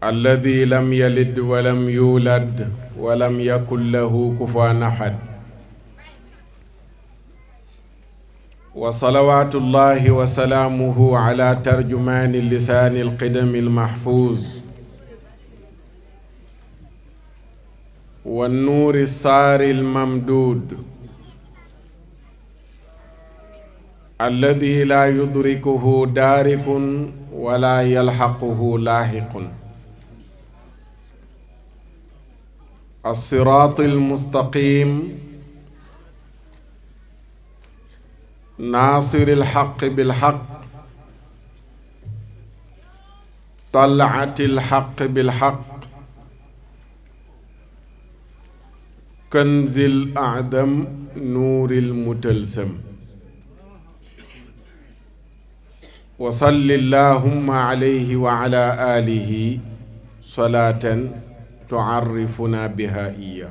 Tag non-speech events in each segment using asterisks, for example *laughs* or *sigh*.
alladi lam yalid walam yuulad walam yakun lahu kufaan ahad wa salawaatu llahi wa salaamuhu ala tarjumaani lisaani alqidami almahfuuz wa nuuri saari almamduud alladi laa yudrikuhu daarikun wala yalxaquhu laaxiqun الصراط المستقيم ناصر الحق بالحق طلعة الحق بالحق كنز الأعدم نور المتلسم وصل اللهم عليه وعلى آله صلاةً tucarrifunaa biha iya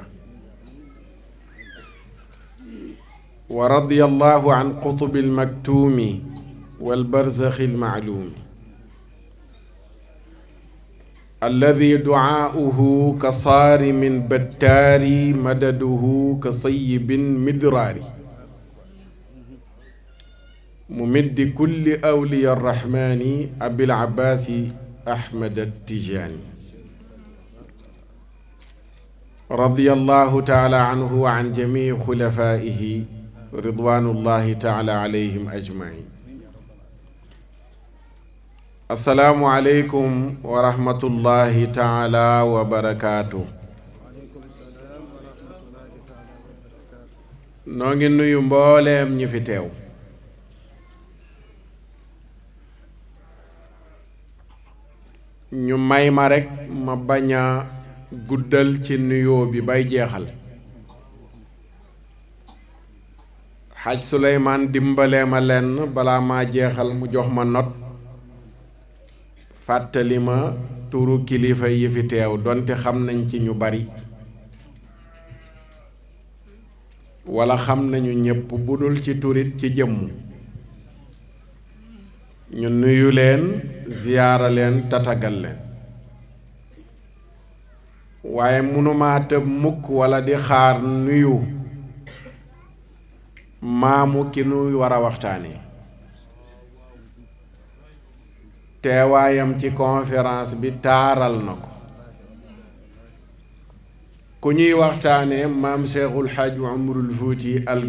wa radia allahu an qutubi almaktuumi walbarzaxi almacluumi alladi ducaauhu ka saarimin battaari madaduhu ka sayibin midraari mumiddi kulli awliya arrahmaani abil abbaasi ahmad attijaani radiyallahu taala anhu wa an jamii xulafaihi ridwanullahi taala alayhim ajmain asalaamu aleykum wa rahmatullahi taala wa barakaatu noo ngi nuyu mbooleem ñi fi teew ñu may ma rekk ma bañ a guddal ci nuyoo bi bay jeexal xaj suleymaan dimbalee ma lenn balaa ma jeexal mu jox ma not fàttali ma turu kilifa yi fi teew donte xam nañ ci ñu bari wala xam nañu ñépp bu dul ci turit ci jëmm ñu nuyu leen ziyaara leen tatagal leen waaye mënumaa tëb mukk walla di xaar nuyu maamu ki nu war a waxtaani teewaayam ci conférence bi taaral na ko ku ñuy waxtaanee maam Cheikhul Hadj Omarul Fouti al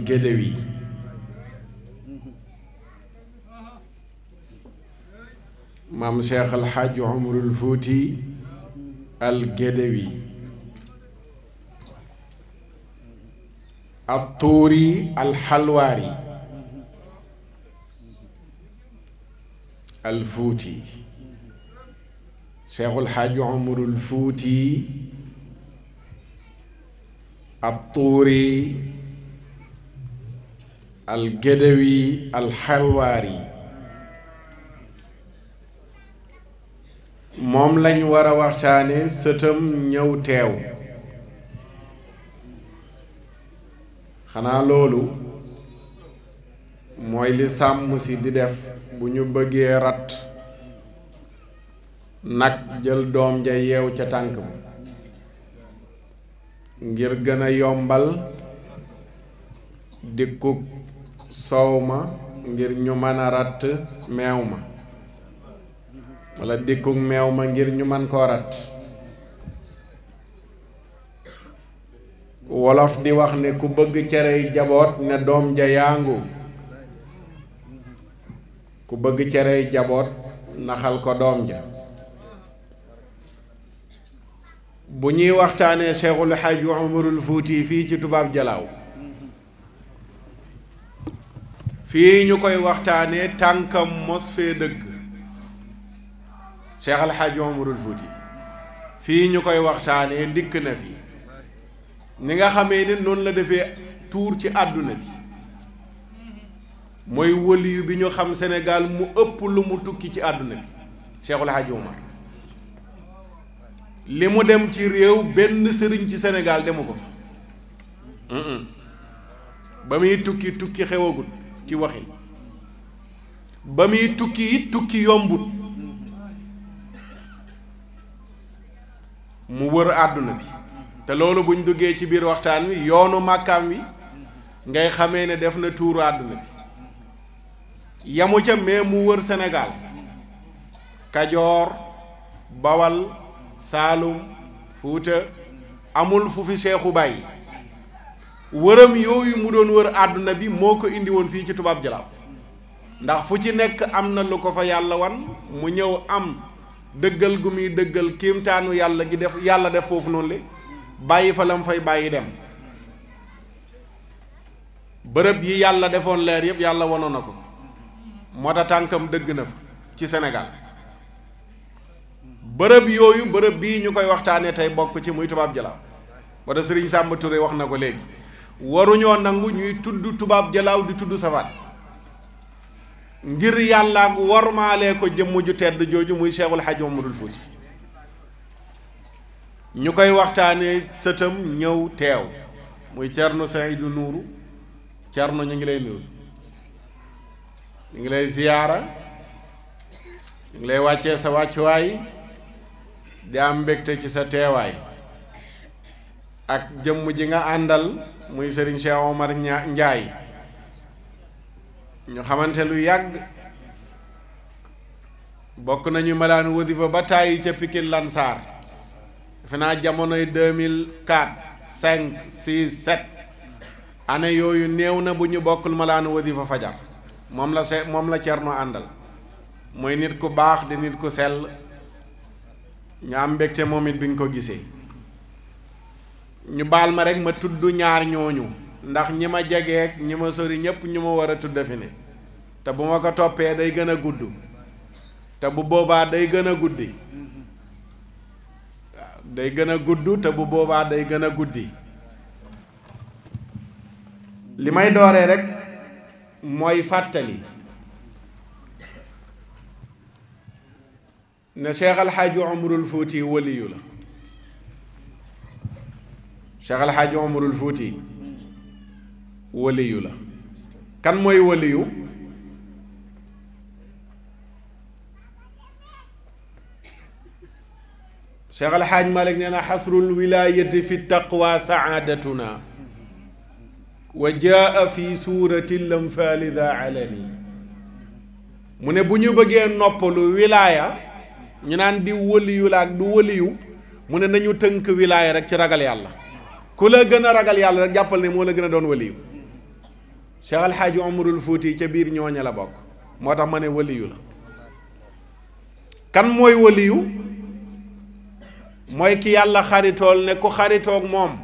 maam Cheikh al Hadj ab tuuri alxalwaari alfuuti cheikhul xaaji umarul fuuti ab tuuri algedewi alxalwaari moom lañ war a waxtaane sëtam ñëw teew xanaa loolu mooy li sàmm si di def bu ñu bëggee ratt nag jël doom ja yeew ca tànk ba ngir gën a yombal dikkug soow ma ngir ñu mën ratt meew ma walla dikkug meew ma ngir ñu mën koo ratt wolof di wax ne ku bëgg cerey jaboot na doom ja yaangu ku bëgg cerey jaboot naxal ko doom ja bu ñuy waxtaanee Cheikhul Hadj Umarul Fuuti fii ci tubaab jalaaw fii ñu koy waxtaanee tànkam mos fee dëgg Cheikh Al Hadj Umarul Fuuti fii ñu koy waxtaanee dikk na fi ni nga xamee ne noonu la defee tuur ci àdduna bi mooy wëliyu bi ñu xam senegaal mu ëpp lu mu tukki ci àdduna bi Cheikhul Hadji Omar li mu dem ci réew benn sëriñ ci Sénégal demu ko fa ba muy tukki tukki xewagul ci waxin ba muy tukki tukki yombut mu wër àdduna bi te loolu buñ duggee ci biir waxtaan wi yoonu màkkaam wi ngay xamee ne def na tuuru àdduna bi yamu ca mais mu wër senegaal Kajoor Bawal Saalum Fuuta amul fu fi seexu bàyyi wëram yooyu mu doon wër àdduna bi moo ko indi woon fii ci tubaab jalaaw ndax fu ci nekk am na lu ko fa yàlla wan mu ñëw am dëggal gu muy dëggal kéemtaanu yàlla gi def yàlla def foofu noonu le bàyyi fa lam fay bàyyi dem bërëb yi yàlla defoon leer yëpp yàlla wanoon na ko moo tax tànkam dëgg na fa ci senegal bërëb yooyu bërëb bii ñu koy waxtaanee tey bokk ci muy tubaab jalaaw wala sëriñ Samba Touré wax na ko léegi waruñoo nangu ñuy tudd tubaab jalaaw di tudd safaat ngir yàllaa maa lee ko jëmm ju tedd jooju muy Cheikhul Hadj Mamadou fuuti ñu koy waxtaanee sëtam ñëw teew muy Thierno Seydou Nourou Thierno ñu ngi lay nuyu ñu ngi lay ziyaara ñu ngi lay wàccee sa wàccuwaay di am mbégte ci sa teewaay ak jëmm ji nga àndal muy Serigne Cheikh Omar Ndiaye ñu xamante lu yàgg bokk nañu malaan wadifa ba tàyyi ca Pikine Lansar defe naa jamonoy 2004 5 6 7 année yooyu néew na bu ñu bokkul malaanu wasifa fajar moom la se moom la Cerno àndal mooy nit ku baax di nit ku sell ñu am mbégte moom it bi ñu ko gisee ñu baal ma rek ma tudd ñaar ñooñu ndax ñi ma jegeek ñi ma sori ñépp ñu ma war a tudd fi ni te bu ma ko toppee day gën a gudd te bu boobaa day gën a guddi day gën a gudd te bu boobaa day gën a guddi li may dooree rek mooy fàttali ne Cheikh Al Hadj Omarul Fouti waliyu la Cheikh Al Hadj Omarul Fouti waliyu la kan mooy waliyu Cheikh Al Hadj Malick nee na xasrul wilaayati fi taqwa saadatuna wa jaa fi suurati lamfaali daa alani mu ne bu ñu bëggee noppalu wilaaya ñu naan di wëliyu la ak du wëliyu mu ne nañu tënk wilaaya rek ci ragal yàlla ku la gën a ragal yàlla rek jàppal ne moo la gën a doon wëliyu Cheikh Al Hadj Omarul ca biir ñooña la bokk moo tax ma ne wëliyu la kan mooy wëliyu mooy ki yàlla xaritool ne ku xaritoog moom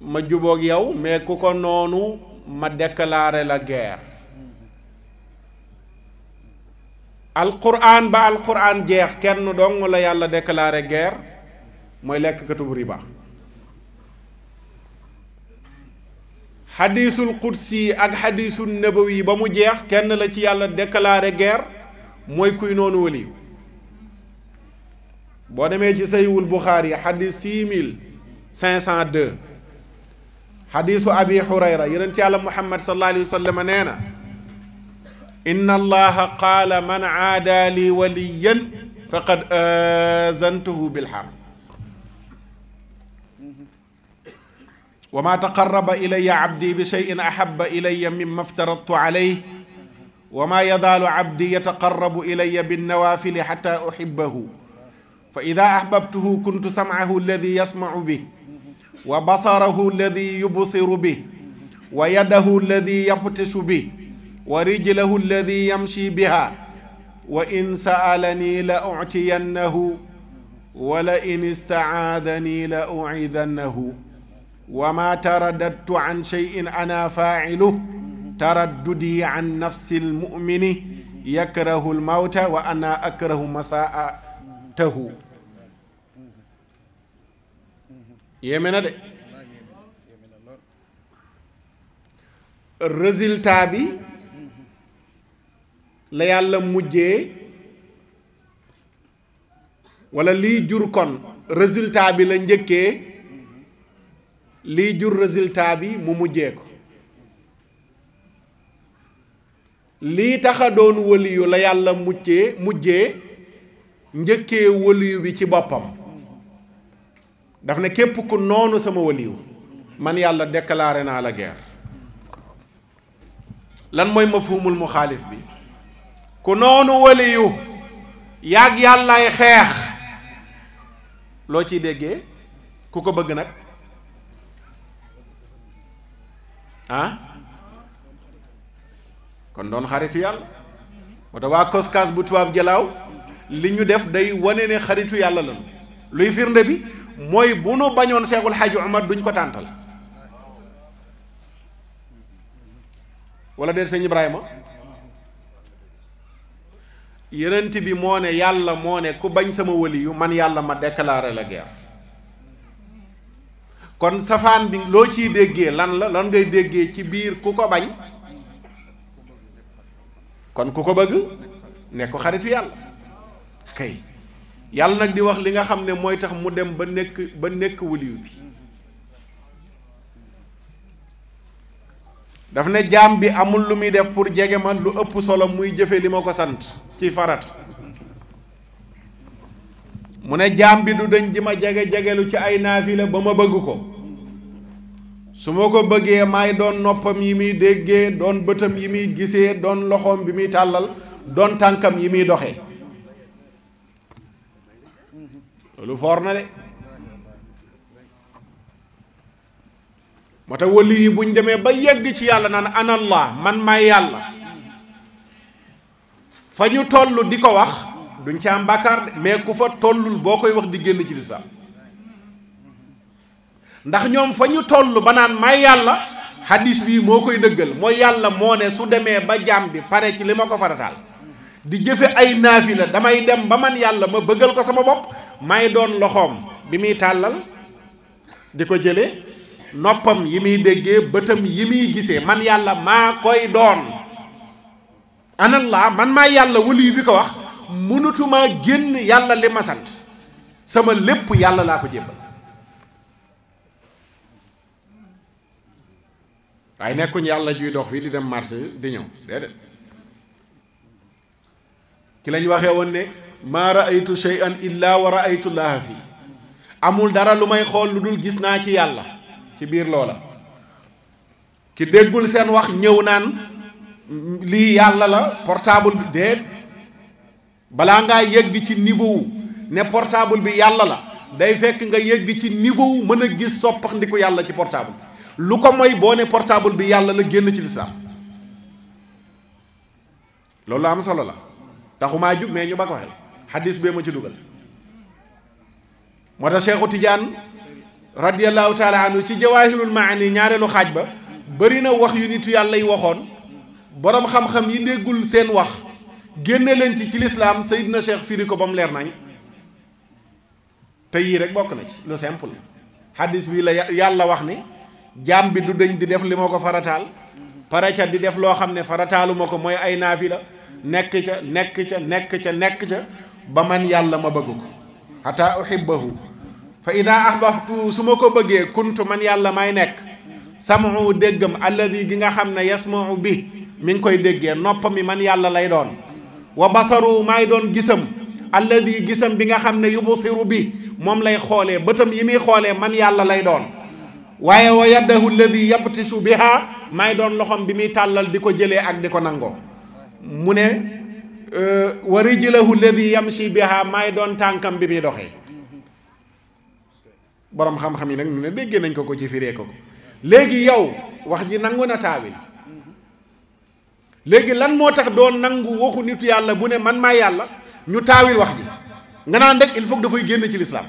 ma jubook yow mais ku ko noonu ma déclarer la guerre alquran ba alquran jeex kenn dong la yàlla déclarer guerre mooy lekk katub riba xadiisul qudsi ak xadiisul nabawi ba mu jeex kenn la ci yàlla déclarer guerre mooy kuy noonu waliw boo demee ci saywul buxaari xadis six mille cinq cent deux xadisu abi xurayra yeneen ci yàlla muhammad sallallahu alayhi wa sallam nee na inna allaha qaala man aada li waliyan faqad azantuhu bilxarb wa ma taqaraba ilaya abdi bi cheyin ahaba ilaya mimma aftaradtu alayh wa ma yadaalu abdi yataqarabu ilaya binnawaafili xata uxibahu fa ida ahbabtuhu kuntu samaahu alladi yasmau bi wa basarahu alladi yubsiru bi wa yadahu alladi yabtishu bi wa rijlahu alladi yamshi biha wa in saalani la utiyannahu wa la in istacaadani la ucidannahu wa ma taraddadtu an cheyin ana faacilu taraddudi an nafsi almumini yakrahu almawta wa ana akrahu masaa tantahu yéeme na de résultat bi la yàlla mujjee walla liy jur kon résultat bi la njëkkee liy jur résultat bi mu mujjee ko lii taxa doon wëliyu la yàlla mujjee mujjee njëkkee waliyu bi ci boppam daf ne képp ku noonu sama waliyu man yàlla déclaré naa la ger lan mooy mu xaalif bi ku noonu waliyu yàgg yàllaay xeex loo ciy déggee ku ko bëgg nag ah kon doon xaritu yàlla moo tax waa koskaas bu tubaab jalaaw li ñu def day wane ne xaritu yàlla lañu luy firnde bi mooy bu nu bañoon Seexul Xaaji Omar duñ ko tàntal walla de sëñ Ibrahima yenent bi moo ne yàlla moo ne ku bañ sama waliyu man yàlla ma déclarer la guerre kon safaan bi loo ciy déggee lan la lan ngay déggee ci biir ku ko bañ kon ku ko bëgg nekk xaritu yàlla kay yàlla nag di wax li nga xam ne mooy tax mu dem ba nekk ba nekk waliyu bi daf ne jaam bi amul lu muy def pour jege man lu ëpp solo muy jëfe li ma ko sant ci farat mu ne jaam bi du deñ di ma jege jegelu ci ay naafila ba ma bëgg ko su ma ko bëggee maay doon noppam yi muy déggee doon bëtam yi muy gisee doon loxoom bi muy tàllal doon tànkam yi muy doxee loolu foor na de moo tax wali yi buñ demee ba yegg ci yàlla naan anallah man maay yàlla fa ñu toll di ko wax duñ ci am bàkkaar de mais ku fa tollul boo koy wax di génn ci lislaam ndax ñoom fa ñu toll ba naan maay yàlla xadis bii moo koy dëggal moo yàlla moo ne su demee ba jaam bi pare ci li ma ko farataal di jëfe ay naafila damay dem ba man yàlla ma bëggal ko sama bopp may doon loxoom bi muy tàllal di ko jële noppam yi muy déggee bëtam yi muy gisee man yàlla maa koy doon anallah man maa yàlla waliyu bi ko wax mënatumaa génn yàlla li ma sant sama lépp yàlla laa ko jébbal waaye nekkuñ yàlla juy dox fii di dem marché di ñëw déedéet ci lañ waxee woon ne maa raaytu shay'an illa wa raaytullaaha fii amul dara lu may xool lu dul gis naa ci yàlla ci biir loola ki déggul seen wax ñëw naan lii yàlla la portable bi déet balaa ngaa yëgg ci niveau ne portable bi yàlla la day fekk nga yëg ci niveau mën a gis soppax ndiku yàlla ci portable lu ko moy boo ne portable bi yàlla la génn ci lislaam loolu la am solo la maa jug mais ñu ba ko xel xadis bee ma ci dugal moo tax Cheikhu Tidiane ci jawaahirul maani ñaareelu xaaj ba bëri na wax yu nit yàlla yi waxoon boroom xam-xam yi déggul seen wax génne leen ci ci lislaam na Cheikh firi ko ba mu leer nañ te yii rek bokk na ci lu simple xaddis bii la yàlla wax ni jaam bi du dëñ di def li ma ko farataal pare ca di def loo xam ne farataaluma ko mooy ay naafila nekk ca nekk ca nekk ca nekk ca ba man yàlla ma bëgg ko xataa uhibbahu fa ida ahbabtu su ma ko bëggee kuntu man yàlla may nekk samahu déggam alladi gi nga xam ne yasmahu bi mi ngi koy déggee noppam mi man yàlla lay doon wa basaru maay doon gisam alladi gisam bi nga xam ne yubsiru bi moom lay xoolee bëtam yi muy xoolee man yàlla lay doon waaye wa yaddahu alladi yabtisu biha maay doon loxoom bi muy tàllal di ko jëlee ak di ko nangoo mu ne euh, wa rijlahu alladi yamshi biha maay doon tànkam bi muy doxee boroom xam-xam yi nag nu ne déggee nañ ko ko ci firee ko ko léegi yow wax ji nangu na taawil léegi lan moo tax doon nangu waxu nitu yàlla bu ne man maa yàlla ñu taawil wax ji nga naan rek il faut dafay génn ci lislaam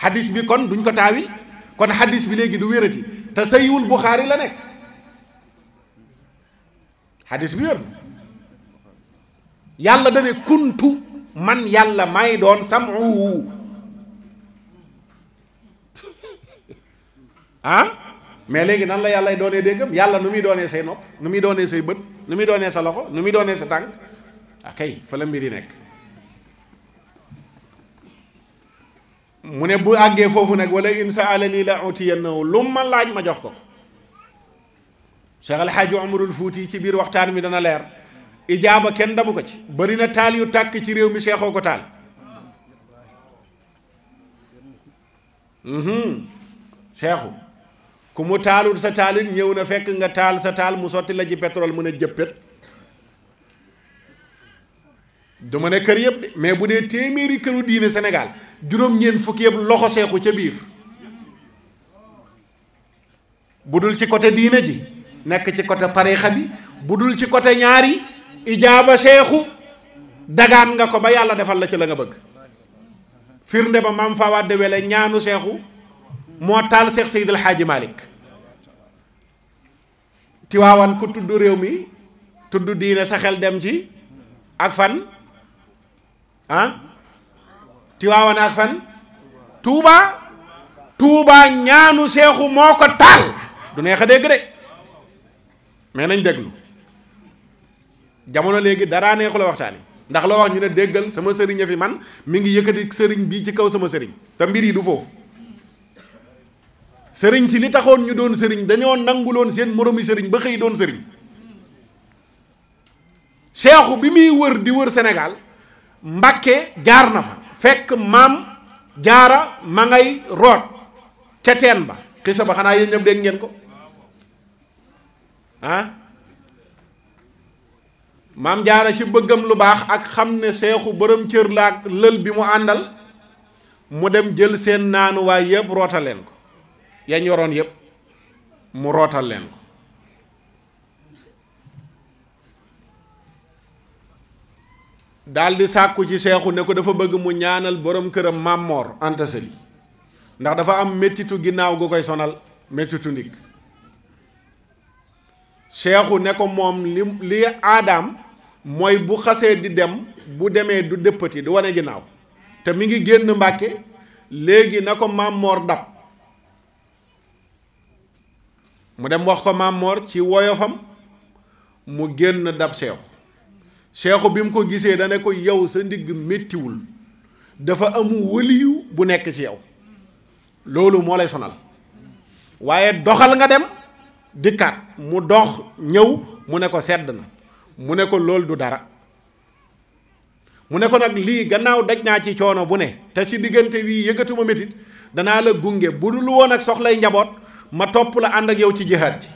xadis bi kon duñ ko taawil kon xadis bi léegi du wérati te sayiwul Buxaari la nekk xadis bi wér yàlla dane kuntu man yàlla may doon sam'uhu *laughs* ah mais léegi nan la yàllay doonee déggam yàlla nu muy doonee say nopp nu muy doonee say bët nu muy doonee sa loxo nu muy doonee sa tànk akay ah, fa la mbir yi nekk mu ne bu àggee foofu nag wala in sa'alani la utiyannahu lu ma laaj ma jox ko Cheikh Al Hadj fuuti Fouti ci biir waxtaan wi dana leer ijaaba kenn dabu ko ci bari na taal yu tàkk ci réew mi seexoo ko taal seexu mhm. ku mu taalul sa taalit ñëw na fekk nga taal sa taal mu sotti la ci pétrole mën a jëppét du ma ne kër yëpp mais bu dee téeméeri këru diine Sénégal juróom-ñeent fukki yëpp loxo seexu ca biir bu dul ci côté diine ji nekk ci côté tarixa bi bu dul ci côté ñaari ijaaba seexu dagaan nga ko ba yàlla defal la ci la nga bëgg firnde ba maam faa wadde wele ñaanu seexu moo taal seex seydil xaaji malik tiwaawan ku tudd réew mi tudd diine sa xel dem ci ak fan ah tiwaawan ak fan tuuba tuuba ñaanu seexu moo ko taal du neex a dégg de mais nañ déglu jamono léegi daraa neexu la waxtaani ndax loo wax ñu ne déggal sama sëriñ fi man mi ngi yëkkati sëriñ bii ci kaw sama sëriñ te mbir yi du foofu sëriñ si li taxoon ñu doon sëriñ dañoo nanguloon seen moroomi sëriñ ba xëy doon sëriñ seexu bi muy wër di wër senegal mbakke jaar na fa fekk maam jaara ma ngay root ca teen ba xisa ba xanaa yéen ñëpp dégg ngeen ko ah maam jaara ci bëggam lu baax ak xam ne seexu boroom cër la ak lël bi mu àndal mu dem jël seen naanuwaay yëpp rootal leen ko yañ yoroon yëpp mu rootal leen ko daldi sàkku ci seexu ne ko dafa bëgg mu ñaanal borom këram Mamor Anta Sali ndax dafa am méttitu ginnaaw gu koy sonal méttitu ndigg cheikhu ne ko moom li li aadaam mooy bu xasee di dem bu demee du dëppati du wane ginnaaw te mi ngi génn mbàkke léegi na ko maam dab mu dem wax ko maam ci woyofam mu génn dab seexu seexu bi mu ko gisee dana ko yow sa ndigg méttiwul dafa amu wëliyu bu nekk ci yow loolu moo lay sonal waaye doxal nga dem dikkaat mu dox ñëw mu ne ko sedd na mu ne ko loolu du dara mu ne ko nag lii gannaaw daj naa ci coono bu ne te si diggante wii yëkkatuma métit danaa la gunge bu dul woon ak soxlay njaboot ma topp la ànd ak yow ci jihaad ji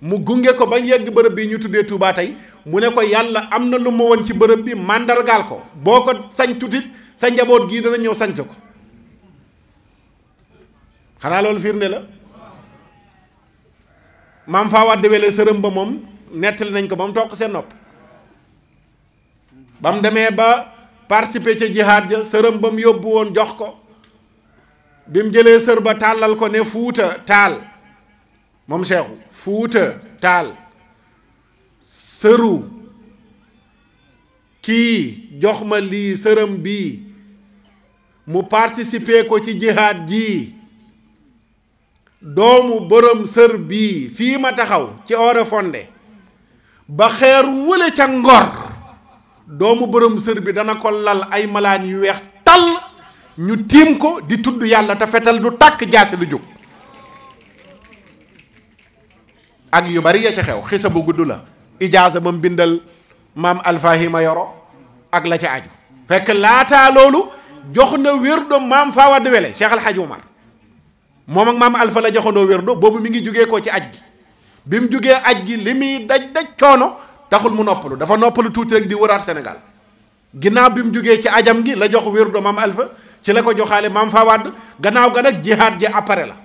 mu gunge ko ba yegg bërëb bi ñu tuddee Touba tey mu ne ko yàlla am na lu ma woon ci bërëb bi màndargaal ko boo ko sañ tutit sa njaboot gii dana ñëw sanc ko xanaa loolu firnde la maam faa waat dewele sërëm ba moom nettali nañ ko ba mu toq seen nopp ba mu demee ba participer ca jihaad ja sërëm ba mu yóbbu woon jox ko bi mu jëlee sër ba tàllal ko ne fuuta taal moom seexu fuuta taal sëru kii jox ma lii sërëm bii mu participer ko ci jihaad jii doomu borom sër bii fii ma taxaw ci Oré Fondé ba xeer wële ca ngor doomu borom sër bi dana ko lal ay malaan yu weex tal ñu tiim ko di tudd yàlla te fetal du tàkk jaasi du jóg ak yu bari ya ca xew xisa bu gudd la ijaasa ba mu bindal maam ma yoro ak la ca aju fekk laataa loolu jox na wér doom maam faawa di wele Cheikh Al moom ak maam alfa la joxandoo wérdu boobu mu ngi jugee koo ci aj gi bi mu jógee aj gi li muy daj daj coono taxul mu noppalu dafa noppalu tuuti rek di wëraat senegal ginnaaw bi mu jógee ci ajam gi la jox wérdu maam Alpha ci la ko joxaale maam Fawad gannaaw gan nag jihaad ji appare la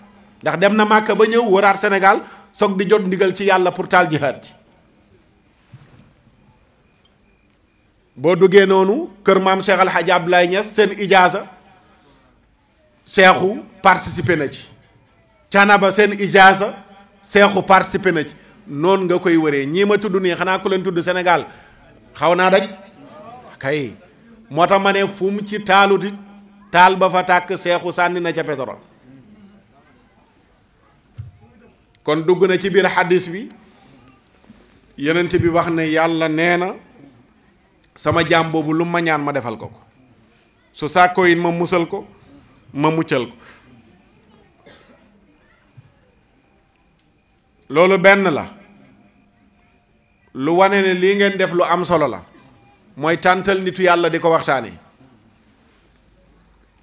ndax dem na Màkka ba ñëw wëraat senegal soog di jot ndigal ci yàlla pour taal jihaad ji boo duggee noonu kër maam Cheikh Al Hadj Abdoulaye seen ijaaza seexu participé na ci Thiénaba seen ijaasa seexu participé na ci noonu nga koy wëree ñii ma tudd nii xanaa ku leen tudd senegal xaw naa daj kay moo tax ma ne fu mu ci taaluti taal ba fa tàkk seexu sànni na ca pétrole kon dugg na ci biir xaddis bi yenenti bi wax ne yàlla nee na sama jaam boobu lu ma ñaan ma defal ko ko su sàkkoo it ma musal ko ma muccal ko loolu benn la lu wane ne lii ngeen def lu am solo la mooy tàntal nitu yàlla di ko waxtaane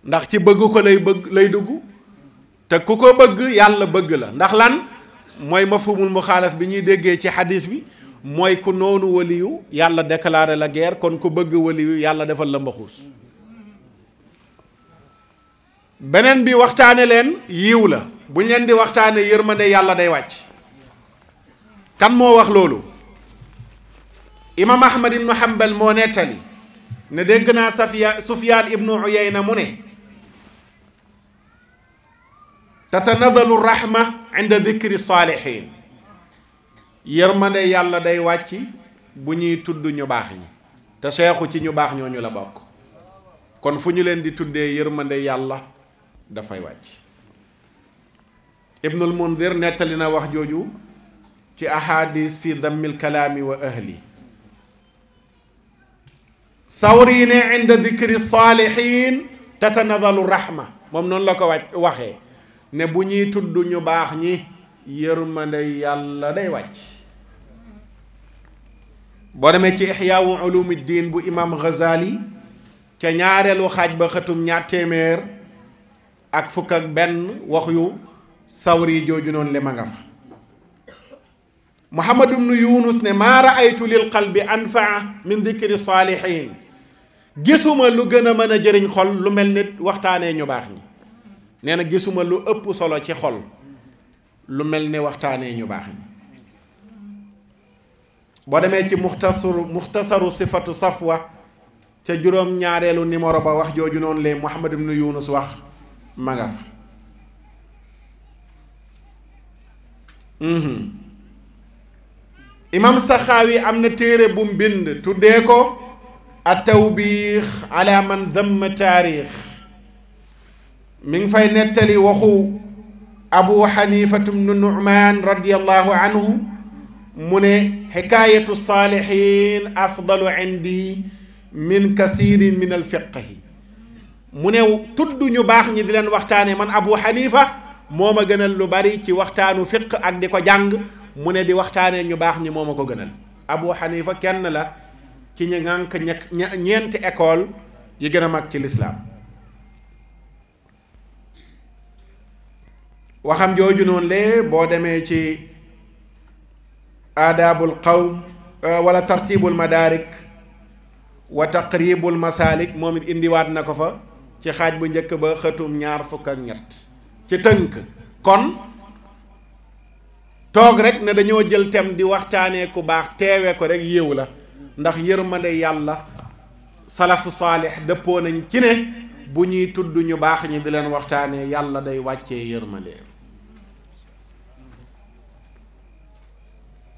ndax ci bëgg ko lay bëgg lay dugg te ku ko bëgg yàlla bëgg la ndax lan mooy mafhumul muxaalaf bi ñuy déggee ci xadis bi mooy ku noonu waliyu yàlla déclaré la geer kon ku bëgg waliyu yàlla defal la mbaxuus beneen bi waxtaane leen yiw la buñ leen di waxtaane yërmande yàlla day wàcc kan moo wax loolu imaam ahmad ibnu hambal moo nettali ne dégg naa safiya sufyaan ibnu uyayna mu ne tatanadalu rahma inda dikri saalihin yërmande yàlla day wàcc bu ñuy tudd ñu baax ñi te seexu ci ñu baax ñooñu la bokk kon fu ñu leen di tuddee yërmande yàlla dafay wàcc ibnul mundir nettali na wax jooju ci ahadis fi dammil kalaami wa ahli sawri yi ne inda dikri saalihin tatanadalu rahma moom noonu la ko waxee ne bu ñuy tudd ñu baax ñi yërmande yàlla day wàcc boo demee ci ixyaawu ulumi diin bu imam Ghazali ca ñaareelu xaaj ba xëtum ñaar téeméer ak fukk ak benn wax yu sawri jooju noonu le ma nga fa muhammad ibnu yunus ne maa raaytu lil qalbi anfaa min saalihiin gisuma lu gën a mën a jëriñ xol lu mel nit waxtaanee ñu baax ñi nee na gisuma lu ëpp solo ci xol lu mel ni waxtaanee ñu baax ñi boo demee ci muxtasaru muxtasaru sifatu safwa ca juróom ñaareelu numéro ba wax jooju noonu lee muhammad ibnu yunus wax ma nga fa mhm. imam saxaawi am na téere bu mu tu tuddee ko a tawbiix ala man damm taarix mi ngi fay nettali waxu abu xanifatu bnu nucmaan radiallahu anhu mu ne xikaayatu saalihin afdalu indi min kasiiri min alfiqhi mu ne tudd ñu baax ñi di leen waxtaane man Abu Hanifa moo ma gënal lu bari ci waxtaanu fiq ak di ko jàng mu ne di waxtaanee ñu baax ñi moom a ko gënal Abu Hanifa kenn la ci ñu ngànk ñe ñeenti école yi gën a mag ci lislaam waxam jooju noon lee boo demee ci aadaabul qawm euh, wala tartibul madaarik wa taqribul masaalik moom it indiwaat na ko fa ci xaaj bu njëkk ba xëtum ñaar fukk ñett ci tënk kon toog rekk ne dañoo jël tem di waxtaanee ku baax teewe ko rek yéew la ndax yërmande yàlla salafu saalix dëppoo nañ ci ne bu ñuy tudd ñu baax ñi di leen waxtaane yàlla day wàcce yërmande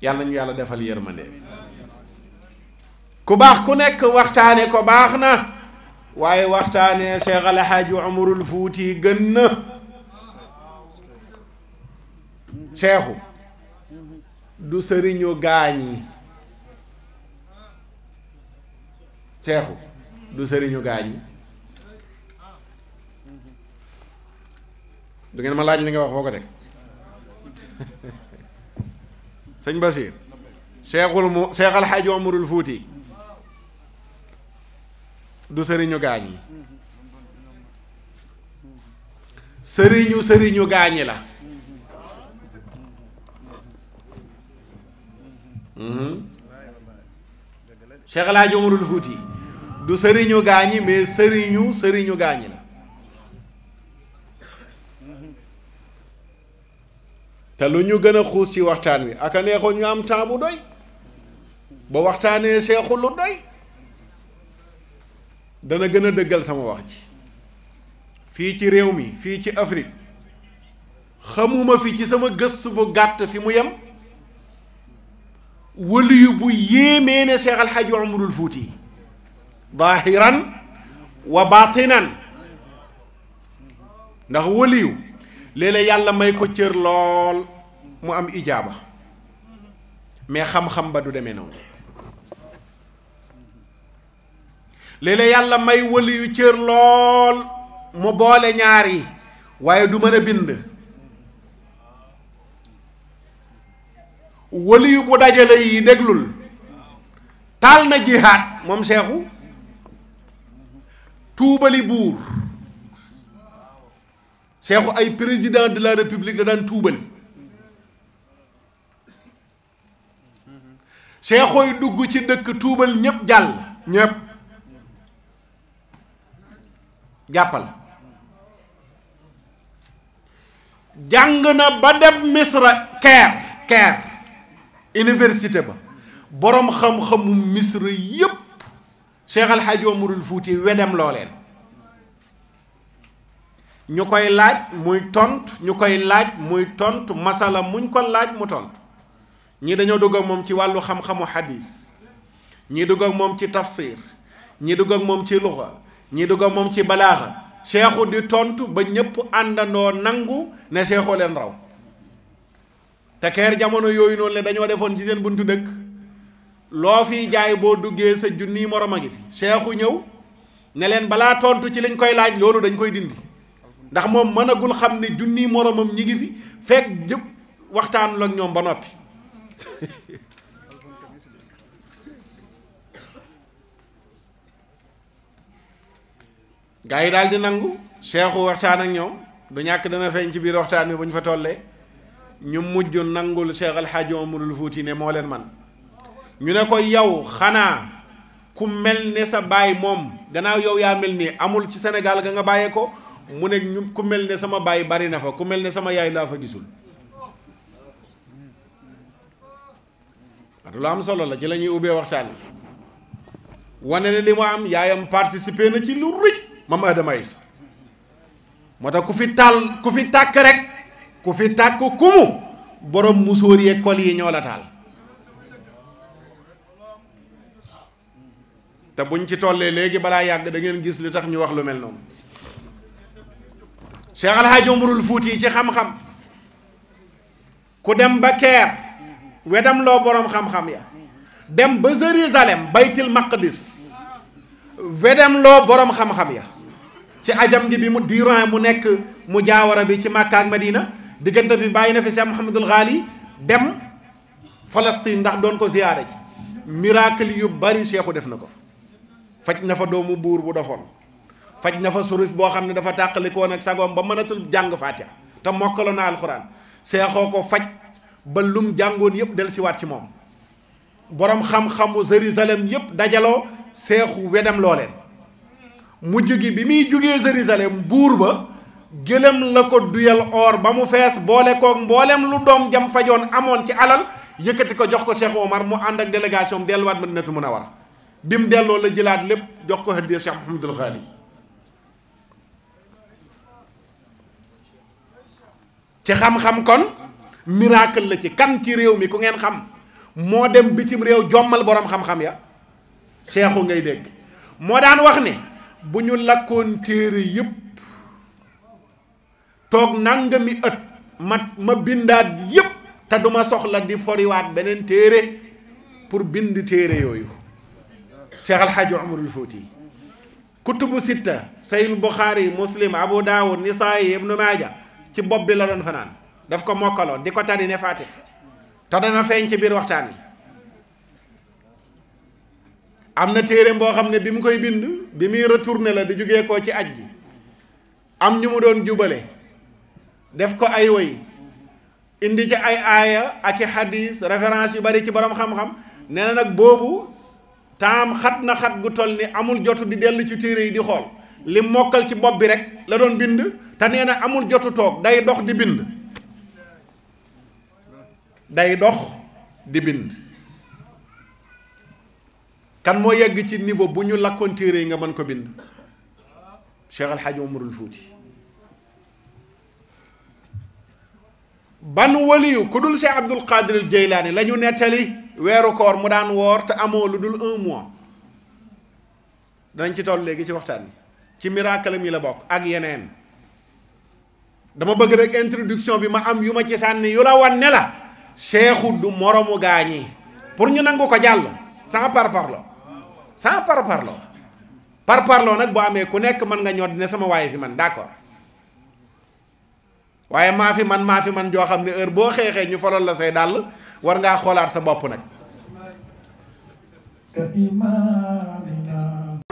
yàlla ñu yàlla defal yërmande ku baax ku nekk waxtaane ko baax na waaye waxtaanee Cheikh El Hadj Omarul Fouti gën na Cheikhu du sëriñu gaañi Cheikhu du sëriñu gaañi du ngeen ma laaj li nga wax foo ko teg *laughs* sëñ Basiir Cheikhul mu Cheikh El Hadj Omarul Fouti. du sëriñu gaañ yi sëriñu sëriñu gaañi la mhm. Cheikh El Hadj Omarul du sëriñu gaañi mais sëriñu sëriñu gaañi la te lu ñu gën a xuus ci waxtaan wi aka neexoon ñu am temps doy ba waxtaanee seexul lu doy dana gën a dëggal sama wax ji fii ci réew mi fii ci Afrique xamuma fi ci sama gëstu bu gàtt fi mu yem waliyu bu yéemee ne Cheikh Al Hadj Omarul Fouti daahiran wa baatinan ndax waliyu léeg yàlla may ko cër lool mu am ijaaba mais xam-xam ba du demee noonu léeg yàlla may wali cër lool mu boole ñaari waaye du mën a bind wali bu dajale yi déglul taal na jihaat moom seexu tuubali buur seexu ay président de la république la daan tuubali seexooy dugg ci dëkk tuubal ñépp jàll ñépp jàppal jàng na ba dem misra Caire Caire iniversité ba boroom xam-xamu misra yépp Cheikh Al Hadj Omarul Fouti loo leen ñu koy laaj muy tontu ñu koy laaj muy tontu masala muñ ko laaj mu tontu ñii dañoo dugg ak moom ci wàllu xam-xamu xadiis ñii dugg ak moom ci tafsir ñii dugg ak moom ci luxa ñi dugg moom ci balaaxa seexu di tontu ba ñépp àndandoo nangu ne seexoo leen raw te keer jamono yooyu noonu la dañoo defoon ci seen buntu dëkk loo fi jaay boo duggee sa junni morom a ngi fi seexu ñëw ne leen balaa tontu ci lañ koy laaj loolu dañ koy dindi ndax moom mënagul xam ne junni moromam ñi ngi fi fekk jëpp waxtaanu lak ñoom ba noppi *laughs* gaa yi daal di nangu seexu waxtaan ak ñoom du ñàkk dana feeñ ci biir waxtaan bi bu ñu fa tollee ñu mujj nangul seex alxaaji Omarul Fuuti ne moo leen man ñu ne ko yow xanaa ku mel ne sa baay moom gannaaw yow yaa mel nii amul ci Sénégal ga nga bàyyee ko mu ne ñu ku mel ne sama baay bari na fa ku mel ne sama yaay daa fa gisul lu am solo la ci la ñuy ubbee waxtaan bi wane ne li mu am yaayam participer na ci lu rëy moom Adama Isa moo tax ku fi taal ku fi tàkk rek ku fi tàkk kumu borom musóor yi kol yi ñoo la taal te buñ ci tollee léegi balaa yàgg dangeen gis lu tax ñu wax lu mel noonu Cheikh Alhaji Fuuti yi ci xam-xam ku dem ba Keer wedam loo borom xam-xam ya dem ba Jérusalem baytil maqdis wedam loo borom xam-xam ya ci ajam gi bi mu diiran mu nekk mu jaawara bi ci Makka ak Madina diggante bi bàyyi na fi Cheikh Mouhamadul Ghali dem Palestine ndax doon ko ziyaara ji miracle yu bari Cheikhu def na ko fa faj na fa doomu buur bu doxoon faj na fa suruf boo xam ne dafa tàqalikoon ak sagoom ba mënatul jàng Faatiha te mokkaloon na alxuraan seexoo ko faj ba lum jàngoon yëpp dellusiwaat ci moom borom xam-xamu Jérusalem yëpp dajaloo seexu wedam looleen mujj gi bi muy jugee Jérusalem buur ba gëlëm la ko duyal or ba mu fees boole koog mboolem lu doom jam fajoon amoon ci alal yëkkati ko jox ko Cheikh Omar mu ànd ak délégation mu delluwaat ma Madinatul Munawwara bi mu delloo la jëlaat lépp jox ko hadiya mu Mouhamadul Xaali ci xam-xam kon miracle la ci kan ci réew mi ku ngeen xam moo dem bitim réew jommal boroom xam-xam ya seexu ngay dégg moo daan wax ne. bu ñu lakkoon téere yépp toog nangami ët ma ma bindaat yépp te duma soxla di foriwaat beneen téere pour bind téere yooyu Cheikh Al Hadj Omarul Fouti kutubu sitta Sahih Bukhari Muslim Abu Dawud Nisa'i Ibnu Maaja ci bopp bi la doon fanaan daf ko mokkaloon di ko tari ne Faatix te dana feeñ ci biir waxtaan wi am na téere boo xam ne bi mu koy bind bi muy retourné la di jógee koo ci aj gi am ñu mu doon jubale def ko ay woy indi ci ay aaya ak i xadis référence yu bari ci borom xam-xam nee na nag boobu taam xat na xat gu toll ni amul jotu di dell ci téere yi di xool li mokkal ci bopp bi rek la doon bind te nee amul jotu toog day dox di bind day dox di bind kan moo yegg ci niveau bu ñu lakkoon téere yi nga man ko bind Cheikh Al Hadj Omarul Fouti ban waliyu ku dul Cheikh Abdul Qadir al Jeylaani la nettali weeru koor mu daan woor te amoo lu dul un mois danañ ci toll léegi ci waxtaan bi ci miracle mi la bokk ak yeneen dama bëgg rek introduction bi ma am yu ma ci sànni yu la wan ne la seexu du moromu gaañi pour ñu nangu ko jàll sans par par la sans par parloo par parloo nag boo amee ku nekk mën nga ñoo ne sama waaye fi man d'accord waaye maa fi man maa fi man joo xam ne heure boo xeexee ñu folal la say dàll war ngaa xoolaat sa bopp nag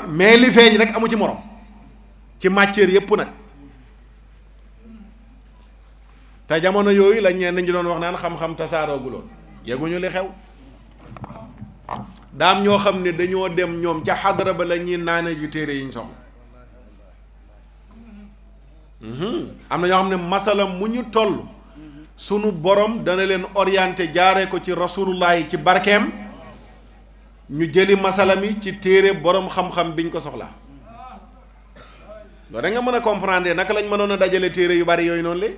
mais li feeñ rek amu ci morom ci matière yépp nag te jamono yooyu la ñeen ñu doon wax naan xam-xam tasaarooguloon yëguñu li xew daam ñoo xam ne dañoo dem ñoom ca xadara ba la ñuy naanee ju téere yi ñu soxla mhm. am na ñoo xam ne masala mu ñu toll sunu borom dana leen orienté jaaree ko ci rasulullah yi ci barkeem ñu jëli masala mi ci téere borom xam-xam biñ ko soxla loolu da nga mën a comprendre naka lañ mënoon a dajale téere yu bari yooyu noonu la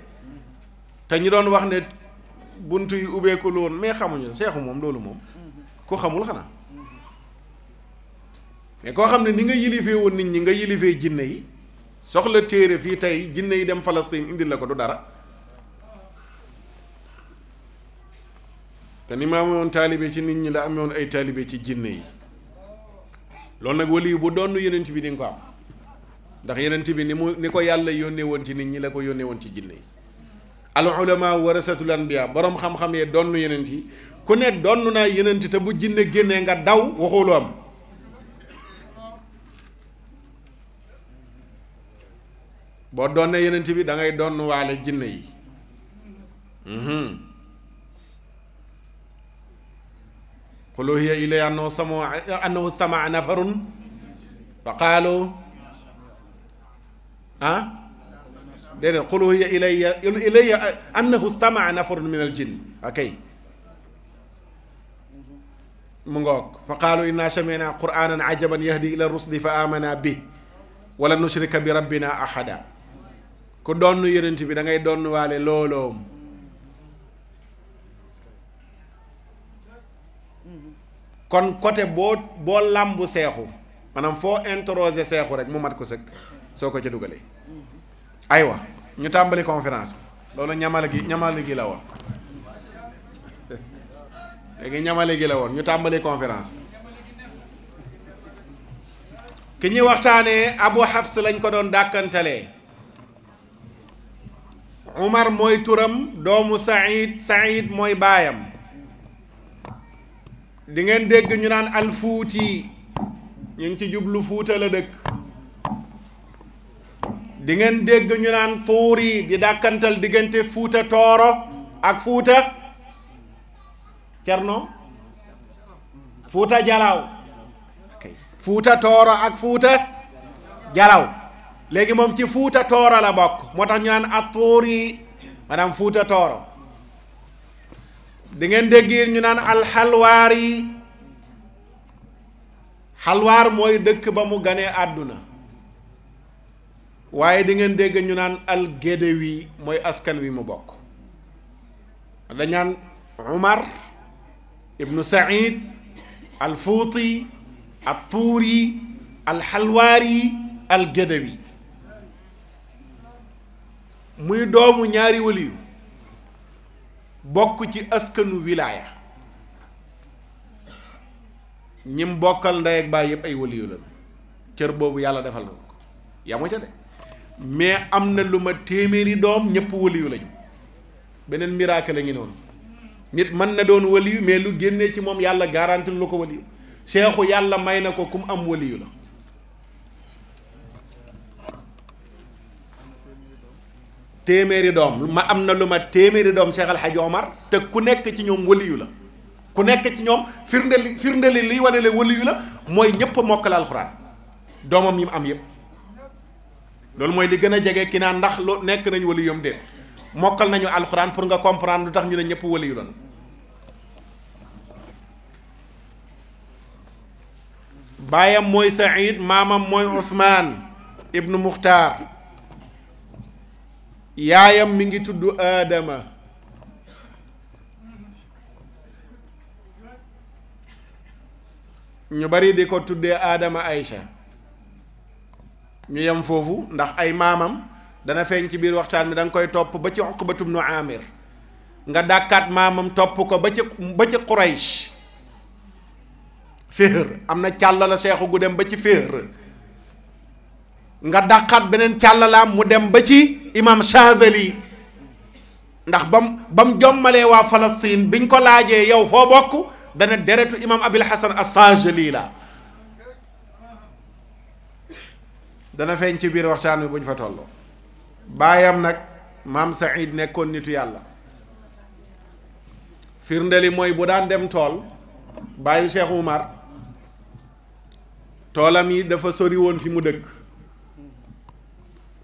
te ñu doon wax ne bunt yu ubbeekul woon mais xamuñu seexu moom loolu moom ku xamul xanaa mais koo xam ne ni nga yilifee woon nit ñi nga yilifee jinne yi soxla téere fii tey jinne yi dem Palestine indi la ko du dara te ni ma amoon taalibe ci nit ñi la amoon ay taalibe ci jinne yi loolu nag waliyu bu donn yonent bi di nga ko am ndax yonent bi ni mu ni ko yàlla yónnee woon ci nit ñi la ko yónnee woon ci jinne yi al ulama warasatul anbiya boroom xam-xam yee doon yonent yi ku ne doon naa yonent te bu jinne génnee nga daw waxoolu am boo doonee yenent bi da ngay doon waale jinne yi mhm. qul hiya ilaya annahu sama annahu stamaa nafarun fa qaalu ah déedéet qul hiya ilaya ilaya annahu stamaa nafarun min al jinn akay mu ngoog fa qaalu inna sami'na qur'anan ajaban yahdi ila rusdi fa amana bi wala nushrika bi rabbina ahada ku donn yonent bi da ngay donn waale looloom kon côté boo boo làmbu seexu maanaam foo interroger seexu rek mu mat ko sëkk soo ko ca dugalee aywa ñu tàmbali conférence bi loolu ñamale gi ñamale gi la woon ñamale gi woon ñu tàmbali conférence bi ki ñuy waxtaanee Abu Hafs lañ ko doon dàkkantalee Umar mooy turam doomu Saïd Saïd mooy baayam di ngeen dégg ñu naan alfuuti ñu ngi ci jublu fuuta la dëkk dingeen dégg ñu naan tuuri di dàkkantal diggante fuuta tooro ak fuuta cerno fuuta jalaaw fuuta tooro ak fuuta jalaaw léegi moom ci fuuta tooro la bokk moo tax ñu naan atuur yi maanaam fuuta tooro dingeen ngeen dégg ñu naan alxalwaar xalwaar mooy dëkk ba mu ganee àdduna waaye dingeen dégg ñu naan algédewi mooy askan wi mu bokk dañ naan Umar ibnu Saïd alfuuti altuuri alxalwaari algédewi muy doomu ñaari waliyu bokk ci askanu wilaaya ñim bokkal ndey ak baay yëpp ay waliyu la cër boobu yàlla defal na ko yamu ca de mais am na lu ma téeméeri doom ñëpp waliyu lañu beneen miracle la ngi noonu nit mën na doon waliyu mais lu génnee ci moom yàlla garanti lu ko waliyu seexu yàlla may na ko ku mu am waliyu la téeméeri doom ma am na lu ma téeméeri doom Cheikh Al te ku nekk ci ñoom waliyu la ku nekk ci ñoom firnde li li liy wane le waliyu la mooy ñëpp mokkal alxuraan doomam yi mu am yëpp loolu mooy li gën a jege ki naan ndax loo nekk nañu waliyum déet mokkal nañu alxuraan pour nga comprendre lu tax ñu ne ñëpp waliyu la baayam mooy Saïd maamam mooy Ousmane ibnu Muxtaar yaayam mi ngi tudd aadama ñu bari di ko tuddee aadama Aïcha ñu yem foofu ndax ay maamam dana feeñ ci biir waxtaan bi danga koy topp ba ci Uqbatum nu Amir nga dàkkaat maamam topp ko ba ci ba ci Quraysh Fihr am na càll la seexu gu dem ba ci Fihr nga dàqaat beneen càllalaam mu dem ba ci imam Chazali ndax bam ba mu jommalee waa Palestine biñ ko laajee yow foo bokk dana deretu imam Abil Hasan As-Sajali la dana feeñ ci biir waxtaan wi bu ñu fa tolloo baayam nag maam Saïd nekkoon nitu yàlla firndeli mooy bu daan dem tool baayu Cheikh Umar toolam yi dafa sori woon fi mu dëkk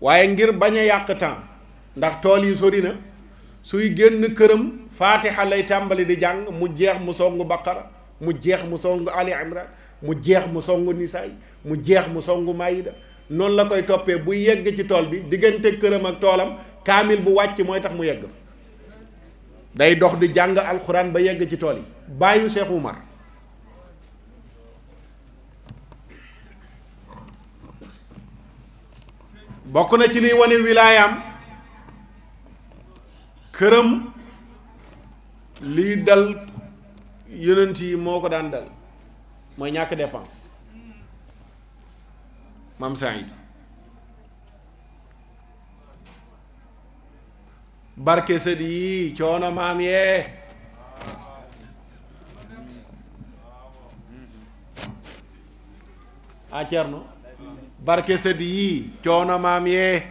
waaye ngir bañ a yàq temps ndax tool yi sori na suy génn këram faatiha lay tàmbali di jàng mu jeex mu songu baqara mu jeex mu songu ali imran mu jeex mu songu nisaay mu jeex mu songu mayida noonu la koy toppee bu yegg ci tool bi diggante këram ak toolam kaamil bu wàcc mooy tax mu yegg fa day dox di jàng alxuraan ba yegg ci tool yi bàyyu Cheikh Oumar bokk na ci liy wane wilaayaam këram liy dal yonent yi moo ko daan dal mooy ñàkk dépense maam Saïd barke sët yi coono maam yee ah Cerno barke yii coono maam yee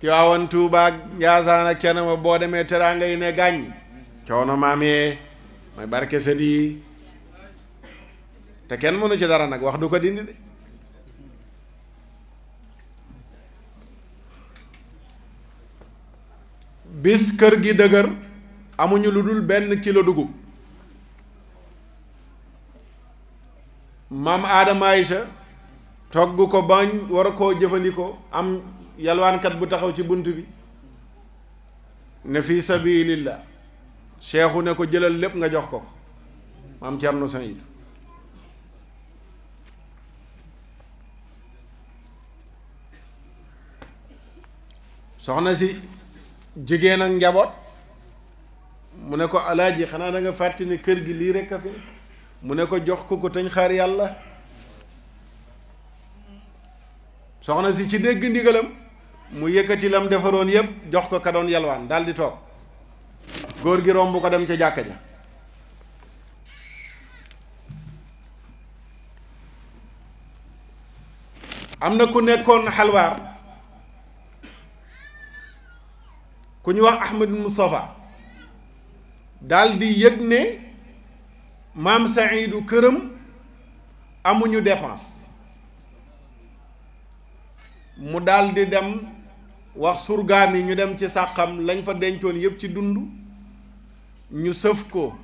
Tiwaawan Tuuba ak Njaasaan ak Canama boo demee teraanga yi ne gàññ coono maam yee mooy barke yii te kenn mënu ci dara nag wax du ko dindi de bis kër gi dëgër amuñu lu dul benn kilo dugub maam aadama aysa togg ko bañ war a koo jëfandikoo am yalwaankat bu taxaw ci bunt bi ne fii sabilillah seexu ne ko jëlal lépp nga jox ko maam Cerno Sayid soxna si jigéen ak njaboot mu ne ko alaaji xanaa da fàtti ne kër gi lii rekk a fi mu ne ko jox ko ko tëñ xaar yàlla soxna si ci dégg ndigalam mu yëkkati lam defaroon yépp jox ko kadoon doon yalwaan daal toog góor gi romb ko dem ca jàkka ja am na ku nekkoon xalwaar ku ñu wax Ahmadu Mustafa daldi di yëg ne maam saxiidu këram amuñu dépense mu daldi dem wax surgaam yi ñu dem ci sàqam lañ fa dencoon yépp ci dund ñu sëf ko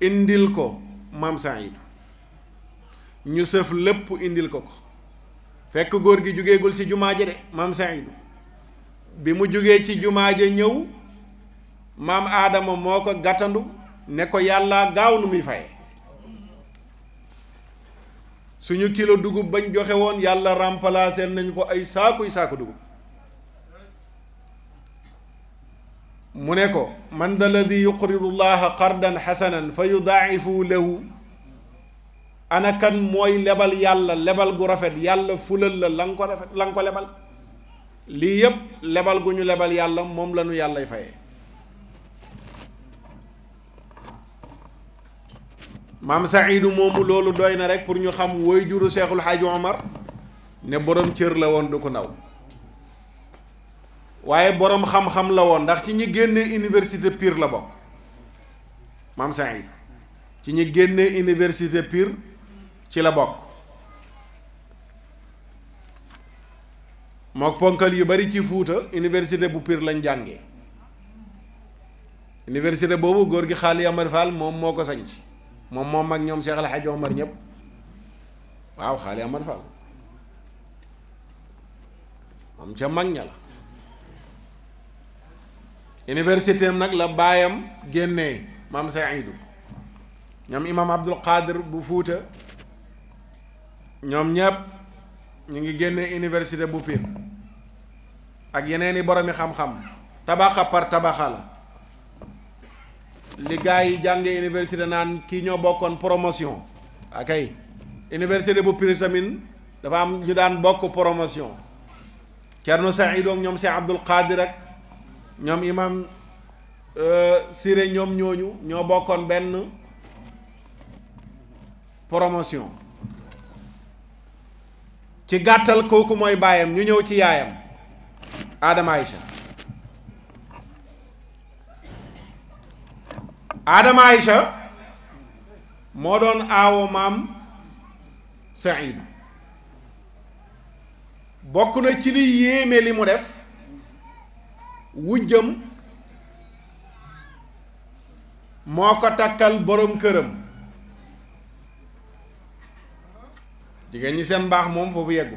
indil ko maam Saidu ñu sëf lépp indil ko ko fekk góor gi jógeegul ci jumaa ja de maam Saidu bi mu jógee ci jumaa ja ñëw maam Aadama moo ko gàttandu ne ko yàlla gaaw lu muy faye suñu kilo dugub bañ joxe woon yàlla remplacer nañu ko ay saakuy saaku dugub mu ne ko man da alladi yuqridu llaha qardan xasanan fa yudaa'ifu lahu ana kan mooy lebal yàlla lebal gu rafet yàlla fulal la la ko rafet la ko lebal lii yépp lebal gu ñu lebal yàlla moom lanu yàllay fayee maam Saïdu moomu loolu doy na rek pour ñu xam woy juru Seexul Xaaji Omar ne borom cër la woon du ko ndaw waaye boroom xam-xam la woon ndax ci ñi génne université piir la bokk maam Saïd ci ñi génnee université Pire ci la bokk mook ponkal yu bari ci Fuuta université bu piir lañ jàngee université boobu góor gi Xaali Amar Fall moom moo ko sañc moom moom mag ñoom Cheikh El Hadj ñépp ñëpp waaw xaali Amar Fall moom ca mag ña la université nag la baayam génnee maam Seydou ñoom imam Abdul Qadir bu Fuuta ñoom ñëpp ñu ngi génnee iniversité bu Pire ak yeneeni i boromi xam-xam tabaxa par tabaxa la li gars yi jàngee université naan kii ñoo bokkoon promotion akay université bu Pire tamit dafa am ñu daan bokk promotion Thierno Saïd ak ñoom Cheikh Abdoul Qadir ak ñoom imam euh, Siré ñoom ñooñu ñoo bokkoon benn promotion ci gàttal kooku mooy baayam ñu ñëw ci yaayam Adama Aïcha Adama Aïcha moo doon aawo maam Saïd bokk na ci li yéeme li mu def wujjam moo ko takkal boroom këram jigéen ñi seen mbaax moom foofu yeggu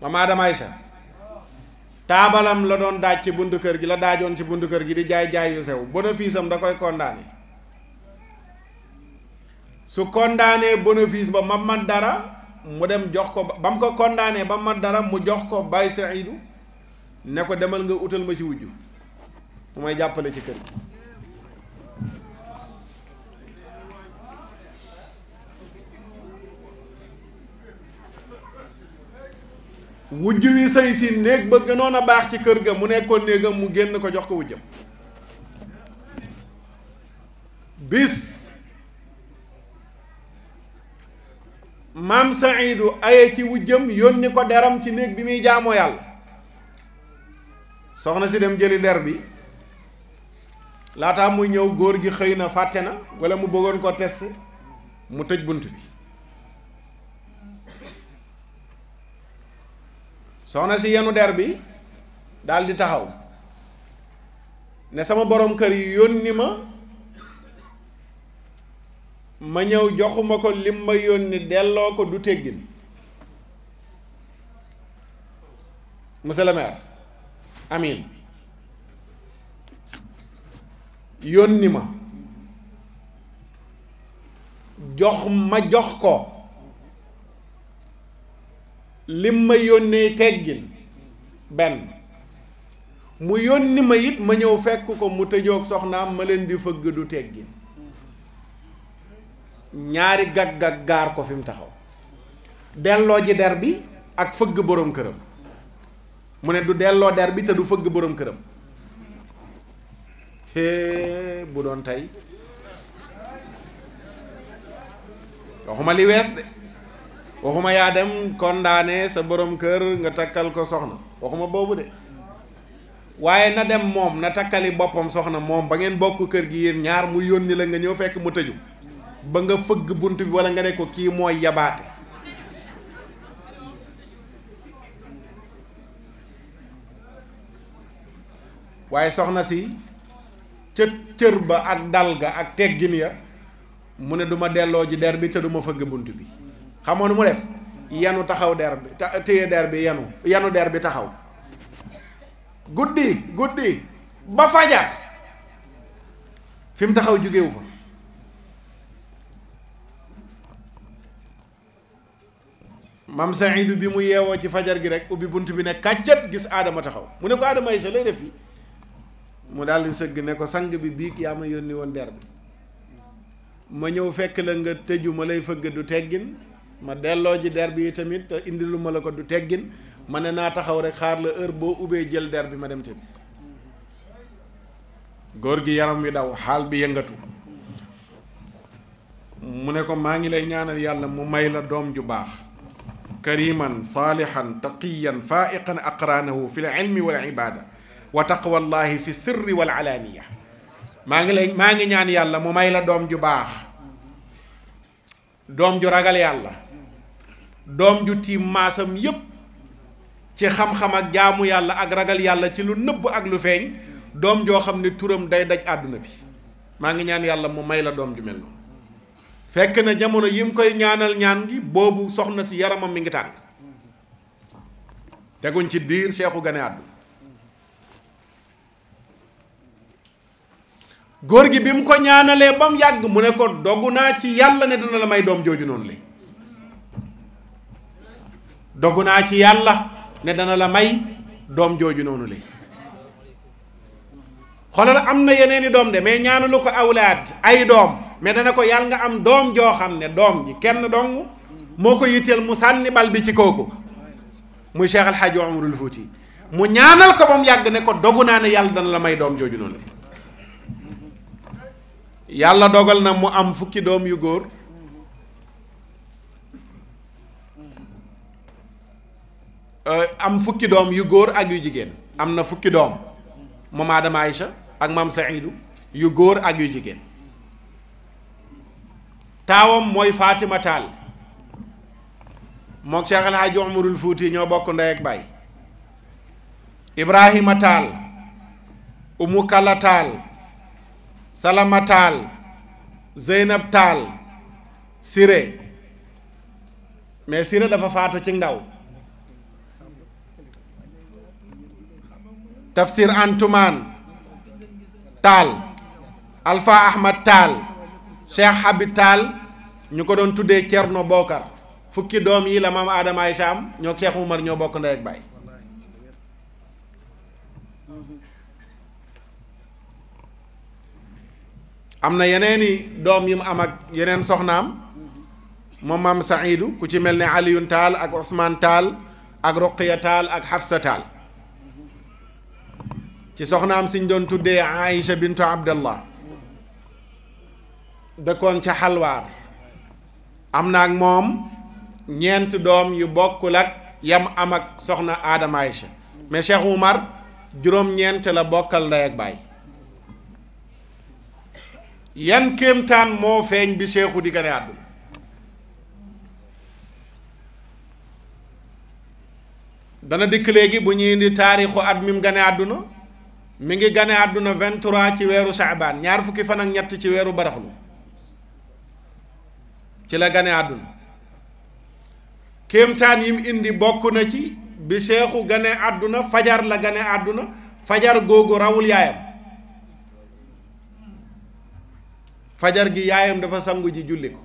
maam Adama Aïcha taabalam la doon daaj ci buntu kër gi la daajoon ci buntu kër gi di jaay jaay yu sew bénéfice am da koy condamné su condamné bénéfice ba ma mat dara mu dem jox ko ba mu ko condamné ba mat dara mu jox ko bàyyi Baye Seydou ne ko demal nga utal ma ci wujju mu may jàppale ci kër gi wujj wi sëy si néeg ba gënoon a baax ci kër ga mu nekkoon néegam mu génn ko jox ko wujjam bis maam Saidu aye ci wujjam yónni ko deram ci néeg bi muy jaamoo yàlla soxna si dem jëli der bi laataa muy ñëw góor gi xëy na fàtte na walla mu bëggoon ko test mu tëj bunt bi soxna si yenu der bi daldi taxaw ne sama boroom kër yi yónni ma ma ñëw joxuma ko lim ma yónni delloo ko du teggin monsieur le maire amin yónni ma jox ma jox ko lim ma yónnee teggin benn mu yónni ma it ma ñëw fekk ko mu tëjoog soxnaam ma leen di fëgg du teggin ñaari gag-gag gaar ko fi mu taxaw delloo ji der bi ak fëgg boroom këram mu ne du delloo der bi te du fëgg boroom këram hee bu doon tey waxuma li wees de waxuma yaa dem kon kondaane sa boroom kër nga takkal ko soxna waxuma boobu de waaye na dem moom na takkali boppam soxna moom ba ngeen bokk kër gi yéen ñaar mu yónni la nga ñëw fekk mu tëju ba nga fëgg bunt bi walla nga ne ko kii mooy yabaate waaye soxna si ca cër ba ak dal ga ak teggin ya mu ne duma delloo ji der bi te duma fëgg bunt bi xamoo nu mu def yanu taxaw der bi ta téye der bi yanu yanu der bi taxaw guddi guddi ba fajar fi mu taxaw jógewu fa mam Saidu bi mu yeewoo ci fajar gi rek ubbi bunt bi ne kàccat gis aadama taxaw mu ne ko aadama ay sa looy def fi mu daal di sëgg ne ko sang bi biig yaa ma yónni woon der bi ma ñëw fekk la nga tëju ma lay fëgg du teggin ma delloo ji der bi tamit te indi lu ma la ko du teggin ma ne naa taxaw rek xaar la heure boo ubbee jël der bi ma dem tëdd góor gi yaram wi daw xaal bi yëngatu mu ne ko maa ngi lay ñaanal yàlla mu may la doom ju baax kariman saalihan taqiyan faiqan aqraanahu fi l ilmi wal ibada wa taqwallahi fi sirri wal alaaniya maa ngi lay maa ngi ñaan yàlla mu may la doom ju baax doom ju ragal yàlla doom ju tiim maasam yépp ci xam-xam ak jaamu yàlla ak ragal yàlla ci lu nëbb ak lu feeñ doom joo xam ni turam day daj àdduna bi maa ngi ñaan yàlla mu may la doom ju mel noonu fekk na jamono yi mu koy ñaanal ñaan gi boobu soxna si yaramam mi ngi tàng teguñ ci diir seexu gane àdduna góor gi bi mu ko ñaanalee ba yàgg mu ne ko dogu naa ci yàlla ne dana la may doom jooju noonu li dogu naa ci yàlla ne dana la may doom jooju noonu la xoolal am na yeneen yeneeni doom de mais ñaanalu ko awlaat ay doom mais dana ko yàlla nga am doom joo xam ne doom ji kenn dong moo ko yitteel mu sànni bal bi ci kooku muy Cheikh Al Hadj Omarul Fouti mu ñaanal ko ba mu yàgg ne ko dogu naa ne yàlla dana la may doom jooju noonu la yàlla dogal na mu am fukki doom yu góor Euh, am fukki doom yu góor ak yu jigéen am na fukki doom moom Adama Aïcha ak maam Saïdu yu góor ak yu jigéen taawam mooy Fatima Tall mook Cheikh El Hadj Omarul ñoo bokk ndey ak baay Ibrahima Tall Umu Kala Tall Salama Tall Zeynab Tall Siré mais Siré dafa faatu ci ndaw tafsir antumaan taal alpha ahmad taal cheikh habib taal ñu ko doon tuddee cerno bookar fukki doom yi la maam aadama aysa am ñoo cheikh umar ñoo bokk ndey ak baay am na yeneeni doom yi mu am ak yeneen soxnaam moom maam saidu ku ci mel ni aliyun taal ak osmaan taal ak roqiya taal ak xafsa taal ci soxnaam siñ doon tuddee Aïcha bintu Abdallah dëkkoon ca xalwaar am na ak moom ñeent doom yu bokkul ak yam am ak soxna Adama Aïcha mais Cheikh Oumar juróom-ñeent la bokkal ndey ak baay yan kéemtaan moo feeñ bi Cheikhu di gane àdduna dana dikk léegi bu ñuy indi taarixu at mi mu gane àdduna mi ngi gane àdduna 23 ci weeru saabaan ñaar fukki fan ak ñett ci weeru baraxlu ci la gane àdduna kéemtaan yim indi bokk na ci bi seexu gane àdduna fajar la gane àdduna fajar googu rawul yaayam fajar gi yaayam dafa sangu ji julli ko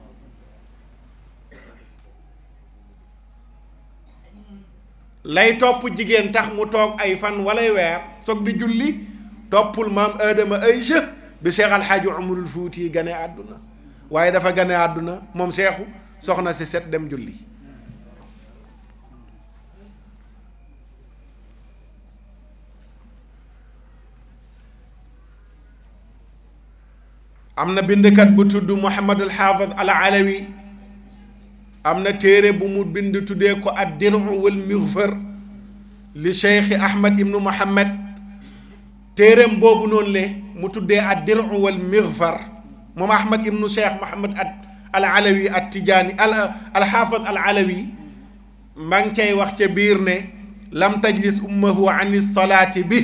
lay topp jigéen tax mu toog ay fan walay weer toog di julli toppul maam Adama ay bi Cheikh Al waaye dafa gane àdduna moom seexu soxna si set dem julli am na bindkat bu tudd Muhammad al al Alawi am na téere bu mu bind tuddee ko ad-Dir'u wal Maghfar li Cheikh Ahmad ibnu Muhammad téereem boobu noonu le mu tuddee ad diru wal mixfar moom ahmad ibnu cheikh mohamad at al alawi at tijaani al alxaafad al alawi maa ngi cay wax ca biir ne lam tajlis ummahu an salaati bi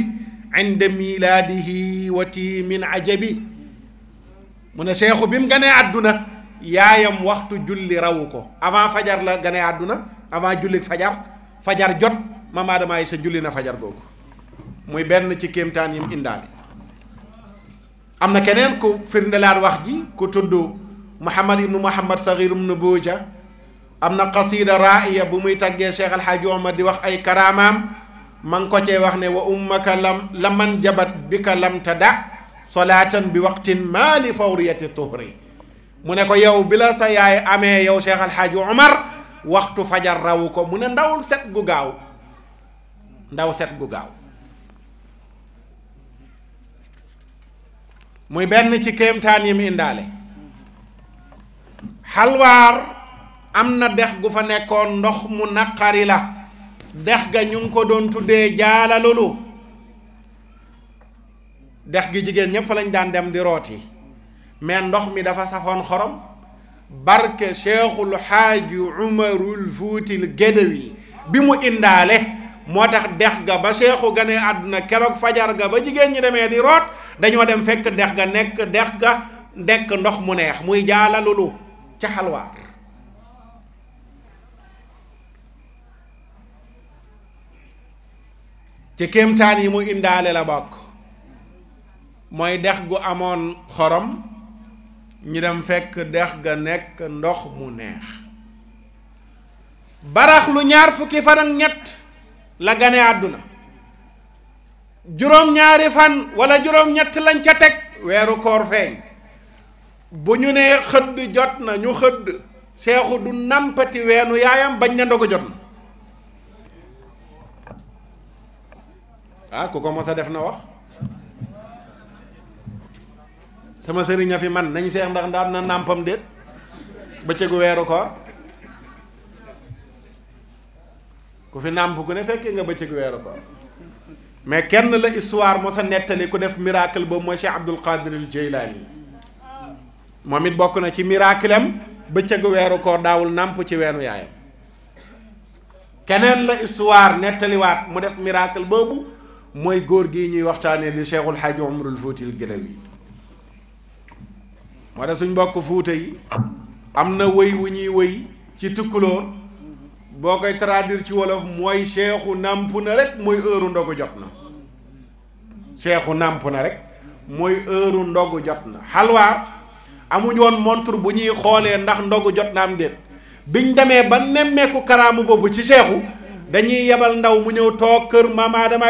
mu ne cheikhu bi mu ganee àdduna yaayam waxtu julli rawu ko avant fajar la ganee àdduna avant julli fajar fajar jot mama damaay sa julli na fajar googu muy benn ci kéemtaan yim indaale am na keneen ku firndelaat wax ji ku tudd Muhammad ibnu Muhammad Saxiir ibnu Booja am na qasida raaya bu muy taggee Cheikh Al Hadj di wax ay karaamaam ma ngi ko cee wax ne wa ummaka laman jabat bi ka lam tada salaatan bi waqtin maa li fawriyati tuhri mu ne ko yow bila sa yaay amee yow Cheikh Al Hadj waxtu fajar raw ko mu ne ndawul set gu gaaw ndaw set gu gaaw muy benn ci kemtaan yi mu indaale xalwaar am na dex gu fa nekkoon ndox mu naqari la dex ga ñu ngi ko doon tuddee jaala lolu dex gi jigéen ñépp fa lañ daan dem di yi mais ndox mi dafa safoon xorom barke cheikhul xaaji umarul fuutil gédéwi bi mu indaale moo tax dex ga ba seexu ganee àdduna keroog fajar ga ba jigéen ñi demee di root dañoo dem fekk dex ga nekk dex ga nekk ndox mu neex muy jaalalulu ca xalwaar ci kéemtaan yi mu la bokk mooy dex gu amoon xorom ñu dem fekk dex ga nekk ndox mu neex barax lu ñaar fukki fan ñett la gane àdduna juróom-ñaari fan wala juróom-ñett lañ ca teg weeru koor feeñ bu ñu nee xëdd jot na ñu xëdd seexu du nàmpati weenu yaayam bañ na ndogu jot na ah ku ko mos def na wax sama sëriñ a fi man nañ seex ndax daan na nàmpam déet bëccëgu weeru koor ku fi nàmp ku ne fekkee nga bëccëg weeru koor mais kenn la histoire moo sa nettali ku def miracle boobu mooy Cheikh Abdul Qadir al Jeylaani moom it bokk na ci miracle am bëccëgu weeru koor daawul nàmp ci weenu yaayam keneen la histoire nettaliwaat mu def miracle boobu mooy góor gi ñuy waxtaanee di Cheikhul Hadj Omarul Foutil Guelawi moo de suñ mbokk fuuta yi am na wëy wu ñuy wëy ci tukkuloo boo koy traduire ci wolof mooy seexu nàmp na rek mooy heure ndogu jot na seexu nàmp na rek mooy heure ndogu jot na xalwaar amuñ woon montre bu ñuy xoolee ndax ndogu jot na am déet biñ demee ba nemmeeku karaamu boobu ci seexu dañuy yebal ndaw mu ñëw toog kër maam Adama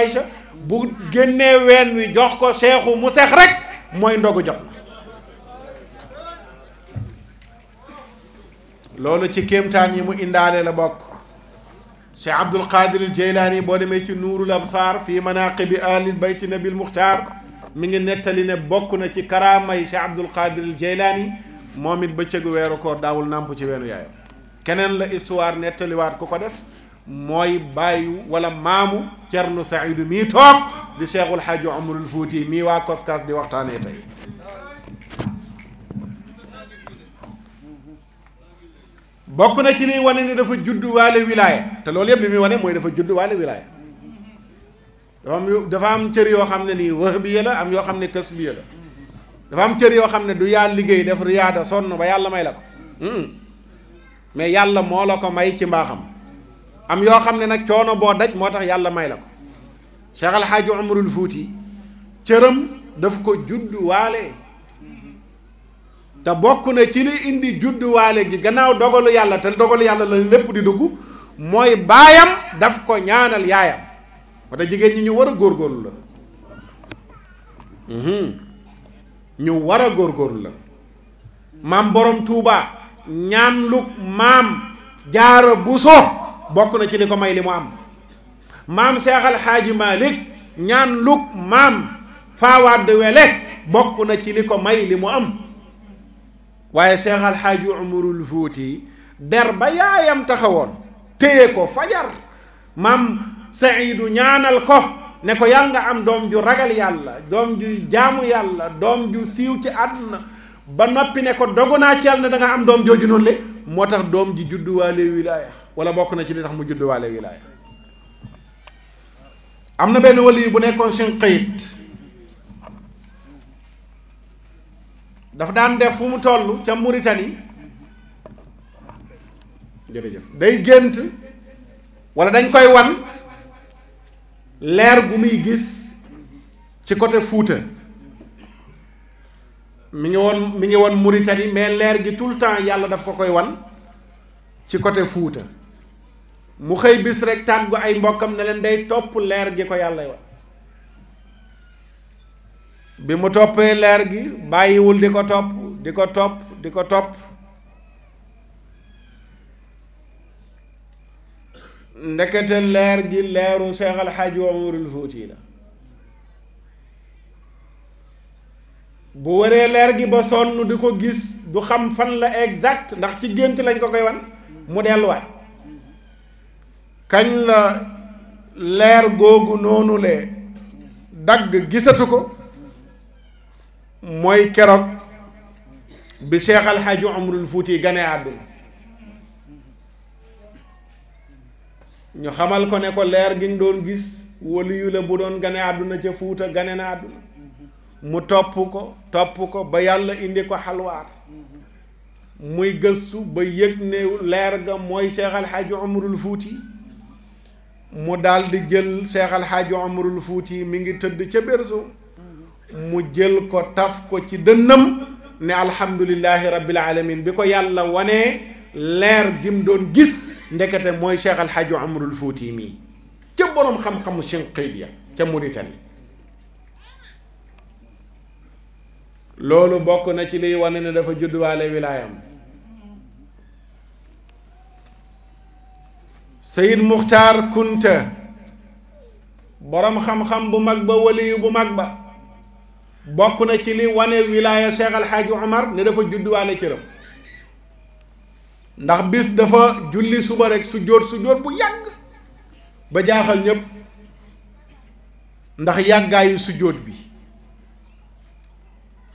bu génnee ween wi jox ko seexu mu seex rek mooy ndogu jot na loolu ci kéemtaan yi mu indaale la bokk cheikh abdul qadir al jeylaani boo demee ci nuurul absaar fii manaqibi ahlil bayti nabil muxtaar mi ngi nettali ne bokk na ci karaamay cheikh abdul qadir al jeylaani moom it bëccëgu weeru koor daawul nàmp ci weenu yaayam keneen la histoire nettaliwaat ku ko def mooy bàyyu wala maamu cernu saidu mii toog di cheikhul xaaji omarul fuuti mii waa koskaas di waxtaanee tey bokk na ci liy wane ni dafa juddu waale wilaaya te loolu yëpp li muy wane mooy dafa juddu waale wilaaya dafa am dafa yoo xam ne nii wahbiya la am yoo xam ne kasbiya la dafa am cër yoo xam ne du yaa liggéey def riyaada sonn ba yàlla may la ko hmm. mais yàlla moo la ko may ci mbaaxam am yoo xam ne nag coono boo daj moo tax yàlla may la ko Cheikh Al Umarul Fuuti cëram daf ko juddu waale. te bokk na ci li indi judduwaale gi gannaaw dogalu yàlla te dogalu yàlla la lépp di dugg mooy baayam daf ko ñaanal yaayam wata jigéen ñi ñu war a góorgóorlu la mhm. ñu wara góor góorgóorlu la maam borom tuuba ñaan lu maam jaara buso bokk na ci li ko may li mu am maam seex alxaaji malik ñaan lug maam faawaad wele bokk na ci li ko may li mu am waaye Cheikh Al Hadj Umarul Fuuti der ba yaayam taxawoon téye ko fajar maam Saidu ñaanal ko ne ko yàlla nga am doom ju ragal yàlla doom ju jaamu yàlla doom ju siiw ci àdduna ba noppi ne ko dogu naa ci yàlla ne da am doom jooju noonu le moo tax doom ji judduwaale wilaaya wala bokk na ci li tax mu judduwaale wilaaya am na benn wali bu nekkoon seen xëyit dafa daan def fu mu toll ca Mauritanie jërëjëf day gént wala dañ koy wan leer gu muy gis ci côté Fuuta mu ngi woon mi ngi woon Mauritanie mais leer gi tout le temps yàlla daf ko koy wan ci côté Fuuta mu xëy bis rek tàggu ay mbokkam ne leen day topp leer gi ko yàlla wan bi mu toppee leer gi bàyyiwul di ko topp di ko topp di ko topp ndekete leer gi leeru Seex al Xaaji Umarul Fuuti la bu waree leer gi ba sonn di ko gis du xam fan la exact ndax ci gént lañ ko koy wan mu delluwaat kañ la leer googu noonu le dagg gisatu ko mooy keroog bi Cheikh Al Hadj Omrul gane àdduna ñu xamal ko ne ko leer gi ñu doon gis waliyu la bu doon gane àdduna ca Fuuta gane na àdduna mu topp ko topp ko ba yàlla indi ko xalwaar muy gëstu ba yëg ne leer ga mooy Cheikh Al Hadj fuuti Fouti mu daal di jël Cheikh Al Hadj Omrul Fouti mi ngi tëdd ca berso mu jël ko taf ko ci dënnam ne alhamdulillahi rabbil alamin bi ko yàlla wanee leer gim doon gis ndekete mooy cheikh alxaaju amarul fuuti mii ca boroom xam-xamu sinqiit ya ca Mauritanie loolu bokk na ci liy wane ne dafa judduwaale wilaayam Sayid Muxtaar Kunta boroom xam-xam bu mag ba waliyu bu mag ba bokk na ci li wane wilaaya Cheikh Alxaaji Omar ne dafa judduwaale cëram ndax bis dafa julli suba rek su jóot su jóot bu yàgg ba jaaxal ñépp ndax yàggaayu su jóot bi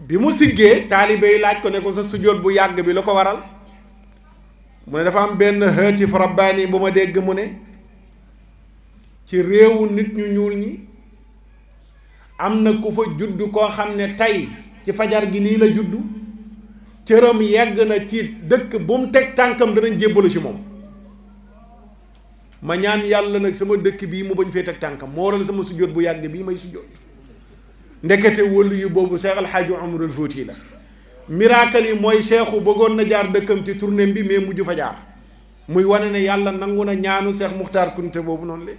bi mu siggee taalibe yi laaj ko ne ko sa su jóot bu yàgg bi la ko waral mu ne dafa am benn hëtif rabbaani bu ma dégg mu ne ci réewu nit ñu ñuul ñi am na ku fa judd koo xam ne tey ci fajar gi nii la judd cëram yàgg na ci dëkk bu mu teg tànkam danañ jébbalu ci moom ma ñaan yàlla nag sama dëkk bii mu bañ fee teg tànkam moo waral sama sujjóot bu yàgg bii may sujjóot ndekete wëllu yu boobu Cheikh Al Hadj Omarul Fouti la miracle yi mooy seexu bëggoon na jaar dëkkam ci tournée bi mais mujj fajaar muy wane ne yàlla nangu na ñaanu seex Muxtaar Kunte boobu noonu la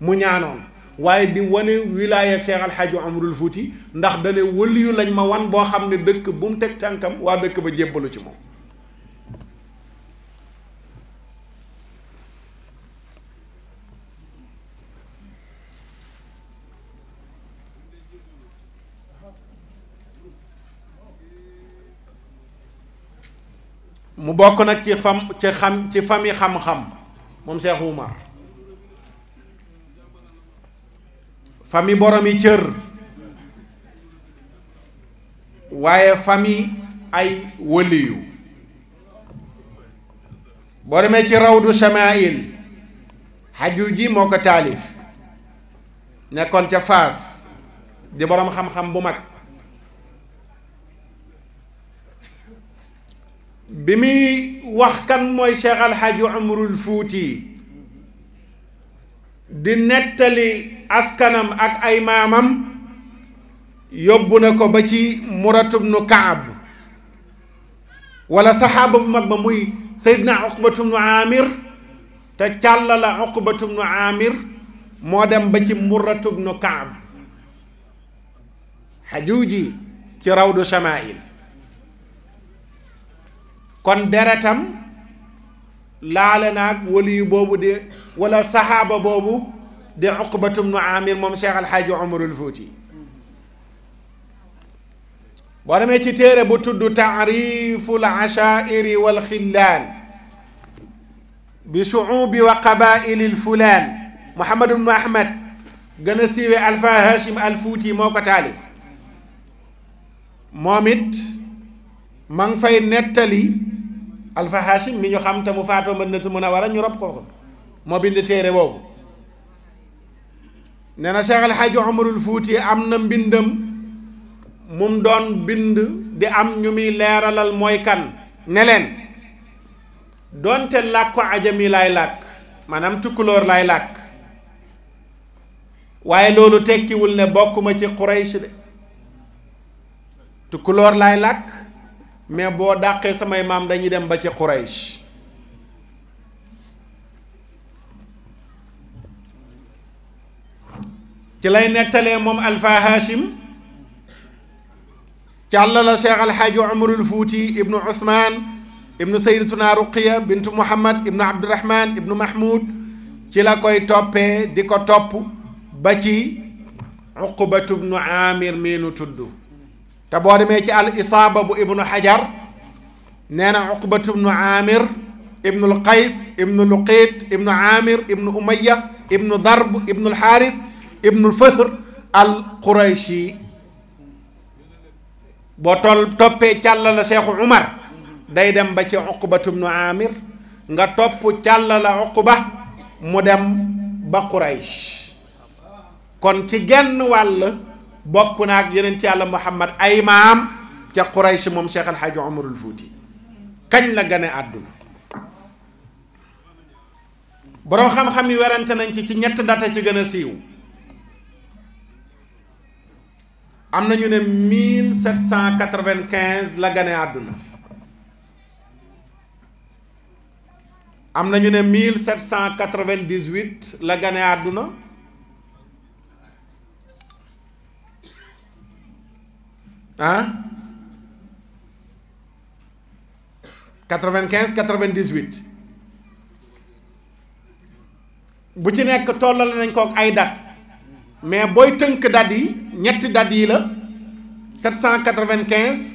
mu ñaanoon waaye di wane wilaaya ak Cheikh Alxaaji Amarul ndax dane wëliyu lañ ma wan boo xam ne dëkk bu mu teg tànkam waa dëkk ba jébbalu ci moom mu bokk nag ci fam ci xam ci fami xam-xam moom Cheikh famille boromi cër waaye famille ay wëliyu boo demee ci rawdu shama'il xaju ji moo ko taalif nekkoon ca faas di boroom xam-xam bu mag bi muy wax kan mooy Cheikh Alxaaji Umrul Fuuti di nettali askanam ak ay maamam yóbbu na ko ba ci muratub nu kaab wala saxaaba bu mag ba muy saydna uqbatum nu amir te càlla la nu amir moo dem ba ci muratub nu kaab xajuuji ci rawdu shamail kon deretam laale naag waliyu boobu de wala saxaaba boobu di uqbatum nu amir moom cheikh alxaaji omarul fouti boo demee ci téere bu tudd taariful ashairi wal xillaan bi shuubi wa qabailil fulaan muhammad ibnu ahmad gën a siiwe hashim alfuuti moo ko taalif moom it ma ngi fay nettali alfa hashim mi ñu xam te mu faatoo madinatul munawara ñu rob ko ko moo bind téere boobu nee na Cheikh El Hadj Omarul Fuuti am na mbindam mum doon mbind di am ñu muy leeralal mooy kan ne leen doonte làkku ajami laay làkk maanaam tukkulóor laay làkk waaye loolu tekkiwul ne bokkuma ci Quraysh de tukkulóor lay làkk mais boo dàqee samay maam dañuy dem ba ci Quraysh ci lay nettalee moom alfa haashim càlla la cheikh alxaaji omarul fuuti ibnu usmaan ibnu sayyidatuna ruqiya bintu muhammad ibnu abdurahman ibnu mahmud ci la koy toppe di ko topp ba ci uqubatu bnu amir mii nu tudd te boo demee ci al isaaba bu ibnu xajar nee na uqubatu bnu amir ibnu lqays ibnu luqit ibnu amir ibnu umaya ibnu darb ibnu lxaaris ibnul Fahr al Qurayshi boo toll toppee càllala Seexu Umar day dem ba ci Uqbatu ibnu Amir nga topp càllala Uqba mu dem ba Quraysh kon ci genn wàll bokk na ak yeneen ci àll Muhammad ay maam ca Quraysh moom Cheikh El Hadj Omarul Fouti kañ la gane àdduna boroom xam-xam yi werante nañ ci ci ñett data ci gën a siiw am na ñu ne mille sept cent quatre-vingt-quinze la gane àdduna am na ñu ne mille sept cent quatre-vingt-dix-huit la gane àdduna ah quatre-vingt-quinze quatre-vingt-dix-huit bu ci nekk tollal nañ kook ay date mais booy tënk dates yi ñetti dates yi la 795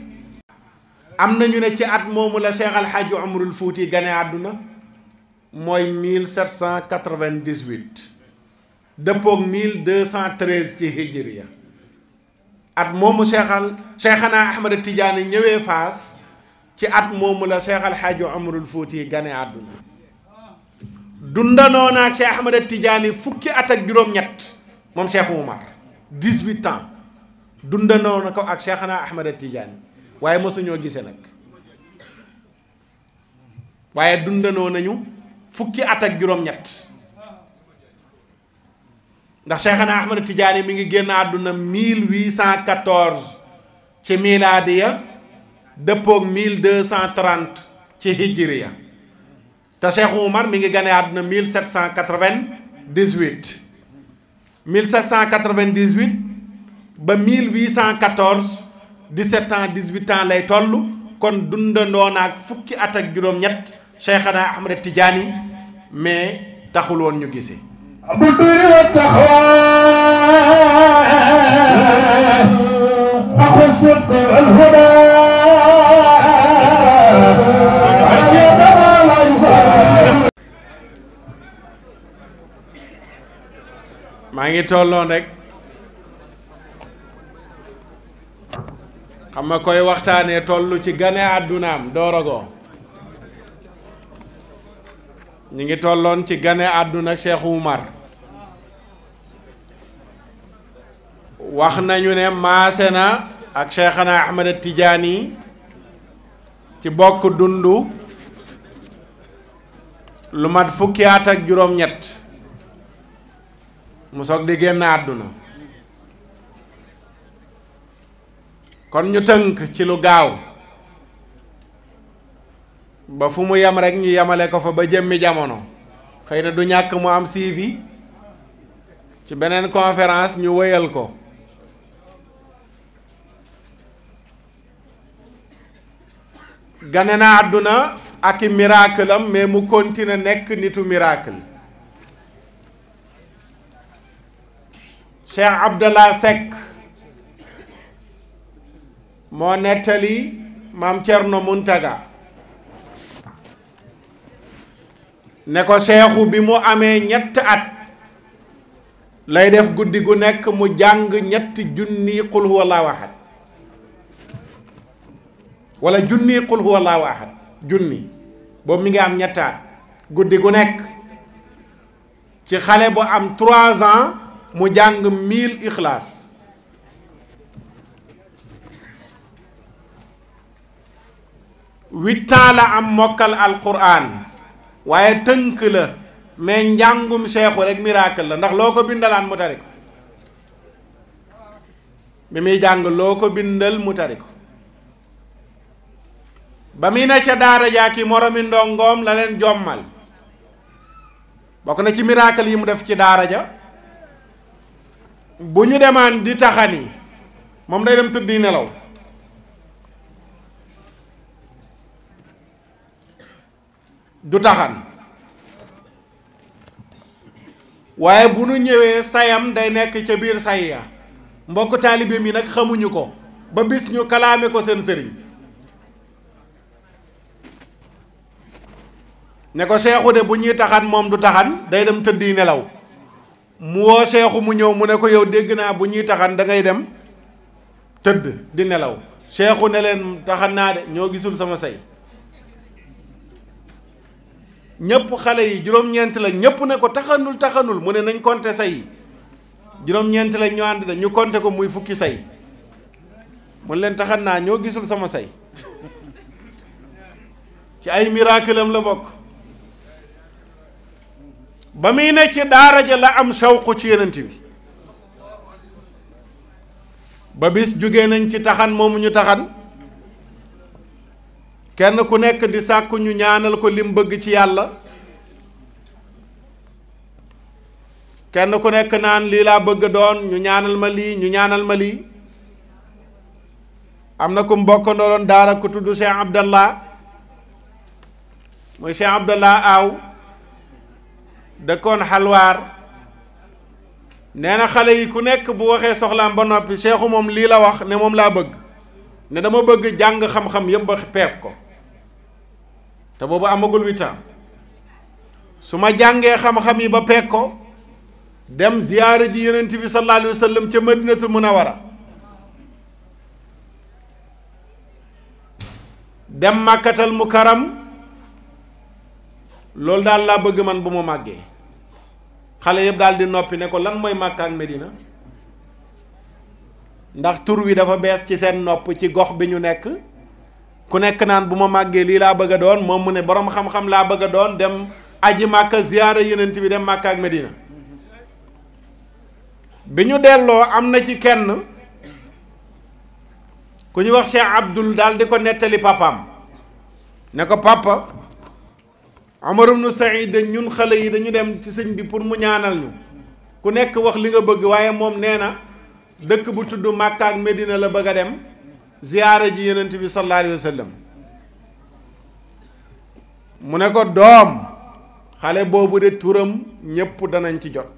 am nañu ne ci at moomu la Cheikh Al Hadj Omarul Fouti gane àdduna mooy 1798 dëppoog 1213 ci hijriya at moomu Cheikhal Cheikhana Ahmad Tidiane ñëwee fas ci at moomu la Cheikh Al Hadj Omarul Fouti gane àdduna dundanoon ak Cheikh Ahmad Tidiane fukki at ak juróom-ñett. moom Cheikh Oumar 18 ans dundandoo na ko ak Cheikhana Ahmad Tidiane waaye mosuñoo gisee nag waaye dundandoo nañu fukki at ak juróom-ñett ndax Cheikhana Ahmad Tidiane mi ngi génn àdduna 1814 ci milaadiya dëppoog 1230 ci hijriya te mu mar mi ngi gane àdduna mille 1798. 1798 ba 1814 17 ans 18 ans lay toll kon dundandoo naag fukki at ak juróom-ñett Cheikhana Ahmed Tidiane mais taxul woon ñu gisee. أخو maa ngi tolloon rek xam nga koy waxtaanee toll ci gane àddunaam dooragoo ñu ngi tolloon ci gane àdduna ak Cheikh wax nañu ne maase na ak Cheikhana Ahmed Tidiane ci bokk dund lu mat fukki at ak juróom-ñett. mu soog di génn àdduna kon ñu tënk ci lu gaaw ba fu mu yem rekk ñu yemale ko fa ba jëmmi jamono xëy na du ñàkk mu am siivi ci beneen conférence ñu wëyal ko gane na àdduna ak i miracle mais mu continue nekk nitu miracle Cheikh Abdallah Seck moo nettali maam Thierno Muntaga ne ko seexu bi mu amee ñett at lay def guddi gu nekk mu jàng ñetti junni qul huwa allahu junni qul huwa junni boobu mi ngi am ñett at guddi gu nekk ci xale bu am trois ans mu jàng mille ixlaas huit la am mokkal alquran waaye tënk la mais njàngum seexu rek miraakal la ndax loo ko bindalaan mu tari ko bi muy jàng loo ko bindal mu tari ko ba muy ne ca daara jaaki moromi ndongoom la leen jommal bokk na ci miracle yi mu def ci daara ja bu ñu demaan di taxani moom day dem tëdd di nelaw du taxan waaye bu nu ñëwee sayam day nekk ca biir say ya mbokk taalibe mi nag xamuñu ko ba bis ñu kalaame ko seen sëriñ ne ko seexu de bu ñuy taxan moom du taxan day dem tëdd di nelaw mu woo seexu mu ñëw mu ne ko yow dégg naa bu ñuy taxan da ngay dem tëdd di nelaw seexu ne leen taxan naa de ñoo gisul sama say ñëpp xale yi juróom-ñeent la ñëpp ne ko taxanul taxanul mu ne nañ konte say yi juróom-ñeent la ñu ànd da ñu konte ko muy fukki say mu leen taxan naa ñoo gisul sama say *laughs* ci ay miracle la bokk ba muy ne ci daara ja la am sawqu ci yenent bi ba bis jóge nañ ci taxan moomu ñu taxan kenn ku nekk di sàkku ñu ñaanal ko lim bëgg ci yàlla kenn ku nekk naan lii laa bëgg doon ñu ñaanal ma lii ñu ñaanal ma lii am na ku mbokkandoo doon daara ku tudd Cheikh Abdallah mooy Cheikh Abdallah aaw dëkkoon xalwaar nee na xale yi ku nekk bu waxee soxlaam ba noppi seexu moom lii la wax ne moom laa bëgg ne dama bëgg jàng xam-xam yépp ba peeg ko te boobu amagul huit ans su ma jàngee xam-xam yi ba peeg ko dem ziyaare ji yonent bi sallallahu ca wa sallam ca madinatul munawara dem màkkatal karam loolu daal laa bëgg man bu ma màggee xale yëpp daal di noppi ne ko lan mooy Màkka ak Medina ndax tur wi dafa bees ci seen nopp ci gox bi ñu nekk ku nekk naan bu ma màggee lii laa bëgg a doon moom mu ne boroom xam-xam laa bëgg a doon dem aji màkka ziyaara yenent bi dem Màkka ak Medina bi ñu delloo am na ci kenn ku ñu wax Cheikh Abdul daal di ko nettali papaam ne ko papa Omar ibn Saïd ñun xale yi dañu dem ci sëñ bi pour mu ñaanal ñu ku nekk wax li nga bëgg waaye moom nee na dëkk bu tudd Màkka ak Medina la bëgg a dem ziyaara ji yonent bi sallallahu alayhi wa mu ne ko doom xale boobu de turam ñépp danañ ci jot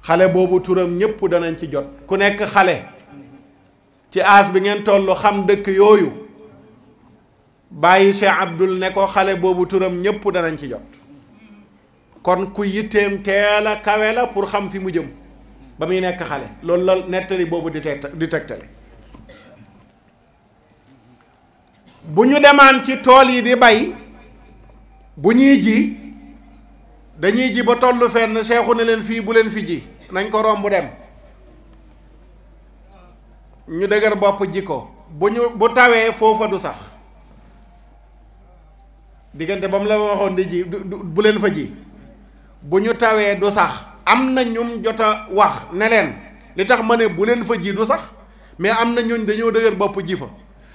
xale boobu turam ñépp danañ ci jot ku nekk xale ci aas bi ngeen toll xam dëkk yooyu bàyyi Cheikh Abdul ne ko xale boobu turam ñépp danañ ci jot kon ku yitteem teel a la pour xam fi mu jëm ba muy nekk xale loolu la nettali boobu di teg di tegtale bu ñu demaan ci tool yi di bay bu ñuy ji dañuy ji ba tollu fenn seexu ne leen fii bu leen fi ji nañ ko romb dem ñu dëgër bopp ji ko bu ñu bu tawee foofa du sax diggante ba mu la waxoon di ji bu leen fa ji bu ñu tawee du sax am na ñum jota wax ne leen li tax ma ne bu leen fa ji du sax mais am na ñooñ dañoo dëgër bopp ji fa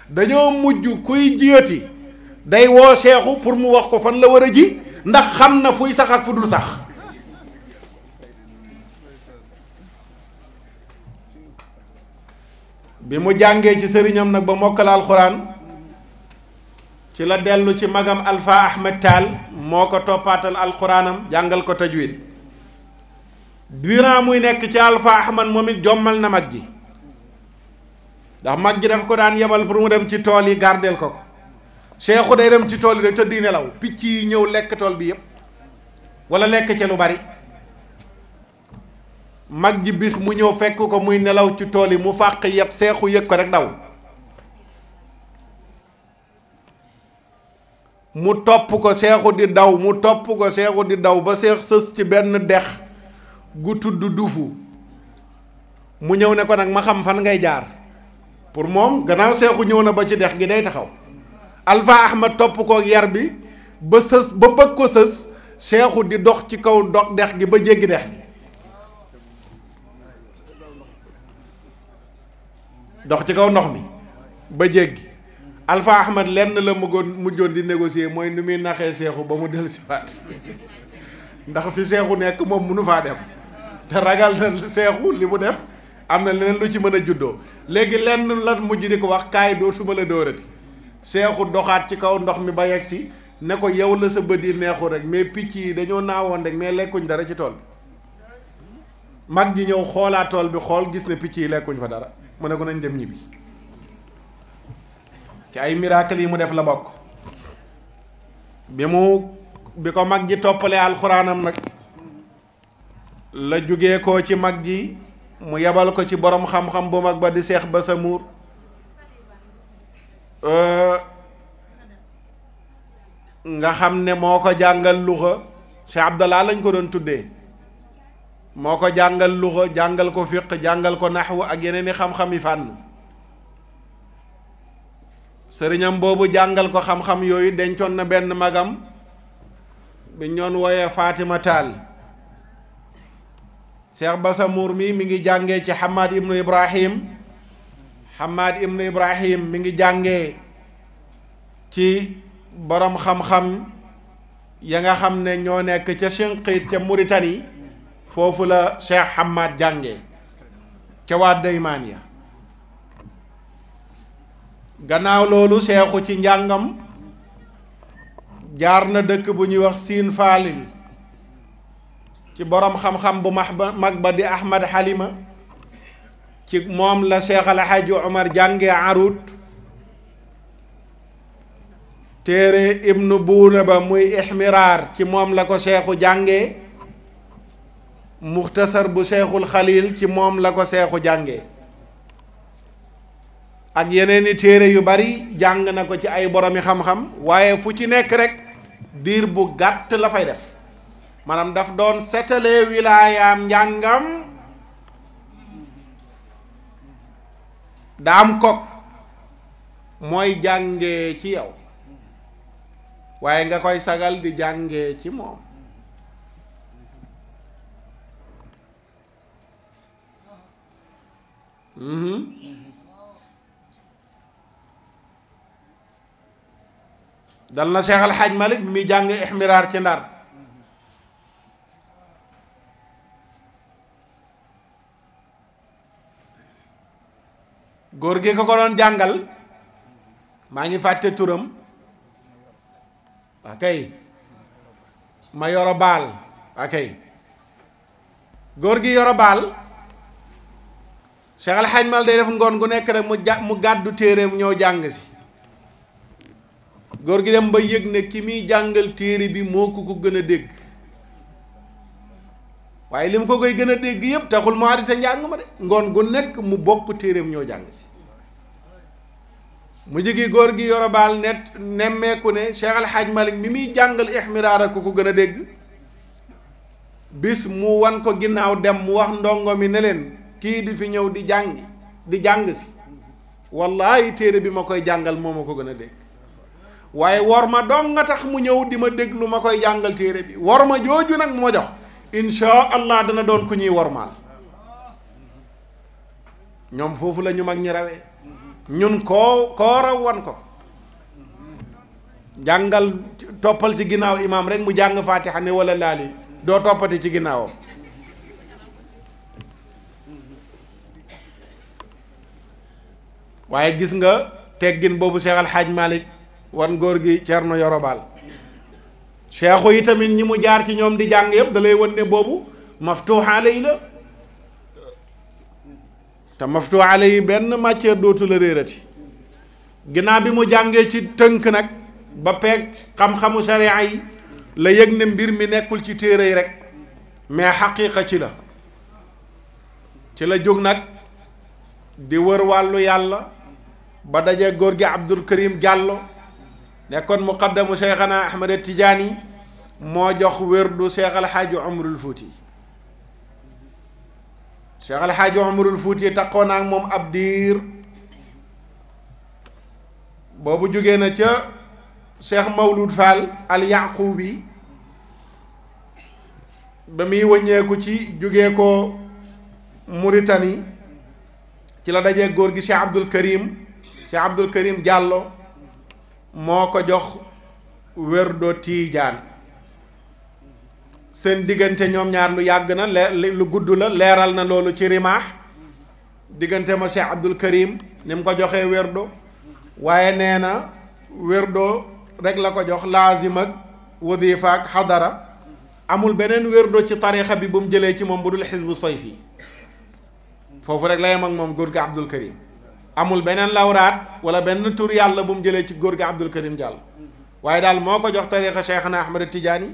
dañoo mujj kuy jiyati day woo seexu pour mu wax ko fan la war a ji ndax xam na fuy sax ak fu dul sax bi mu jàngee ci sëriñam nag ba mokkal alxuraan ci la dellu ci magam Alpha Ahmed Tall moo ko toppaatal alxuraanam jàngal ko tajwid durant muy nekk ci Alpha Ahmed moom it jommal na mag ji ndax mag ji daf ko daan yebal pour mu dem ci tool yi gardeel ko ko seexu day dem ci tool yi da tëdd nelaw picc yi ñëw lekk tool bi yépp wala lekk ca lu bari mag ji bis mu ñëw fekk ko muy nelaw ci tool yi mu fàq yëpp seexu yëg ko rek daw mu topp ko seexu di daw mu topp ko seexu di daw ba seex sës ci benn dex gu tudd dufu mu ñëw ne ko nag ma xam fan ngay jaar pour moom gannaaw seexu ñëw na ba ci dex gi day taxaw Alpha Ahmed topp ko yar bi ba sës ba bëgg ko sës seexu di dox ci kaw dox dex gi ba jéggi dex gi dox ci kaw ndox mi ba jéggi Alpha Ahmed lenn la muggoon mujjoon di négocier mooy nu muy naxee seexu ba mu del siwaat ndax fi seexu nekk moom mënu faa dem te ragal na seexu li mu def am na leneen lu ci mën a juddoo léegi lenn lan mujj di ko wax kaay dootuma la dóorati seexu doxaat ci kaw ndox mi ba yegg si ne ko yow la sa bët yi neexu rek mais picc yi dañoo naawoon rek mais lekkuñ dara ci tool bi mag ji ñëw xoolaa tool bi xool gis ne picc yi lekkuñ fa dara mu ne ko nañ dem ñibbi ci ay miracle yi mu def la bokk bi mu bi ko mag ji toppalee alxuraanam nag la jóge ko ci mag ji mu yebal ko ci boroom xam-xam bu mag ba di seex ba sa muur nga xam ne moo ko jàngal luxa Cheikh Abdallah lañ ko doon tuddee moo ko jàngal luxa jàngal ko fiq jàngal ko naxwu ak yeneeni xam-xam yi fànn sëriñam boobu jàngal ko xam-xam yooyu dencoon na benn magam bi ñoon wooyee Fatima Tall Cheikh Bassa muur mi mi ngi jàngee ci Hamad ibnu Ibrahim Hamad ibnu Ibrahim mi ngi jàngee ci boroom xam-xam ya nga xam ne ñoo nekk ca Chinqit ca Mauritanie foofu la Cheikh Hamad jànge ca waa ya gannaaw loolu seexu ci njàngam jaar na dëkk bu ñuy wax siin faalil ci boroom xam-xam bu mag ba di Ahmad Halima ci moom la Cheikh El Hadj jànge arut téere ibnu buuna ba muy ixmiraar ci moom la ko seexu jànge muxtasar bu seexul xaliil ci moom la ko seexu jànge ak yeneeni téere yu bari jàng na ko ci ay boromi xam-xam waaye fu ci nekk rekk diir bu gàtt la fay def maanaam daf doon setalee wilaayaam njàngam daam kog mooy jàngee ci yow waaye nga koy sagal di jàngee ci moom Mm-hmm. dal na Seex al Xaaj Malik mi jàng ixmiraar ci ndar góor gi ko ko doon jàngal maa ngi fàtte turam waa ma yoro baal waa góor gi yoro Cheikh Al Hadj Mal day def ngoon gu nekk rek mu ja mu gàddu téereem ñoo jàng si góor gi dem ba yëg ne ki muy jàngal téere bi moo ko ko gën a dégg waaye li mu ko koy gën a dégg yëpp taxul mu arrêté njàng ma de ngoon gu nekk mu bokk téereem ñoo jàng si mu jigi góor gi yorobaal net nemmeeku ne Cheikh Al Hadj Malick mi muy jàngal ixmiraara ko ko gën a dégg bis mu wan ko ginnaaw dem mu wax ndongo mi ne leen kii di fi ñëw di jàng di jàng si wallaahi téere bi ma koy jàngal moo ma ko gën a dégg waaye wor ma dong nga tax mu ñëw di ma déglu ma koy jàngal téere bi wor ma jooju nag moo jox insha allah dana doon ku ñuy wormaal ñoom foofu lañu mag ñi rawee ñun koo koo raw wan ko jàngal toppal ci ginnaaw imaam rek mu jàng faatixa ne wala laali doo toppati ci ginnaawam waaye gis nga teggin boobu Cheikh Al Hadj Malick wan góor gi Thierno Yorobal cheikhu yi tamit ñi mu jaar ci ñoom di jàng yëpp dalay lay wan ne boobu maftuuxaale yi la te maftuuxaale yi benn matière dootu la réerati ginnaaw bi mu jàngee ci tënk nag ba peeg xam-xamu sharia la yëg ne mbir mi nekkul ci téere yi rek mais xaqiqa ci la ci la jóg nag di wër wàllu yàlla ba dajee góor gi Abdul Karim Diallo nekkoon muqaddamu Cheikhana Ahmed Tidiane moo jox wérdu Cheikh Al Hadj Omarul Fouti Cheikh Al Hadj Omarul Fouti taxoon naa ak moom ab diir boobu jógee na ca Cheikh Mawlud Fall al Yaqubi ba muy wëññeeku ci jógee ko ci la dajee góor gi Cheikh Abdul Karim. Cheikh Abdul Karim Diallo moo ko jox wérdo tiijaan seen diggante ñoom ñaar lu yàgg na lu gudd la leeral na loolu ci rimaax diggante ma Cheikh Abdul Karim ni mu ko joxee wérdo waaye nee na wérdo rek la ko jox laazim ak wadifa ak xadara amul beneen wérdo ci tarixa bi bu mu jëlee ci moom bu dul xisbu sayfi foofu rek la yem moom góor gi Abdul Karim amul beneen lawraat wala benn tur yàlla bu mu jëlee ci góor gi Abdul Karim Diallo waaye daal moo ko jox tariqa Cheikhna Ahmad Tidiane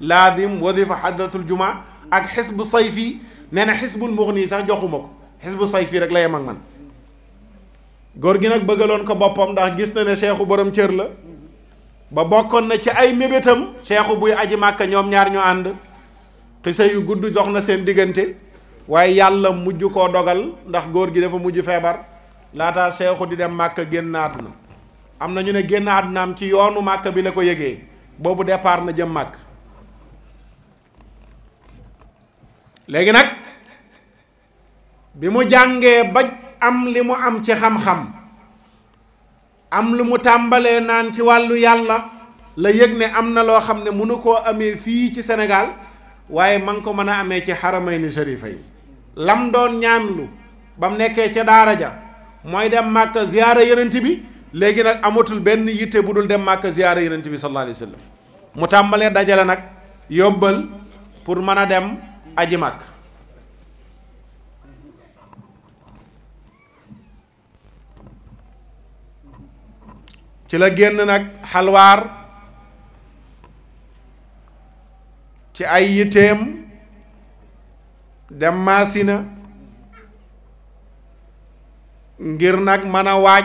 laadim wadifa hadratul juma ak xisbu sayfi nee na xisbul mughni sax joxuma ko xisbu sayfi rek la yem ak man góor gi nag bëggaloon ko boppam ndax gis na ne cheikhu borom cër la ba bokkoon na ci ay mébétam cheikhu buy aji màkka ñoom ñaar ñu ànd xisa yu gudd jox na seen diggante waaye yàlla mujj koo dogal ndax góor gi dafa mujj feebar laataa seexu di dem màkk génn àdduna am na ñu ne génn àddunaam ci yoonu màkk bi la ko yëgee boobu départ na jëm màkk léegi nag bi mu jàngee ba am li mu am ci xam-xam am lu mu tàmbalee naan ci wàllu yàlla la yëg ne am na loo xam ne mënu koo amee fii ci senegal waaye ma ngi ko mën a amee ci xaramayni sharifa fay lam doon ñaan lu ba mu nekkee ca daara ja mooy dem màkka ziyaara yonent bi léegi nag amatul benn yitte bu dul dem màkka ziyaara yonent bi sallallahu alayhi wa sallam mu tàmbalee dajale nag yóbbal pour mën a dem aji màkk ci la génn nag xalwaar ci ay yitteem dem maasina ngir nag mën a waaj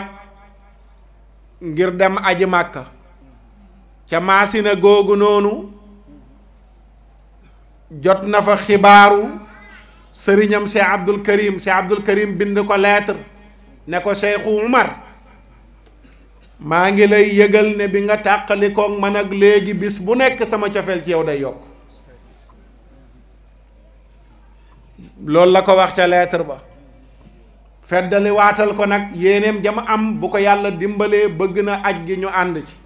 ngir dem aji màkka ca maasina googu noonu jot na fa xibaaru sëriñam Cheikh Abdul Karim Cheikh Abdul Karim bind ko lettre ne ko Cheikhu Umar maa ngi lay yëgal ne bi nga tàqalikoog man ak léegi bis bu nekk sama cofeel ci yow day yokk loolu la ko wax ca lettre ba feddali ko nag yéeneem jama am bu ko yàlla dimbalee bëgg na aj gi ñu ànd ci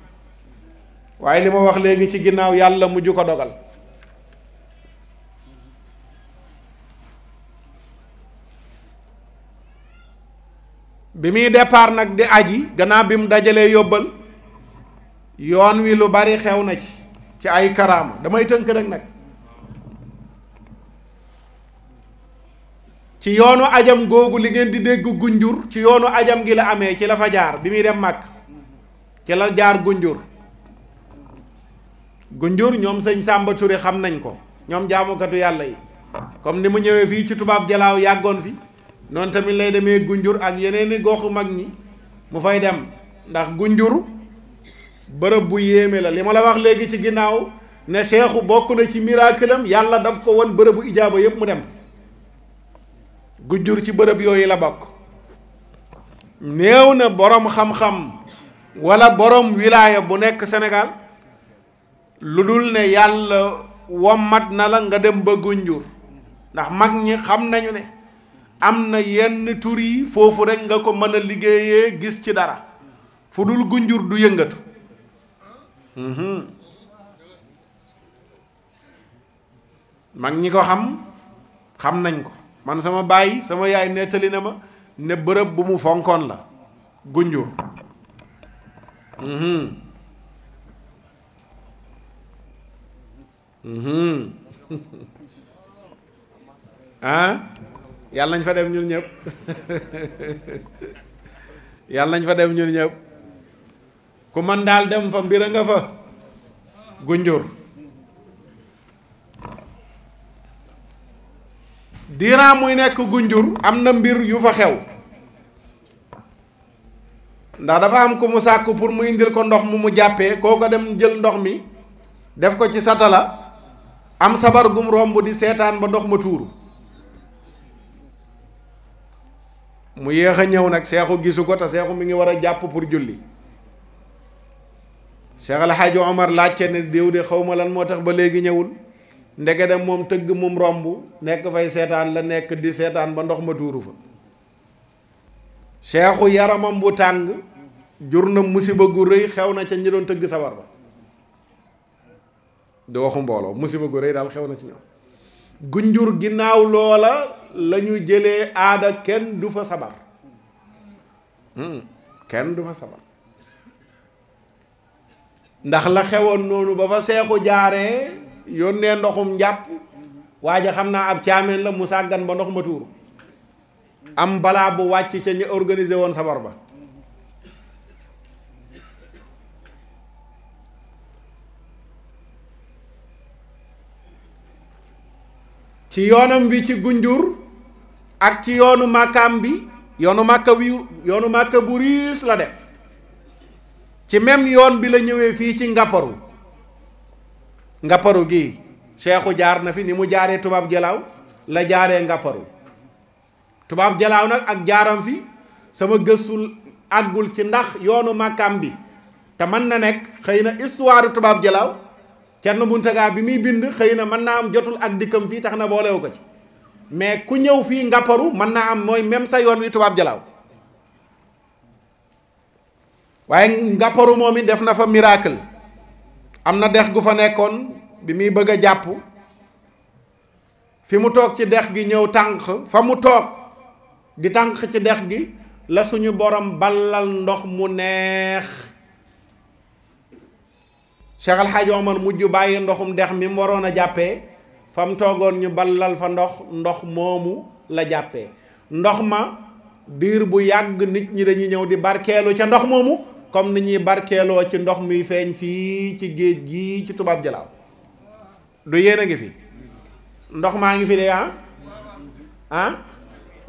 waaye li ma wax léegi ci ginnaaw yàlla mujj ko dogal bi muy départ nag di aji gannaaw bi mu dajalee yóbbal yoon wi lu bari xew na ci ci ay karaama damay tënk rek nag ci yoonu ajam googu li ngeen di dégg gunjur ci yoonu ajam gi la amee ci la fa jaar bi muy dem màkk ci la jaar gunjur gunjur ñoom sëñ Sàmba Ture xam nañ ko ñoom jaamukatu yàlla yi comme ni mu ñëwee fii ci tubaab jalaaw yàggoon fi noonu tamit lay demee gunjur ak yeneen yeneeni goxu mag ñi mu fay dem ndax gunjur bërëb bu yéeme la li ma la wax léegi ci ginnaaw ne seexu bokk na ci miracle am yàlla daf ko won bërëbu ijaaba yépp mu dem gu jur ci bërëb yooyu la bokk néew na boroom xam-xam walla boroom wilaaya bu nekk Sénégal lu dul ne yàlla womat na la nga dem ba gunjur ndax mag ñi xam nañu ne am na yenn tur foofu rekk nga ko mën a liggéeyee gis ci dara fu dul gunjur du yëngatu mhm. mag ñi ko xam xam nañ ko man sama baay sama yaay nettali na ma ne bërëb bu mu fonkoon la gunjur mhm. Mhm. *laughs* ah yàlla nañ fa dem ñun ñëpp *laughs* yàlla nañ fa dem ñun ñëpp ku man daal dem fa mbir nga fa gunjur diiraa muy nekk gunjur am na mbir yu fa xew ndax dafa am ko mu sàkku pour mu indil ko ndox mu mu jàppee koo ko dem jël ndox mi def ko ci satala am sabar gum romb di seetaan ba ndox ma tuuru mu yéex a ñëw nag seexu gisu ko te seexu mi ngi war a jàpp pour julli Cheikh El Hadj Omar laajte ne déew de xaw ma lan moo tax ba léegi ñëwul ndege dem moom tëgg mum romb nekk fay seetaan la nekk di seetaan ba ndox ma tuuru fa seexu yaramam bu tàng jur na musiba gu rëy xew na ca ñi tëgg sabar ba mbooloo musiba gu rëy daal xew na ci ñoom gunjur ginnaaw loola la ñu jëlee aada kenn du fa sabar hmm, kenn du fa sabar ndax la xewoon noonu ba fa seexu jaaree yónnee ndoxum njàpp waaja xam naa ab caameen la mu sàggan ba ndox ma tuur am balaa bu wàcc ca ñu organiser woon sabar ba ci yoonam bi ci gunjur ak ci yoonu màkkaam bi yoonu màkka wi yoonu màkka bu riis la def ci même yoon bi la ñëwee fii ci ngàpparu ngapparu gi seexu jaar na fi ni mu jaaree tubaab jalaaw la jaaree ngapparu tubaab jalaaw nag ak jaaram fi sama gëstul àggul ci ndax yoonu màkkaam bi te mën na nekk xëy na histoire tubaab jalaaw Thierno Mountaga bi muy bind xëy na mën naa am jotul ak dikkam fii tax na boolewu ko ci mais ku ñëw fii ngapparu mën naa am mooy même sa yoon wi tubaab jalaaw waaye ngapparu moom it def na fa miracle am na dex gu fa nekkoon bi muy bëgg a jàpp fi mu toog ci dex gi ñëw tànq fa mu toog di tànk ci dex gi la suñu boroom ballal ndox mu neex Cheikh Al Hadj mujj bàyyi ndoxum dex mi mu waroon a jàppee fa mu toogoon ñu ballal fa ndox ndox moomu la jàppee ndox ma diir bu yàgg nit ñi dañuy ñëw di barkeelu ca ndox moomu comme ni ñuy barkeeloo ci ndox muy feeñ fii ci géej gi ci tubaab jalaaw du yéen a ngi fi ndox maa ngi fi de ah ah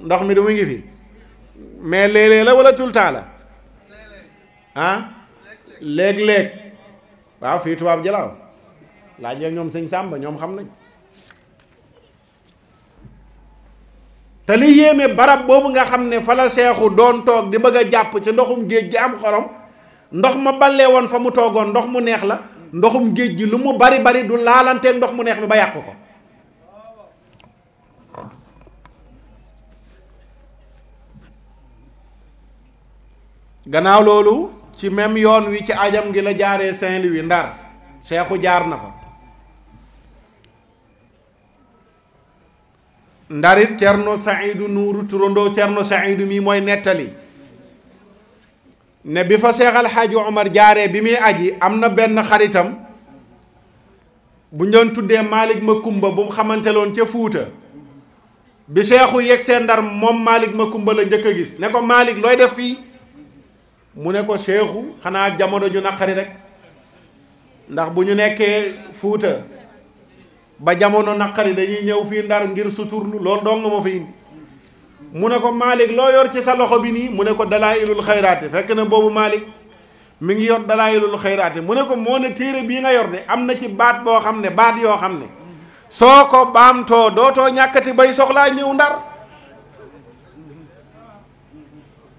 ndox mi du mu ngi fi mais léeg-léeg la wala tout la ah léeg-léeg waaw fii tubaab jalaaw laajee ñoom sëñ Sàmba ñoom xam nañ te li yéeme barab boobu nga xam ne fa la seexu doon toog di bëgg a jàpp ci ndoxum géej gi am xorom ndox ma ballee woon fa mu toogoon ndox mu neex la ndoxum géej gi lu mu bari bari du laalanteeg ndox mu neex mi ba yàq ko gannaaw loolu ci même yoon wi ci ajam gi la jaaree saint wi Ndar Seexu jaar na fa ndarit Cerno Saidu Nuuru turandoo Cerno Saidu mi mooy nettali ne bi fa Seex Alxaaji Omar jaaree bi muy aji am na benn xaritam bu ñu doon tuddee Malick Makumba bu mu xamante loon ca Fuuta bi seexu yegg seen ndar moom Malick Makumba la njëkk a gis ne ko Malick looy def fii mu ne ko seexu xanaa jamono ju naqari rek ndax bu ñu nekkee Fuuta ba jamono naqari dañuy ñëw fii ndar ngir suturlu loolu dong ma fi indi mu ne ko Malick loo yor ci sa loxo bi nii mu ne ko dalaa'ilul xayraati fekk na boobu Malick mi ngi yor dalaa'ilul xayraati mu ne ko moo ne téere bii nga yor de am na ci baat boo xam ne baat yoo xam ne soo ko baamtoo dootoo ñàkkati bay soxlaa ñëw ndar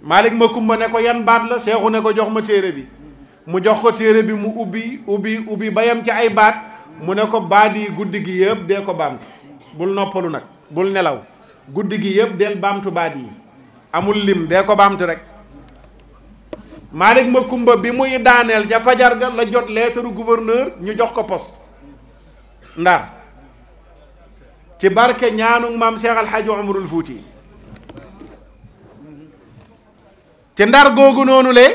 Malick ma kumba ne ko yan baat la seexu ne ko jox ma téere bi mu jox ko téere bi mu ubbi ubbi ubbi ba yam ci ay baat mu ne ko baat yi guddi gi yëpp dee ko baamtu bul noppalu nag bul nelaw guddi gi yëpp del baamtu baat yi amul lim de ko baamtu rek ma Makumba bi muy daaneel ca fajar ga la jot leetaru gouverneur ñu jox ko poste ndar ci barke ñaanu maam Cheikh Al Hadj Omarul Fouti ci ndar googu noonu le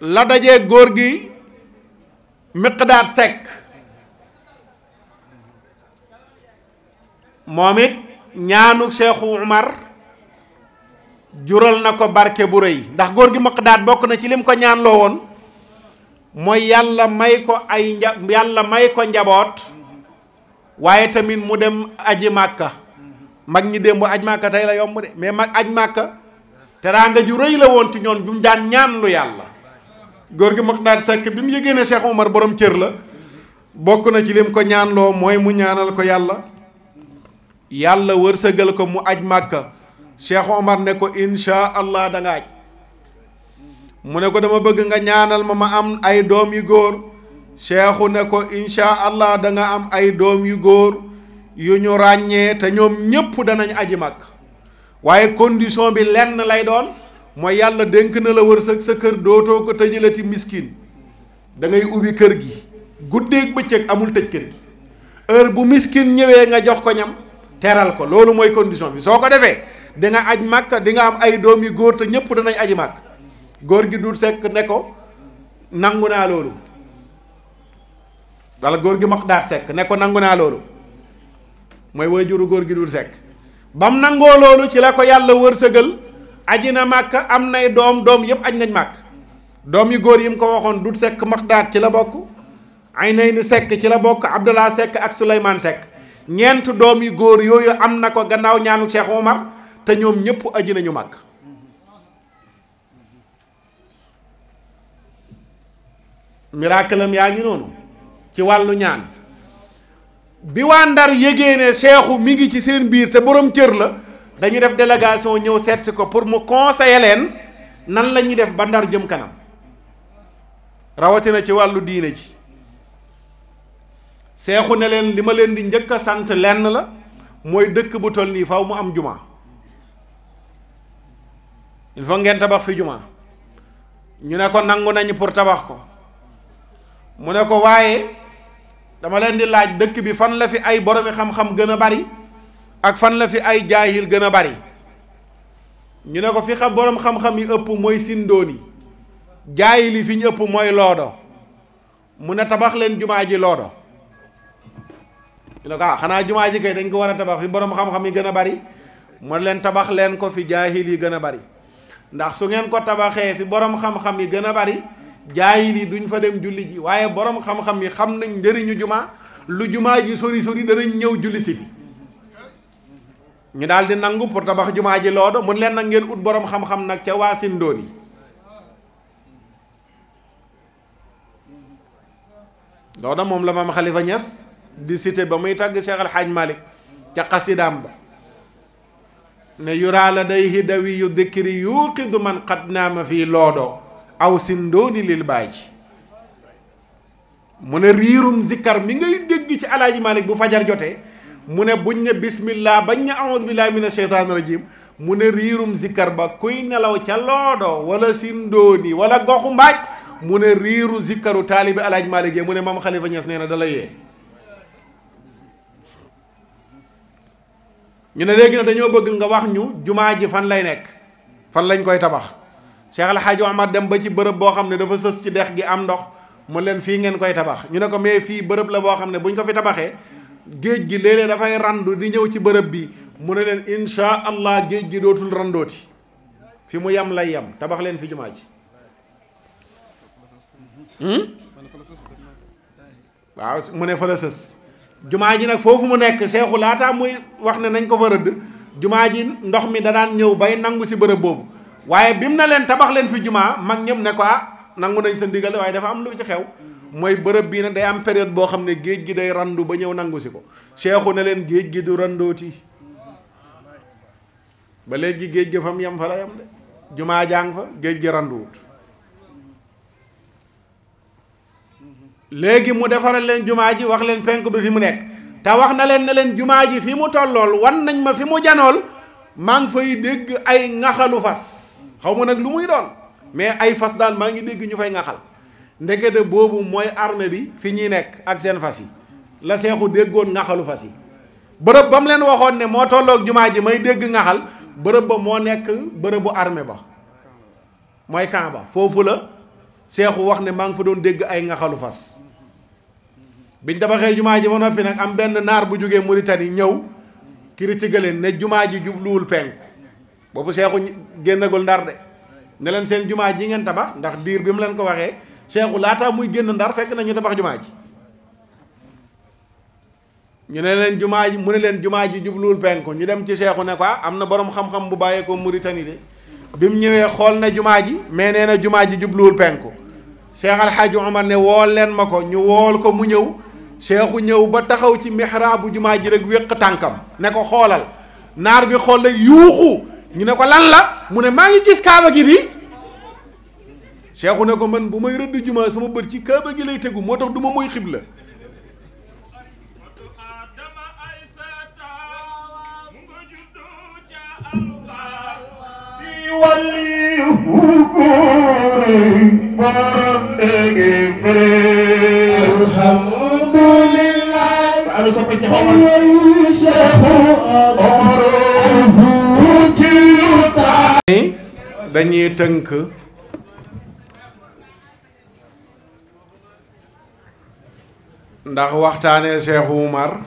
la dajee góor gi miqdaat sekk moom it ñaanu seexu Umar jural na ko barke bu rëy ndax góor gi Miqdaad bokk na ci lim ko ñaan woon mooy yàlla may ko ay nja yàlla may ko njaboot waaye tamit mu dem aji màkka mag ñi démb aj màkka tey la yomb mais mag aj màkka teraanga ju rëy la woon ci ñoon bu mu daan ñaan yàlla góor gi Miqdaad Seck bi mu yëgee ne Cheikh Omar borom cër la bokk na ci lim ko ñaanloo mooy mu ñaanal ko yàlla yàlla wërsëgal ko mu aj màkka Cheikh Omar ne ko insha allah da aj mu ne ko dama bëgg nga ñaanal ma ma am ay doom yu góor Cheikhu ne ko insha allah danga am ay doom yu góor yu ñu ràññee te ñoom ñépp danañ aji màkk waaye condition bi lenn lay doon mooy yàlla dénk na la wërsëg sa kër dootoo ko tëjalati miskin dangay ngay ubbi kër gi guddeeg bëccëg amul tëj kër bu miskin ñëwee nga jox ko ñam teral ko loolu mooy condition bi soo ko defee danga aj màkk di nga am ay doom yu góor te ñëpp danay aji màkk góor gi du sekk ne ko nangu naa loolu dala góor gi maq daat sekk ne ko nangu naa loolu mooy waajuru góor gi dul sekk bam nangoo loolu ci la ko yàlla wërsëgal aji na màkk am nay doom doom yëpp aj nañ màkk doom yu góor yi mu ko waxoon dut sekk maq daat ci la bokk ay nay ni sekk ci la bokk abdullah sekk ak suleymaan sekk ñeent doom yi góor yooyu am na ko gannaaw ñaanu Cheikh Omar te ñoom ñëpp aji nañu màgg miracle yaa ngi noonu ci wàllu ñaan bi waa Ndar yégée ne Cheikhu mi ngi ci seen biir te borom cër la dañu def délégation ñëw seet ko pour mu conseiller leen nan lañuy def ba Ndar jëm kanam rawatina ci wàllu diine ji seexu ne leen li ma leen di njëkk a sant lenn la mooy dëkk bu toll nii faw mu am juma il faut ngeen tabax fi juma ñu ne ko nangu nañ pour tabax ko mu ne ko waaye dama leen di laaj dëkk bi fan la fi ay boromi xam-xam gën a bari ak fan la fi ay jaahil gën a bari ñu ne ko fi xam boroom xam-xam yi ëpp mooy sindoon yi jaahil yi fi ñu ëpp mooy loodo mu ne tabax leen jumaa ji loodo ñu ne ko ah, xanaa jumaa ji kay dañ ko war a tabax fi borom xam-xam yi gën a bari mu leen tabax leen ko fi jaahil yi gën a bari ndax su ngeen ko tabaxee fi boroom xam-xam yi gën a bari jaahil yi duñ fa dem julli ji waaye boroom xam-xam yi xam nañ njëriñu jumaa lu jumaa ji sori sori danañ ñëw julli si fi ñu daal di nangu pour tabax jumaa ji loodo mun leen nag ngeen ut borom xam-xam nag ca waa Sindoon yi loodo moom la maam Khalifa Niass di cité ba muy tàgg Cheikh Alxaaj Malik ca xasidaam ba ne yuraa la day hidawi yu dikkiri yuuqidu man xat naama fii loodoo aw sindooni lil baay ji mu ne riirum zikkar mi ngay dégg ci alaaji Malik bu fajar jotee mu ne buñ ne bismillah bañ ne aoudu billahi min asheytaani rajim mu ne riirum zikkar ba kuy nelaw ca loodoo wala sindooni wala goxu mbaaj mu ne riiru zikkaru taalibi alaaji Malik yee mu ne maam Xalifa Ñas nee na yee ñu ne léegi nag dañoo bëgg nga wax ñu jumaa ji fan lay nekk fan lañ koy tabax Cheikh El Hadj Omar dem ba ci bërëb boo xam ne dafa sës ci dex gi am ndox mu leen fii ngeen koy tabax ñu ne ko mais fii bërëb la boo xam ne buñ ko fi tabaxee géej gi léeg-léeg dafay randu di ñëw ci bërëb bi mu ne leen insha allah géej gi dootul randooti fi mu yem lay yem tabax leen fi jumaa ji hmm? waaw mu ne fa la sës jumaa ji nag foofu mu nekk seexu laataa muy wax ne nañ ko fa rëdd jumaa ji ndox mi da daan ñëw bay nangu si bërëb boobu waaye mu na leen tabax leen fi jumaa mag ñëpp ne ko ah nangu nañ sa ndigal waaye dafa am lu ci xew mooy bërëb bii nag day am période boo xam ne géej gi day randu ba ñëw nangu si ko seexu ne leen géej gi du randooti ba léegi géej gi fam yam fa la yam de jumaa jàng fa géej gi randuwut léegi mu defaral leen jumaa ji wax leen penk bi fi mu nekk te wax na leen na leen jumaa ji fi mu tollool wan nañ ma fi mu janool maa ngi fay dégg ay ŋaxalu fas xaw ma nag lu muy doon mais ay fas daal maa ngi dégg ñu fay ŋaxal ndekete boobu mooy armée bi fi ñuy nekk ak seen fas yi la seexu déggoon ŋaxalu fas yi bërëb ba mu leen waxoon ne moo tollook jumaa ji may dégg ŋaxal bërëb ba moo nekk bërëbu armée ba mooy camp ba foofu la seexu wax ne maa ngi fa doon dégg ay ngaxalu fas biñ tabaxee jumaa ji ba noppi nag am benn naar bu jógee Mauritanie ñëw critique leen ne jumaa ji jubluwul penku boobu seexu génnagul ndar de ne leen seen jumaa ji ngeen tabax ndax diir bi mu leen ko waxee seexu laataa muy génn ndar fekk nañu ñu tabax jumaa ji ñu ne leen jumaa ji mu ne leen jumaa ji jubluwul penku ñu dem ci seexu ne quoi ah, am na borom xam-xam bu bàyyeekoo Mauritanie de bi mu ñëwee xool na jumaa ji mais nee na jumaa ji jubluwul penku cheikh alxaaji omar ne wool leen ma ko ñu wool ko mu ñëw cheikhu ñëw ba taxaw ci mihraabu jumaa ji rek wéq tànkam ne ko xoolal naar bi xool la yuuxu ñu ne ko lan la mu ne maa ngi gis kaaba gi nii cheikhu ne ko man bu may rëdd jumaa sama bët ci kaaba gi lay tegu moo tax du ma mooy xibla dañuy tënk ndax waxtaane Cheikh Oumar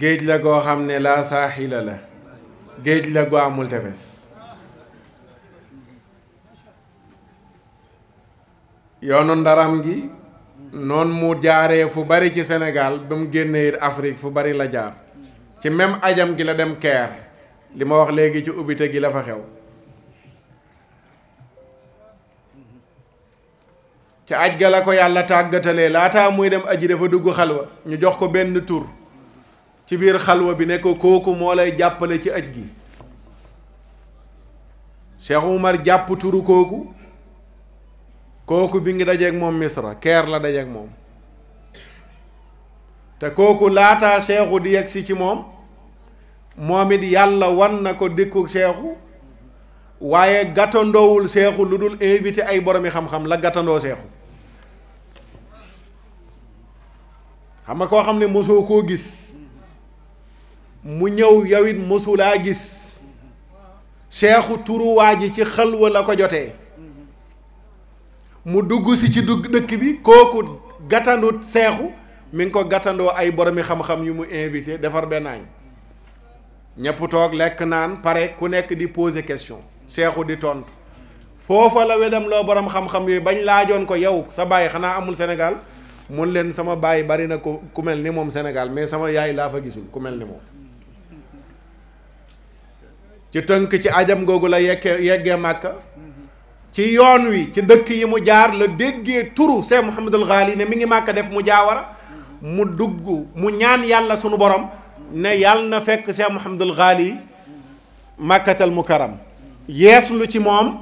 géej la goo xam ne laa saaxila géej la gu amul tefes yoonu ndaram gi noon mu jaaree fu bari ci senegal ba mu génnee Afrique fu bari la jaar ci même ajam gi la dem keer li ma wax léegi ci ubbite gi la fa xew ci aj ga la ko yàlla tàggatalee laataa muy dem aji dafa dugg xal wa ñu jox ko benn tur ci biir xalwa bi nekk kooku moo lay jàppale ci aj gi Cheikh Umar jàpp turu kooku kooku bi ngi dajeeg moom Misra keer la dajeeg moom te kooku laata Cheikhu di yegsi ci moom moom it yàlla wan na ko dikku seexu waaye gàttandoowul Cheikhu lu dul invité ay boromi xam-xam la gàttandoo Cheikhu xam nga koo xam ne mosoo koo gis mu ñëw yow it laa gis seexu turuwaa ji ci xalwa la ko jotee mu dugg si ci dugg dëkk bi kooku gàttandu seexu mi ngi ko gàttandoo ay boromi xam-xam yu mu invité defar benn añ ñépp toog lekk naan pare ku nekk di poser question seexu di tontu foofa la wedam loo borom xam-xam yooyu bañ laajoon ko yow sa bàyyi xanaa amul Sénégal mun leen sama bàyyi bari na ku mel ni moom Sénégal mais sama yaay laa fa gisul ku mel ni moom ci tënk ci ajam googu la yekkee yeggee màkka ci yoon wi ci dëkk yi mu jaar la déggee turu Seex Muhammadul Xaali ne mi ngi màkka def mu jaawara mu dugg mu ñaan yàlla sunu borom ne yàlla na fekk Seex Muhammadul Xaali màkkatal karam yees lu ci moom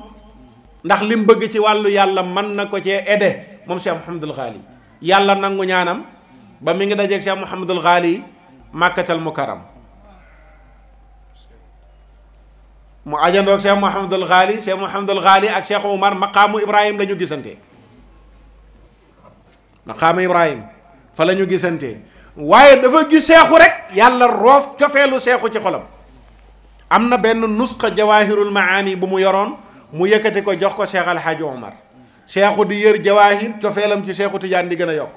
ndax li mu bëgg ci wàllu yàlla mën na ko cee aidé moom Seex Muhammadul Xaali yàlla nangu ñaanam ba mi ngi dajeeg Seex Muhammadul Xaali màkkatal karam mu ajandoog Cheikh Mouhamadul Ghali Cheikh Mouhamadul Ghali ak Cheikh Omar maqaamu Ibrahim la ñu gisante maqaamu Ibrahim fa la ñu gisante waaye dafa gis seexu rek yàlla roof cofeelu seexu ci am na benn nusqa jawaahirul maani bu mu yoroon mu yëkkati ko jox ko Cheikh Alhaji Omar seexu di yër jawaahir cofeelam ci seexu Tijaan di gën a yokk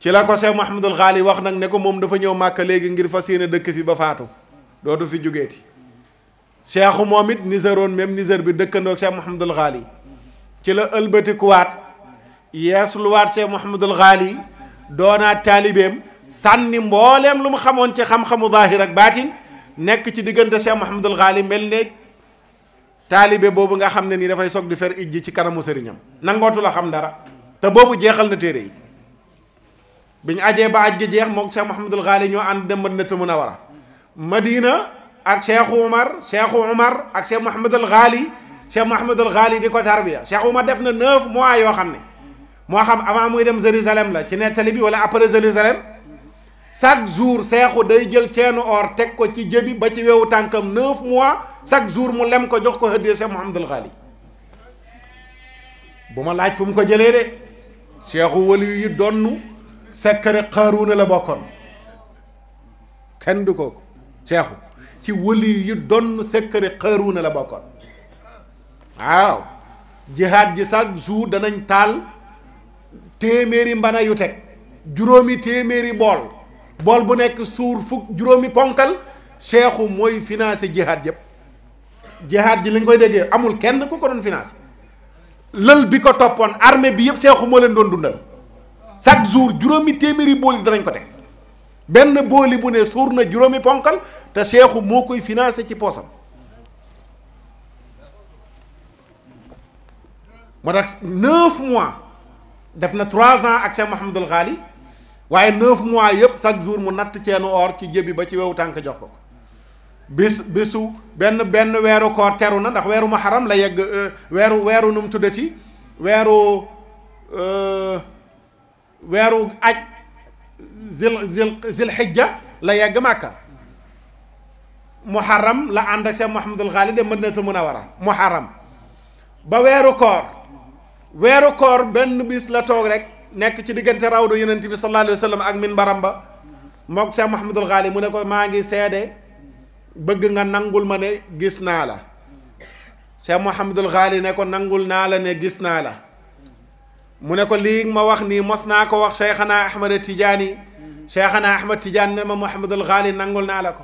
ci la ko Cheikh Mouhamadul Ghali wax nag ne ko moom dafa ñëw màkk léegi ngir fa yéene dëkk fi ba faatu dootu fi jógeti cheikhu moom it niseroon même niser bi dëkkandoo ak cheikh Mouhamadul Ghali ci la ëlbatikuwaat yeesluwaat cheikh Mouhamadul Ghali doonaat taalibeem sànni mbooleem lu mu xamoon ci xam-xamu zaahir ak baatin nekk ci diggante cheikh Mouhamadul Ghali mel ne taalibe boobu nga xam ne nii dafay soog di fer ijji ci kanamu sëriñam nangootu la xam dara te boobu jeexal na téere yi bi ajee ba aj gi jeex moog cheikh Mouhamadul Ghali ñoo ànd dem Madinatul a wara ak cheikh Umar cheikh Umar ak cheikh Mouhamad al Ghali cheikh Mouhamad al Ghali di ko tarbiya cheikh Umar def na neuf mois yoo xam ne moo xam avant muy dem Jérusalem la ci nettali bi wala après Jérusalem chaque jour seexu day jël ceenu or teg ko ci jëbi ba ci wewu tànkam neuf mois chaque jour mu lem ko jox ko hëddee cheikh ma laaj fu mu ko jëlee de seexu donnu sekkare xaaruuna la bokkoon kenn du ko seexu ci wëli yu donn sekkare na la bokkoon waaw jihaad ji chaque jour danañ taal téeméeri mbana yu teg juróomi téeméeri bool bool bu nekk suur fukk juróomi ponkal seexu mooy financé jihaad yëpp jihaad ji lañ koy déggee amul kenn ku ko doon financé lël bi ko toppoon armée bi yëpp seexu moo leen doon dundal chaque jour juróomi téeméeri bool yi danañ ko teg benn booli bu ne suur na juróomi ponkal te seexu moo koy financé ci poosam moo tax neuf mois def na trois ans ak Cheikh Mouhamadul Ghali waaye neuf mois yëpp chaque jour mu natt ceenu or ci jébbi ba ci wewu tànk jox ko bis bisu benn benn weeru koor teru na ndax weeru muharram la yegg euh, weeru weeru nu mu tuddati weeru euh, weeru aj zil zil zil xijja la yegg màkka muharram la ànd ak Cheikh Mouhamadul Xaali de Madinatul Munawara muharram ba weeru koor weeru koor benn bis la toog rek nekk ci diggante rawdu yonent bi sallallahu alayhi wa sallam ak minbaram ba moog Cheikh Mouhamadul Xaali mu ne ko maa ngi seede bëgg nga nangul ma ne gis naa la Cheikh Mouhamadul Xaali ne ko nangul naa la ne gis naa la mu ne ko lii ma wax nii mos naa ko wax xanaa Cheikhana Ahmada Tijaani Cheikhana Ahmad Tidiane ne ma Mouhamadul Xaali nangul naa la ko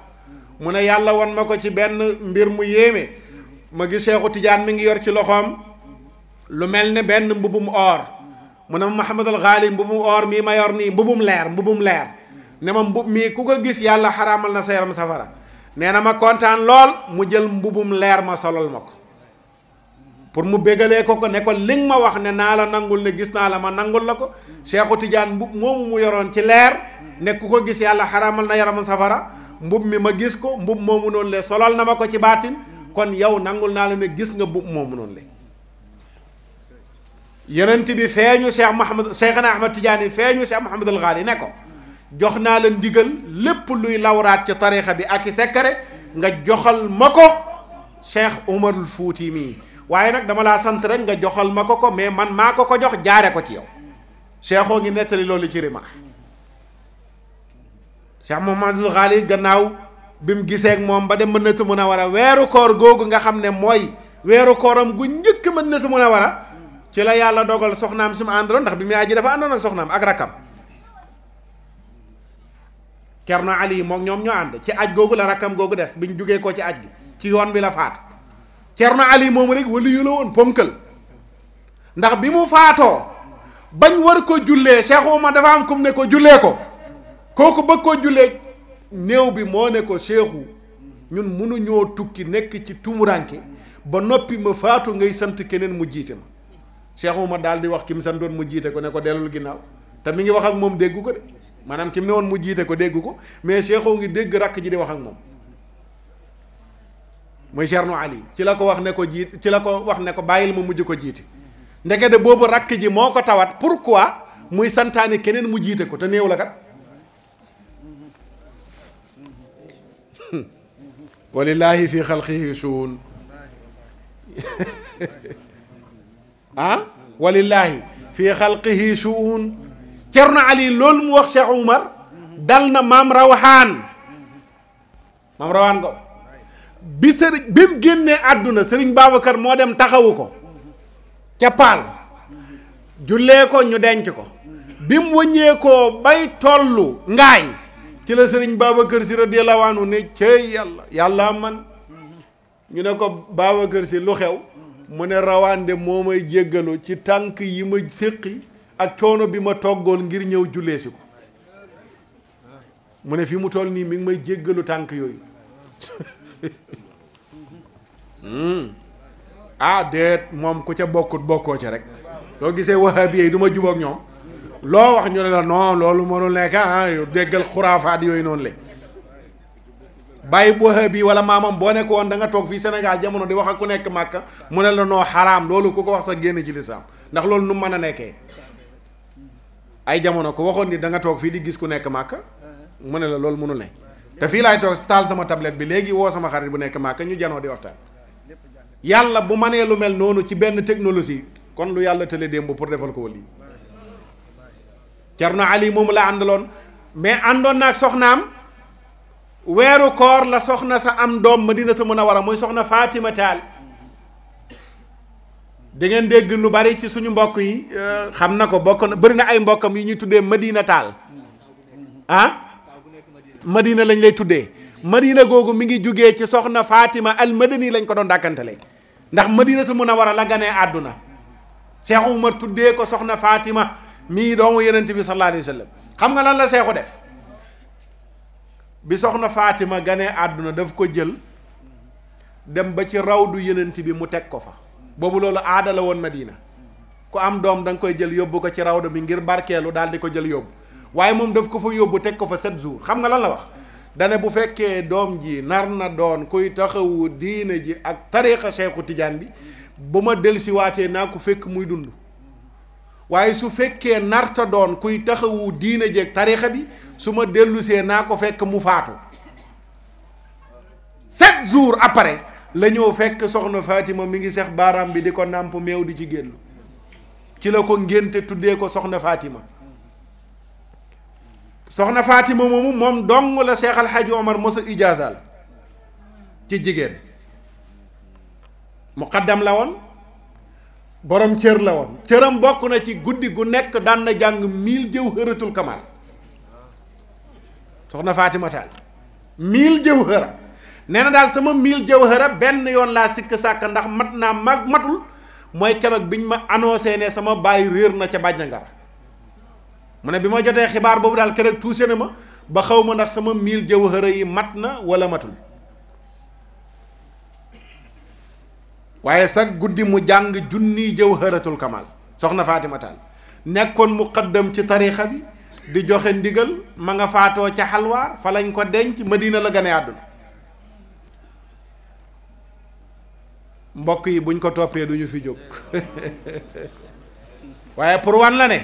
mu ne yàlla won ma ko ci benn mbir mu yéeme ma gis Cheikhu Tidiane mi ngi yor ci loxoom lu mel ne benn mbubum or mu ne ma Mouhamadul Xaali mbubum or mii ma yor nii mbubum leer mbubum leer ne ma mbub mii ku ko gis yàlla xaraamal na sa yaram safara nee na ma kontaan lool mu jël mbubum leer ma solal ma ko pour mu bégalee ko ko ne ko li ma wax ne naa la nangul ne gis naa la ma nangul la ko Cheikhu Tidiane mbub moomu mu yoroon ci leer ne ku ko gis yàlla xaramal na yaramu safara mbub mi ma gis ko mbub moomu noonu le solal na ma ko ci baatin kon yow nangul naa la ne gis nga mbub moomu noonu le yonent bi feeñu Cheikh Mouhamad Cheikhna Ahmad Tidiane feeñu Cheikh Mouhamad al Ghali ne ko jox naa la ndigal lépp luy lawraat ci tariixa bi ak i sekkare nga joxal ma ko Cheikh Fuuti mii waaye nag dama laa sant rek nga joxal ma ko ko mais man maa ko ko jox jaare ko ci yow Cheikhoo ngi nettali loolu ci rima Cheikh Mouhamadoul Ghali gannaaw bi mu gisee ak moom ba dem Madinatu Munawara weeru koor googu nga xam ne mooy weeru kooram gu njëkk mën Madinatu Munawara ci la yàlla dogal soxnaam si mu àndaloon ndax bi muy aji dafa àndoon ak soxnaam ak rakkam Cerno yi moo ñoom ñoo ànd ci aj googu la rakkam googu des bi ñu jugee ko ci aj gi ci yoon bi la faatu Cerno Ali moom rek wali yu la woon ponkal ndax bi mu faatoo bañ war ko jullee Cheikh Oumar dafa am kum ne ko jullee ko kooku bëgg ko jullee néew bi moo ne ko Cheikhu ñun mënuñoo tukki nekk ci tumuranke ba noppi ma faatu ngay sant keneen mu jiite ma Cheikh Oumar daal di wax ki mu santoon mu jiite ko ne ko dellul ginnaaw te mi ngi wax ak moom déggu ko de maanaam ki mu ne woon mu jiite ko dégg ko mais Cheikh ngi dégg rakk ji di wax ak moom mooy Gerno Ali ci la ko wax ne ko jiit ci la ko wax ne ko bàyyil ma mujj ko jiite ndekete boobu rakk ji moo ko tawat pourquoi muy santaane keneen mu jiite ko te néew la kat walillaahi fii xalqihi suun *laughs* ah suun Cerno Ali loolu mu wax Cheikh Oumar dal na maam rawaxaan maam rawaxaan ko bi sëriñ bi mu génnee àdduna sëriñ Babacar moo dem taxawu ko ca paal jullee ko ñu denc ko bi mu wëññeekoo bay tollu ngaay ci la sëriñ Babacar si radiyallahu anhu ne cëy yàlla yàlla man ñu ne ko Babacar si lu xew mu ne rawande moo may jéggalu ci tànk yi ma séqi ak coono bi ma toggoon ngir ñëw jullee si ko mu ne fi mu toll nii mi ngi may jéggalu tànk yooyu *laughs* Mm. ah déet moom ku ca bokkut bokkoo ca rek soo gisee wahabi yi du ma jubóog ñoom loo wax ñu ne la non loolu mënul nekk ah déggal xuraafaat yooyu noonu la bàyyi wahabi wala maamam boo nekk woon da nga toog fii Sénégal jamono di wax ku nekk màkk mu ne la noo xaraam loolu ku ko wax sax génn ci lislaam ndax loolu nu mën a nekkee ay jamono ko waxoon ni da toog fii di gis ku nekk Màkka mu ne la loolu mënul ne te fii laay toog taal sama tablette bi léegi woo sama xarit bu nekk maaka ñu janoo di waxtaan yàlla bu manee lu mel noonu ci benn technologie kon lu yàlla tële démb pour defal ko lii Cerno Ali moom la àndaloon mais àndoon naag soxnaam weeru koor la soxna sa am doom sa mën Madinatu Munawara muy soxna Fatima Taal da ngeen dégg lu bari ci suñu mbokk yi xam na ko bokk na bari na ay mbokkam yi ñuy tuddee Madina Taal ah? madina lañ lay tuddee madina googu mi ngi jugee ci soxna Fatima al madani lañ ko doon dàkkantale ndax a war a la ganee àdduna mu ma tuddee ko soxna Fatima mii doomu yonent bi sallallahu alayhi wa sallam lan la seexu def bi soxna Fatima ganee àdduna daf ko jël dem ba ci rawdu yonent bi mu teg ko fa boobu loolu aadala la woon madina ku am doom da koy jël yóbbu ko ci rawdu bi ngir barkeelu daal di ko jël yóbbu waaye moom daf ko fa yóbbu teg ko fa sept jour xam nga lan la wax dane bu fekkee doom ji nar na doon kuy taxawu diine ji ak tariqa Seexu Tijaan bi bu ma delsiwaatee naa ko fekk muy dund waaye su fekkee narta doon kuy taxawu diina ji ak tariqa bi su ma dellusee naa ko fekk mu faatu sept jours après la ñëw fekk soxna Fatima mi ngi seex baaraam bi di ko nàmp meew di ci génn ci la ko ngénte tuddee ko soxna Fatima soxna Fatima moomu moom dong la Seex al Xaaji Omar mos a ci jigéen muqaddam la woon boroom cër la woon cëram bokk na ci guddi gu nekk daan jàng jàng mille jawharatul kamal soxna Fatima Taal mille jawhara nee na daal sama mille jawhara benn yoon laa sikk sàkk ndax mat naa mag matul mooy keroog biñ ma annoncé ne sama baay réer na ca Bàjjangara mu ne bi ma jotee xibaar boobu daal keroog tuuse na ma ba xaw ma ndax sama mille jawhara yi mat na wala matul waaye sax guddi mu jàng junniy jawharatul kamal soxna Fatima Tall nekkoon muqaddam ci tarixa bi di joxe ndigal ma nga faatoo ca xalwaar fa lañ ko denc diina la gane àdduna mbokk yi buñ ko toppee duñu fi jóg *laughs* waaye pour wan la ne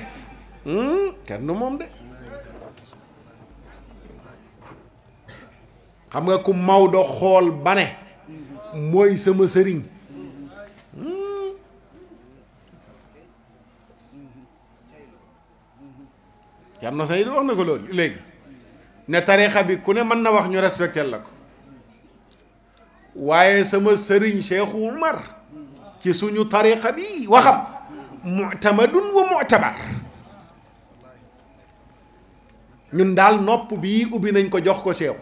Hmm? kenn du moom de xam nga ku Maodo xool ba ne mooy sama sëriñ Thierno hmm? Seydou wax na ko loolu léegi ne tarixa bi ku ne mën na wax ñu respecté la ko waaye sama sëriñ Cheikh mar ci suñu tarixa bi waxam mu'tamadun wa mu'tabar ñun daal nopp bii ubbi nañ ko jox ko seexu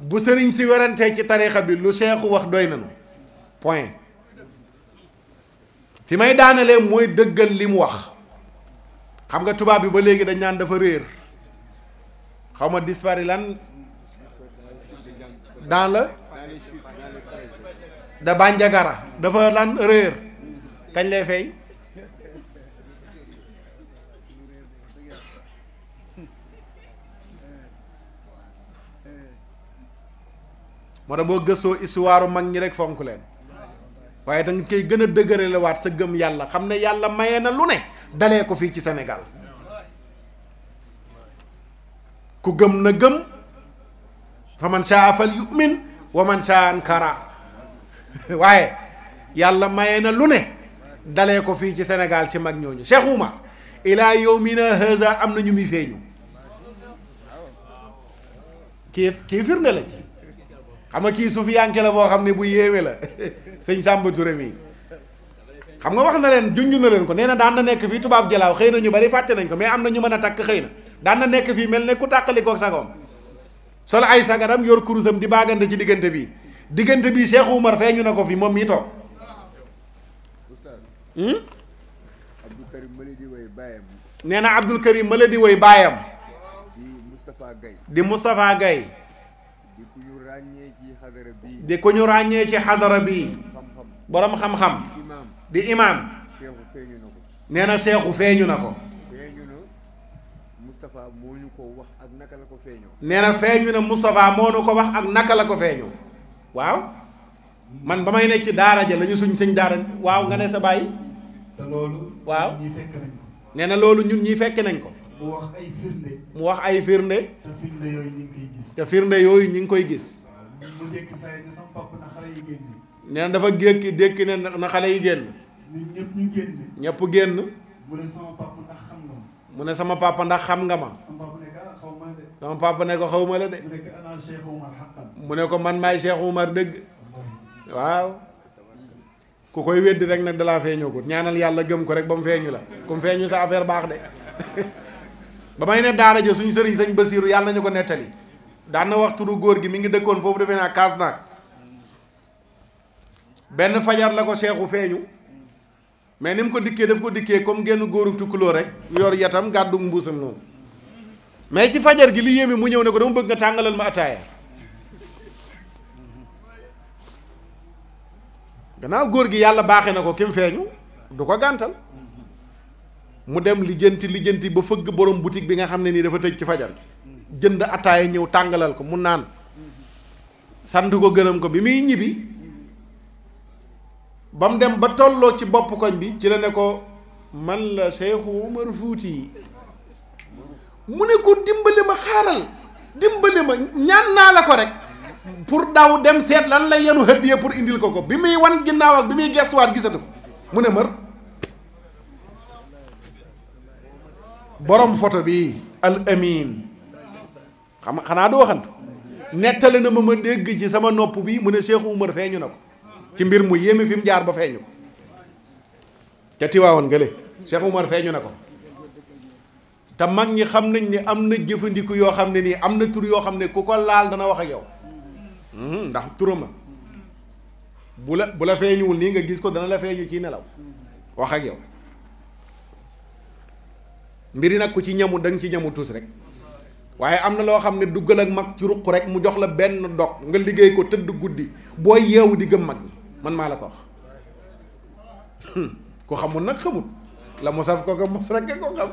bu sëriñ si werantee ci tariixa bi lu seexu wax doy nañu point fi may daanalee mooy dëggal li mu wax xam nga tubaab bi ba léegi dañ naan dafa réer xaw ma dispari lan dans le da bànjagara dafa lan réer kañ lay feeñ moo tax boo gëstoo histoire mag ñi rek fonk leen waaye danga koy gën a dëgërale waat sa gëm yàlla xam ne yàlla maye na lu ne dalee ko fii ci senegal ku gëm na gëm fa *laughs* waaye yàlla maye na lu ne dalee ko fii ci Sénégal ci mag ñooñu Cheikh Oumar ilaa yawmina haza am na ñu muy feeñu kii kii firnde la ci xam nga kii sufiyanke la boo xam ne bu yéewe la *laughs* sëñ Samba Touré mi xam nga wax na leen ju na leen ko nee daan na nekk fii tubaab jalaaw xëy na ñu bari fàtte nañ ko mais am na ñu mën a takk xëy na daan na nekk fii mel ne ku tàqalikoog sagoom solo ay sagaram yor kurusam di baagante ci diggante bii diggante bii Cheikh Oumar feeñu na ko fii moom mii toog hmm? Abdou Karim ma la di nee na Abdou Karim ma la di woy baayam di Moustapha Gaye di ku ñu ràññee ci xadara bii borom xam-xam di imaam nee na seexu feeñu na ko nee na feeñu na Moustapha moo nu ko wax ak naka la ko feeñoo waaw man ba may nekk ci daara ja la suñ sëñ daara waaw nga ne sa bàyyi waaw nee na loolu ñun ñii fekk nañ ko mu wax ay firnde te firnde yooyu ñu ngi koy gis mu dékki saa dafa gékki dékki ne na xale yi génn. ñun génn. mu ne sama papa ndax xam nga ma. mu ne sama papa ndax xam nga ma. sama papa ne ko ah, xaw ma la de. mu ne ko ana Cheikh Oumar xaqan. mu man maay Cheikh Oumar dëgg. waaw. ku koy weddi rek nag dalaa ko ñaanal yàlla gëm ko rek ba mu feeñu la ku mu feeñu sa affaire baax de *laughs* ba may ne daara ja suñu sëriñ sañ Basiiru yàlla ñu ko nettali. daan na wax turu góor gi mi ngi dëkkoon foofu defee naa kaas naag benn fajar la ko seexu feeñu mais ni mu ko dikkee daf ko dikkee comme genn góoru tukkuloo rek yor yatam gàddu mbuusam noonu mais ci fajar gi li yéeme mu ñëw ne ko dama bëgg nga tàngalal ma ataaya gannaaw góor gi yàlla baaxee na ko kim feeñu du ko gàntal mu dem lijjanti lijjanti ba fëgg borom boutique bi nga xam ne nii dafa tëj ci fajar gi jënd ataaya ñëw tàngalal ko mu naan sant ko gërëm ko bi muy ñibbi ba mu dem ba tolloo ci bopp koñ bi ci la ne ko man la Seexu Umar Fuuti mu ne ko dimbali ma xaaral dimbali ma ñaan naa la ko rek pour daw dem seet lan la yenu hëddiyee pour indil ko ko bi muy wan ginnaaw ak bi muy gestuwaat gisatu ko mu ne mër borom photo bi al amin xam xanaa du waxantu nettale na ma ma dégg ci sama nopp bi mu ne Cheikh Oumar feeñu na ko ci mbir mu yéeme fi mu jaar ba feeñu ko ca Tiwaawoon gële Cheikh Oumar feeñu na ko te mag ñi xam nañ ne am na jëfandiku yoo xam ne nii am na tur yoo xam ne ku ko laal dana wax ak yow hmm, ndax turam bu la bu la feeñuwul nii nga gis ko dana la feeñu ci nelaw wax ak yow mbiri nag ku ci ñamu danga ci ñamu tuus rek waaye am na loo xam ne duggal ak mag ci ruq rek mu jox la benn dog nga liggéey ko tëdd guddi boo yeewu di gëm mag ñi man maa la ko wax hmm. ku xamul nag xamut la mu saf ko ko mos rek ka *laughs*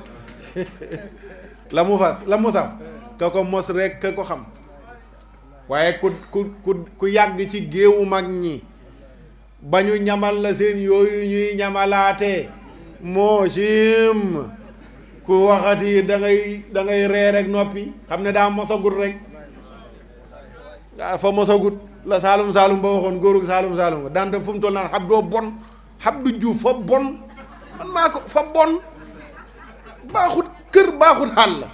la mu fas la mu saf ka ko mos rek ka ko xam waaye ku ku ku ku yàgg ci géewu mag ñi ba ñu ñamal la seen yooyu ñuy ñamalaatee moo ku waxati dangay ngay da ngay ree rek noppi xam ne daa mosagut rek dafa mosagut la saalum saalum ba waxoon góorug saalum saalum ba daanta fu mu toll naan xab doo bon xab du juuf fa bon man maa ko fa bon baaxut kër baaxut xàll la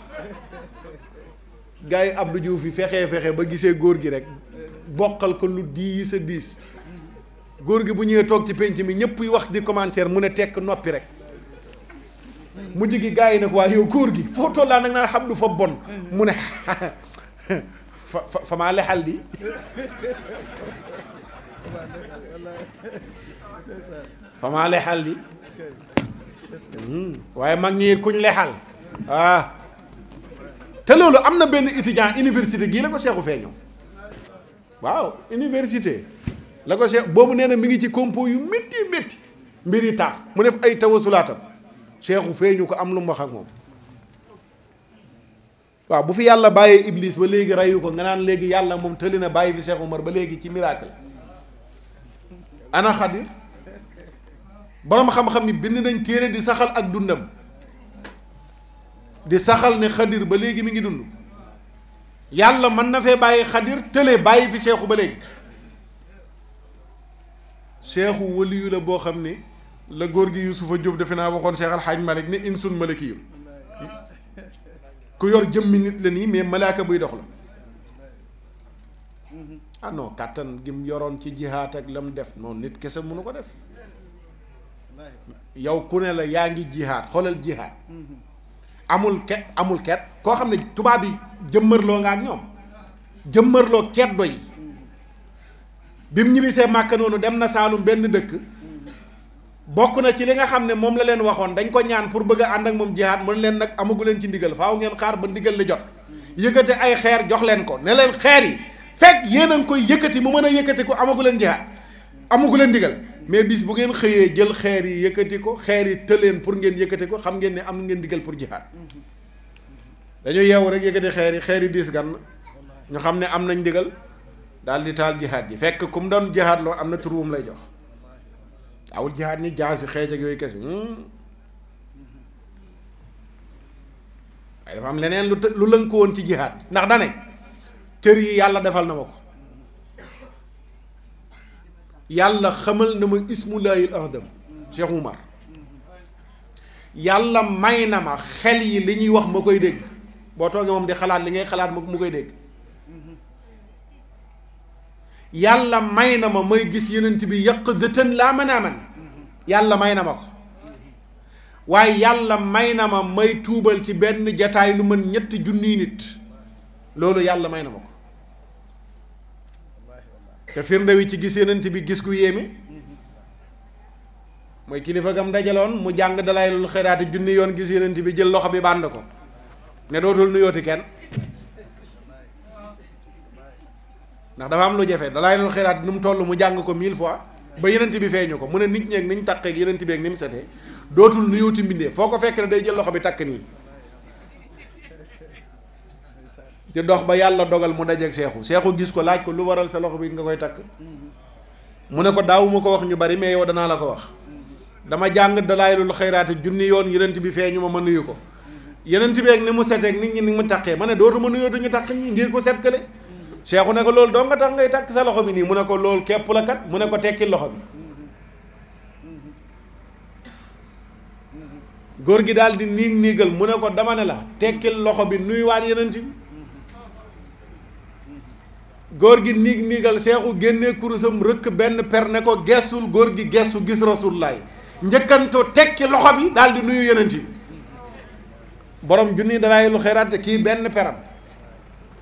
gars yi Abdou Diouf yi fexe fexe ba gisee góor gi rek boqal ko lu diis a diis góor gi bu ñëwee toog ci penc mi ñëpp wax di commentaire mu ne tekk noppi rek mujj gi gaa yi nag waa yow góor gi foo tollaa nag naan xam du fa bon mm-hmm. mu ne fa fa maa lexal di hmm, waaye mag ñi kuñ lexal ah. te loolu am na benn iti étudiant université gii la ko seexu feeñoo waaw université la ko seex boobu nee na mi ngi ci compo yu métti métti mbir yi tax mu def ay tawasulaatam Seexu feeñu ko am lu mu wax waaw bu fi yàlla bàyyee ibliis ba léegi reyu ko nga naan léegi yàlla moom tëli na bàyyi fi Cheikh Omar ba léegi ci miracle ana xadir borom xam-xam yi bind nañ téere di saxal ak dundam di saxal ne xadir ba léegi mi ngi dund yàlla mën na fee bàyyi xadir tële bàyyi fi seexu ba léegi seexu waliyu la boo xam ne la góor gi Yuusufa Jóob defe naa waxoon Cheikh Alxaaj Malik ne insun malakiyun ku yor jëmmi nit la nii mais malaaka buy dox la ah non kàttan gim yoroon ci jihaat ak lam def noonu nit kese mënu ko def yow ku ne la yaa ngi jihaat xoolal jihaat amul ket amul ket koo xam ne tubaab yi jëmmërloo nga ak ñoom jëmmërloo ket doy bim ñibbisee màkka noonu dem na Saalum benn dëkk bokk na ci li nga xam ne moom la leen waxoon dañ ko ñaan pour bëgg a ànd ak moom jihaad mën leen nag amagu leen ci ndigal faaw ngeen xaar ba ndigal li jot yëkkate ay xeer jox leen ko ne leen xeer yi fekk yéen a ngi koy yëkkati mu mën a yëkkati ko amagu leen jihaad amagu leen ndigal mais bis bu ngeen xëyee jël xeer yi yëkkati ko xeer yi tëleen pour ngeen yëkkati ko xam ngeen ne am ngeen ndigal pour jihaad dañu yeewu rek yëkkati xeer yi xeer yi diis gan ñu xam ne am nañ ndigal daal di taal jihaad ji fekk ku mu doon am na turuum lay jox awul jihaad ni jaasi xeej ak yooyu kese waaye dafa am leneen lu lu lënk woon ci jihaad ndax dane cër yi yàlla defal na ma ko yàlla xamal na ma ismullaahil adam Cheikh Oumar yàlla may na ma xel yi li ñuy wax ma koy dégg boo toogee moom di xalaat li ngay xalaat ma mu koy dégg yàlla may na ma may gis yenent bi yàq dëtën laa mën yàlla may na ma ko waaye yàlla may na ma may tuubal ci benn jataay lu mën ñetti junniy nit loolu yàlla may na ma ko te firnde wi ci gis yenent bi gis ku yéeme mooy kilifa gam dajaloon mu jàng lu xëraati junni yoon gis yenent bi jël loxo bi bànd ko ne dootul nuyooti kenn ndax dafa am lu jafe dalaa leen xiraat nu mu toll mu jàng ko mille fois ba yenent bi feeñu ko mu ne nit ñeeg niñ taqeeg yenent beeg ni mu setee dootul nuyooti mbindee foo ko fekk ne day jël loxo bi takk nii dox ba yàlla dogal mu dajeeg seexu seexu gis ko laaj ko lu waral sa loxo bi nga koy takk mu ne ko daawuma ko wax ñu bari mais yow danaa la ko wax dama jàng dalaayilul xayraati junni yoon yenent bi feeñu ma ma nuyu ko yenent beeg ni mu seteeg nit ñi mu taqee ma ne dootu ma nuyooti ñu takk ñi ngir ko set kële Cheikhu ne ko loolu doo nga tax ngay tàkk sa loxo bi nii mu ne ko loolu képp la kat mu ne ko tekki loxo bi góor gi daal di niigal mu ne ko la tekkil loxo bi nuyuwaat yenent bi góor gi niig niigal seexu génne kurusam rëkk benn per ne ko gesul góor gi gestu gis rasulullaay njëkkantoo tekki loxo bi daal di nuyu yenent bi borom junni dalaay lu xeraat kii benn peram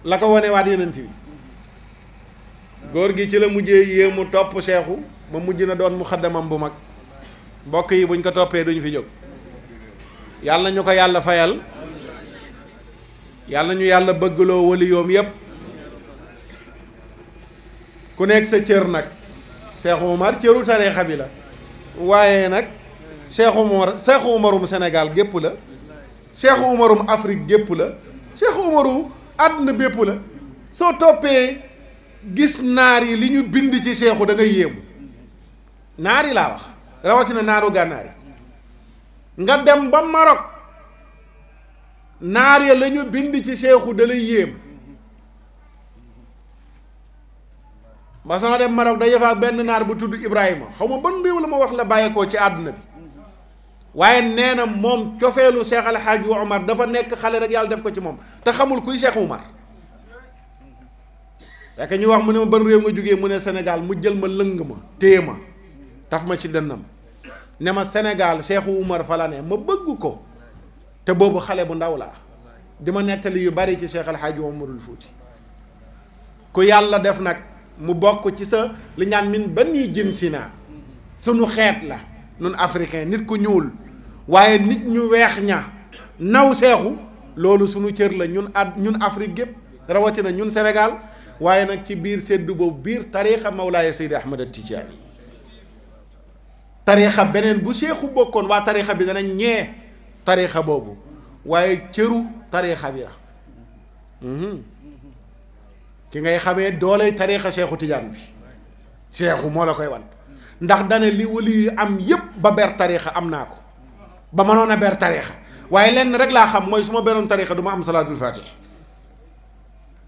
la ko wanewaat yenent bi góor gi ci la mujjee yéemu topp seexu ba mujj na doon mu xaddamam bu mag mbokk yi buñ ko toppee duñ fi jóg yàlla ñu ko yàlla fayal yàlla ñu yàlla bëggloo wali yoom yépp ku nekk sa cër nag Cheikh Oumar cëru tariixa bi la waaye nag Cheikh Oumar Cheikh Oumarum Sénégal gépp la Cheikh Oumarum Afrique gépp la Cheikh Oumaru àdduna bépp la soo toppee gis naar yi li ñu bind ci seexu da ngay yéemu naar yi laa wax rawatina naaru gànnaar yi nga dem ba Maroc naar ya la ñu bind ci seexu da lay yéem ba saa dem Maroc da yëfaak benn naar bu tudd Ibrahima xaw ma ban réew la ma wax la bàyyeekoo ci àdduna bi waaye nee na moom cofeelu Cheikh Al Hadj Omar dafa nekk xale rek yàlla def ko ci moom te xamul kuy Cheikh mar yaakaar ñu wax mu ne ma ban réew nga jógee mu ne senegal mu jël ma lëng ma téye ma taf ma ci dënnam ne ma Sénégal Cheikhou Oumar fa la ne ma bëgg ko te boobu xale bu ndaw la di ma nettali yu bari ci Cheikh El Hadj Omarul Fouti ku yàlla def nag mu bokk ci sa li min ba nii jën si naa sunu xeet la nun africain nit ku ñëwul waaye nit ñu weex ña naw seexu loolu sunu cër la ñun at ñun Afrique gépp rawatina ñun senegal waaye nag ci biir seddu boobu biir tariixa Mawlaaya Seydi Ahmad Tijaani tariixa beneen bu seexu bokkoon waa tariixa bi dana ñee tariixa boobu waaye cëru tariixa bi la mhm. ki ngay xamee dooley tariixa seexu tijaan bi seexu moo la koy wan ndax dana li wali am yépp ba ber tariixa am naa ko ba mënoon a ber tariixa waaye lenn rek laa xam mooy su ma beroon tariixa du ma am salaatul faatih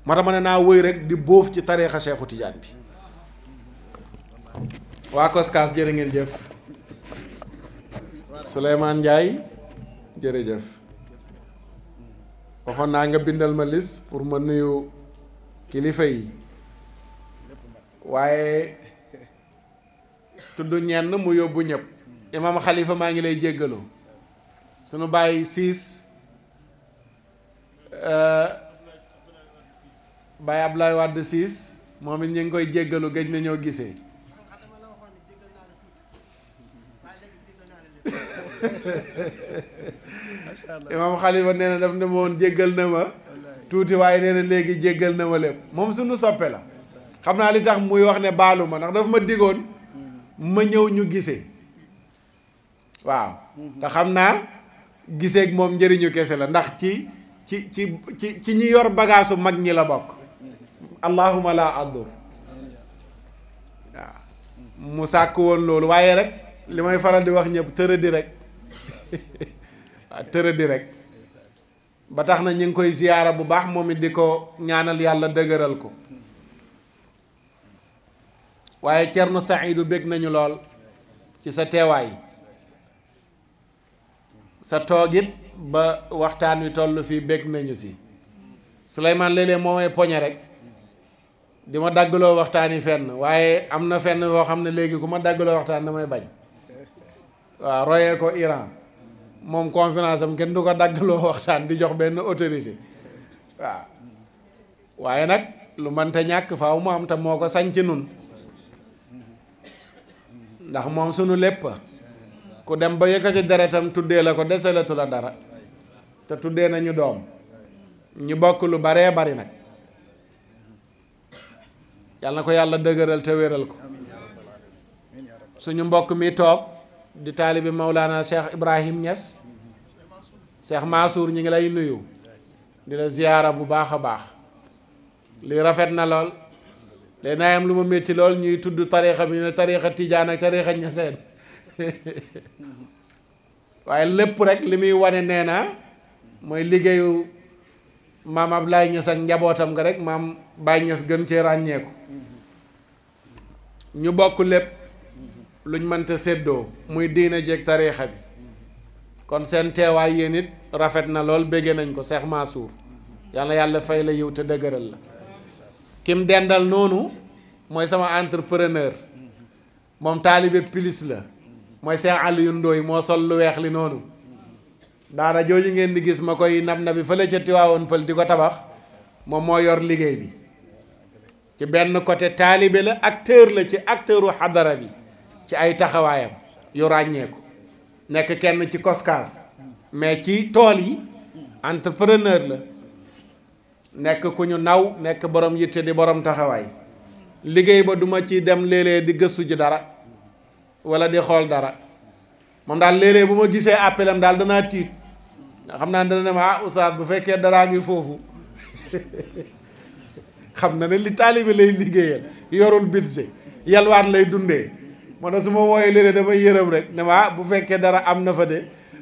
ma tax ma ne naa wëy rek di bóof ci tariixa Seexu Tijaan bi waa koskaas jërë ngeen jëf Souleymane Ndiaye jërëjëf waxoon naa nga bindal ma lis pour ma nuyu kilifa yi waaye tudd ñenn mu yóbbu ñëpp imaam xalifa maa ngi lay jéggalu sunu bàyyi siis Baye Abdoulaye Wade siis moom it ñu ngi koy jéggalu gëj na ñoo gisee imaam Xalifa nee daf ne ma jéggal na ma tuuti waaye nee na léegi jéggal na ma lépp moom suñu soppee la xam naa li tax muy wax ne baalu ma ndax dafa ma digoon ma ñëw ñu gisee waaw mm-hmm. te xam naa giseek moom njëriñu kese la ndax ci ci ci ci ñu yor bagaasu mag ñi la bokk allahuma laa adur waaw mu sàkk woon loolu waaye rek li may faral di wax ñëpp tërëdi rek *laughs* waaw tërëdi rek ba tax na ñu ngi koy ziyaara bu baax moom it di ko ñaanal yàlla dëgëral ko waaye Cerno Saidu bég nañu lool ci sa teewaay sa toogit ba waxtaan wi toll fii bég nañu si Souleymane léeg-léeg moo may poñe rek di ma daggaloo waxtaan yi fenn waaye am na fenn boo xam ne léegi ku ma daggaloo waxtaan damay bañ waaw royee ko Iran moom conférence am kenn du ko daggaloo *laughs* waxtaan di jox benn autorité waaw waaye nag lu mënta ñàkk faaw mu am te moo ko sañ ci nun ndax moom sunu lépp ku dem ba yëkkati deretam tuddee la ko deselatu la dara te tuddee nañu doom ñu bokk lu baree bari nag yàlla na ko yàlla dëgëral te wéral ko suñu mbokk mi toog di taalibi Maulana Cheikh Ibrahim Niass Cheikh Mansour ñu ngi lay nuyu di ziyaara bu baax a baax lii rafet na lool léegi naa am lu ma metti lool ñuy tudd tariixa bi ne tariixa tijaan ak tariixa ñaseen *laughs* waaye lépp rek li muy wane nee mooy liggéeyu maam lay Niass ak njabootam nga rek maam Baye Niass gën cee ràññeeku ñu bokk lépp luñ mënta séddoo muy diine jeeg tariixa bi kon seen teewaay yéen it rafet na lool béggee nañ ko Cheikh Mansour yàlla yàlla fay la yiw te dëgëral la kim dendal noonu mooy sama entrepreneur moom taalibe pilis la mooy Cheikh Aliou Ndoye moo sol lu weex li noonu daara jooju ngeen di gis ma koy nab na bi fële ca Tiwaawoon Pël di ko tabax moom moo yor liggéey bi ci benn côté taalibe la acteur la ci acteuru xadara bi ci ay taxawaayam yu ràññeeku nekk kenn ci koskaas mais ci tool yi entrepreneur la nekk ku ñu naw nekk borom yitte di boroom taxawaay liggéey ba duma ci dem léeg di gëstu ji dara wala di xool dara moom daal léeg bu ma gisee appelam daal danaa tiit xam naa dana ne ma ah oustaz bu fekkee daraa ngi foofu *laughs* xam na ne li taalibe lay liggéeyal yorul budget yalwaan lay dundee moo tax su ma wooyee léeg-léeg damay yërëm rek ne ma ah bu fekkee dara am na fa de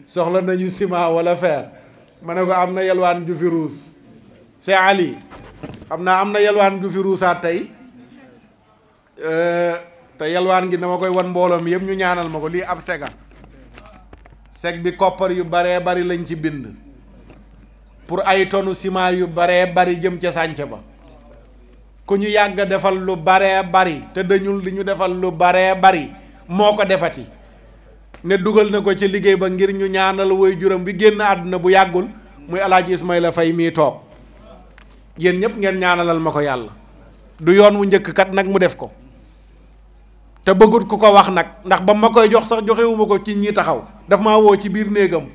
soxla nañu ciment wala fer ma ne ko am na yalwaan ju fi ruus c'est Ali xam naa am na yalwaan ju fi ruusaat tey euh, te yalwaan gi dama koy wan mbooloom yëpp ñu ñaanal ma ko lii ab sega sec bi koppar yu baree bari lañ ci bind pour ay tonu ciment yu baree bari jëm ca sànc ba ku ñu yàgg defal lu baree bari te dañu li ñu defal lu bare bari moo ko defati ne dugal na ko ci liggéey ba ngir ñu ñaanal woy juram bi génn àdduna bu yàggul muy alaaji la Fay mii toog yéen ñëpp ngeen ñaanalal ma ko yàlla du yoon wu njëkk kat nag mu def ko te bëggut ku ko wax nag ndax ba ma koy jox sax joxewuma ko ci ñi taxaw daf maa woo ci biir néegam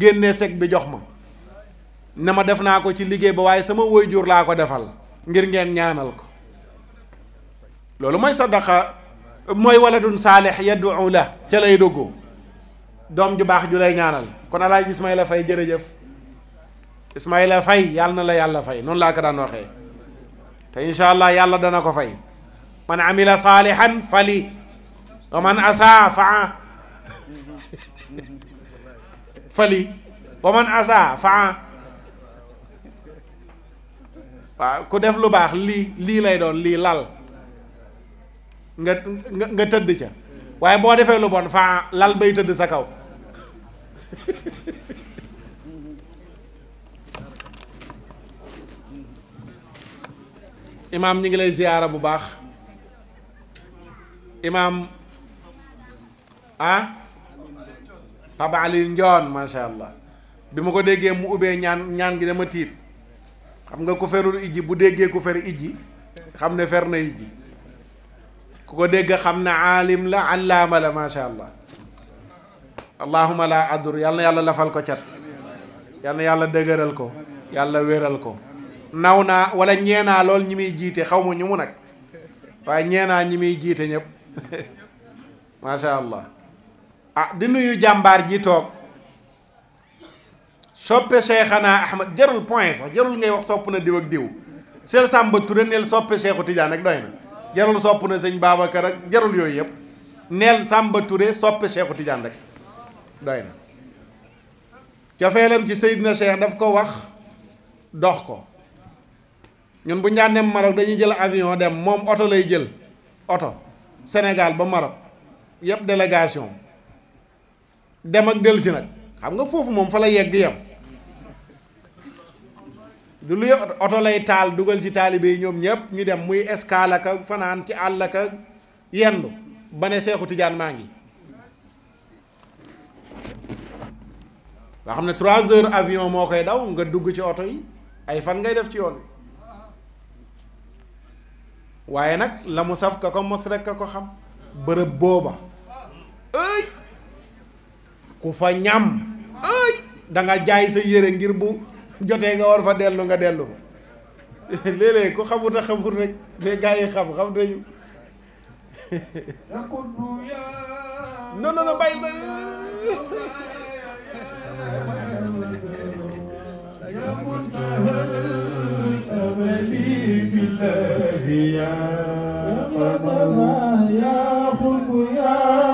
génne sec bi jox ma na ma def naa ko ci liggéey ba waaye sama woy jur laa ko defal ngir ngeen ñaanal ko loolu mooy sadaqa mooy waladun saalix yad'u la ca lay dugg doom ju baax ju lay ñaanal kon alaaji Ismaïla fay jërëjëf Ismaïla Faye yàlla na la yàlla fay noonu laa ko te incha allah yàlla dana ko fay man amila saalihan fali wa man asaa faa fali wa man asa faa waaw ku def lu baax lii lii lay doon lii lal nga nga nga tëdd ca waaye boo defee lu bon faa lal bay tëdd sa kaw imaam ñu ngi lay ziyaara bu baax imaam ah Papa Aliou Ndion macha allah bi ma ko déggee mu ubbee ñaan ñaan gi dama tiit xam nga ku ferul ijji bu déggee ku fer ijji xam ne fer na ijji ku ko dégg xam ne aalim la allaama la macha allah allahuma la adur yal yàlla lafal ko cat yal yàlla dëgëral ko yàlla wéral ko naw naa wala ñeenaa lool ñi muy jiite xaw ma ñu mu nag waaye ñeenaa ñi muy jiite ñëpp *laughs* macha allah ah di nuyu jàmbaar ji toog soppe Cheikhana Ahmad jarul point sax jarul ngay wax sopp na diw ak diw Seex Sàmba Ture neel soppe Cheikhu Tidiane jarul sopp na sëñ Babacar jarul yooyu yëpp neel Sàmba Ture soppe Cheikhu Tidiane rek doy na cofeelam ci Seydina Cheikh daf ko wax dox ko ñun bu ñu daan dañuy jël avion dem moom oto lay jël oto senegal ba Maroc yëpp délégation dem ak dellusi nag xam nga foofu moom fa la yegg yam du luy oto lay taal dugal ci taalibe yi ñoom ñëpp ñu dem muy escale ka fanaan ci àll ka yendu ba ne Seexu Tijaan maa ngi nga xam ne trois heures avion moo koy daw nga dugg ci oto yi ay fan ngay def ci yoon waaye nag la mu saf ka ko mos rek ka ko xam bërëb booba ku fa ñam ay da jaay sa yére ngir bu jotee nga war fa dellu nga dellu fa *laughs* léeg ku xamut xamut rek mais gars xam xam nañu *laughs* non non non bàyyil *laughs*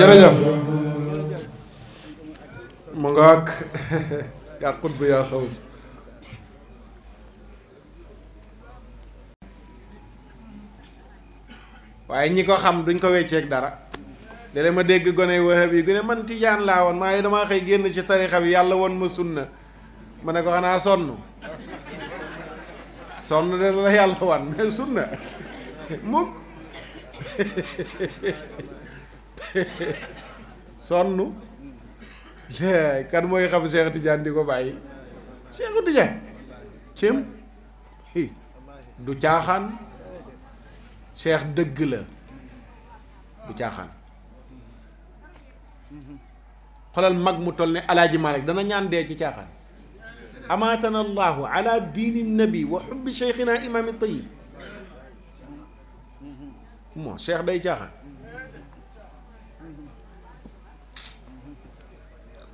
jërëjëf mu nga ak *laughs* yaa xutb yaa xaws waaye ñi ko xam duñ ko wecceeg dara léeg ma dégg gone wahab yi gu ne man tijaan laa woon maa ngi xëy génn ci tarixa bi yàlla woon ma sunna ma ne ko xanaa sonn sonn de la yàlla wan sunna *laughs* mukk *laughs* sonn kan mooy xam Cheikh Tidiane di ko bàyyi Cheikh Tidiane cim du caaxaan Cheikh dëgg la du caaxaan xolal mag mu toll ni alaaji Malik dana ñaan dee ci caaxaan amaatana allahu diini nabi wa xubbi cheikhina imaami tayib moo Cheikh day caaxaan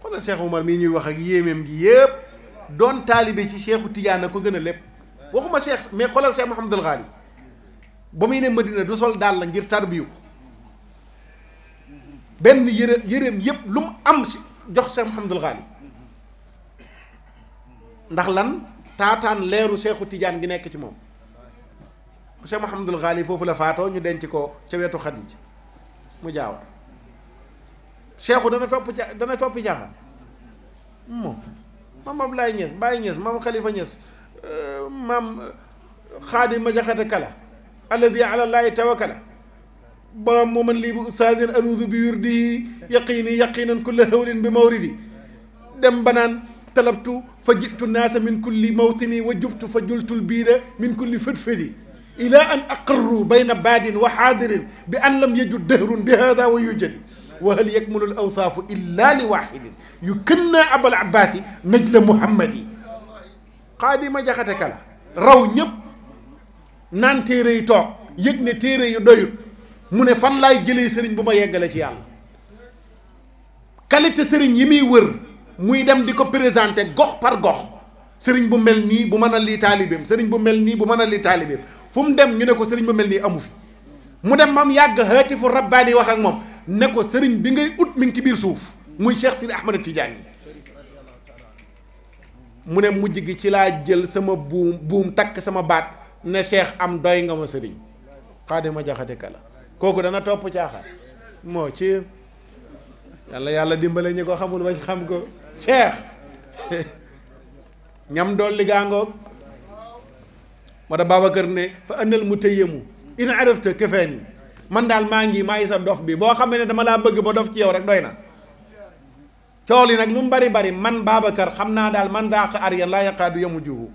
xoolal Cheikh Oumar mii ñuy wax ak yéemeem gi yépp doon taalibe ci Cheikhu Tidiane ko gën a lépp waxuma Cheikh mais xoolal Cheikh Mouhamadul Ghali ba muy ne Madina du sol daal la ngir tarbiyu ko benn yëre yëreem yépp lu mu am jox Cheikh Mouhamadul Ghali ndax lan taataan leeru Cheikhu tiijaan gi nekk ci moom Cheikh Mouhamadul Ghali foofu la faatoo ñu denc ko ca wetu Xadiija mu jaawar Cheikhou dana topp ca dana topp caaxaan moom maam Abdoulaye Niass Baye Niass maam Khalifa Niass euh, maam Xaadima euh, Jaxate Kala alladi ala llaahi tawakkala borom moo man lii bi ustaadin anuudu bi wirdihi yaqiini yaqiinan kulla hawlin bi mawridi dem banaan talabtu fa jitu naasa min kulli mawtini wa jubtu fa jultul biida min kulli fëtfëdi ila an aqarru bayna baadin wa xaadirin bi an lam yajud dahrun bi hada wa yujadi wa hal yakmulu al awsaafu illa li wahidin yu kën naa abal abbas yi naj la muhammad yi xaadima jaxate kala raw ñëpp naan téere yi toog yëg ne téere yu doyut mu ne fan laay jëlee sëriñ bu ma yeggale ci yàlla qualité sëriñ yi muy wër muy dem di ko présenté gox par gox sëriñ bu mel nii bu mën a lii taalibeem sëriñ bu mel nii bu mën a lii taalibeem fu mu dem ñu ne ko sëriñ bu mel nii amu fi mu dem moom yàgg xaatifu rabbaani wax ak moom ne ko sëriñ bi ngay ut mi ngi ci biir suuf muy Cheikh Sidi Ahmed Tidiane yi mu ne mujj gi ci laa jël sama buum buum takk sama baat ne Cheikh am doy nga ma sëriñ a jaxate kala kooku dana topp caaxaan moo ci yàlla yàlla dimbale ñi ko xamul ba xam ko Cheikh *laughs* ñam dool li gaangoog moo tax Babacar ne fa ëndal mu tëyemu in arafta kefeen yi man daal maa ngi maay sa dof bi boo xam ne dama laa bëgg ba dof ci yow rek doy na cool yi nag lu mu bari bari man Babacar xam naa daal man dàq aryan laa yakaadu yamujuhu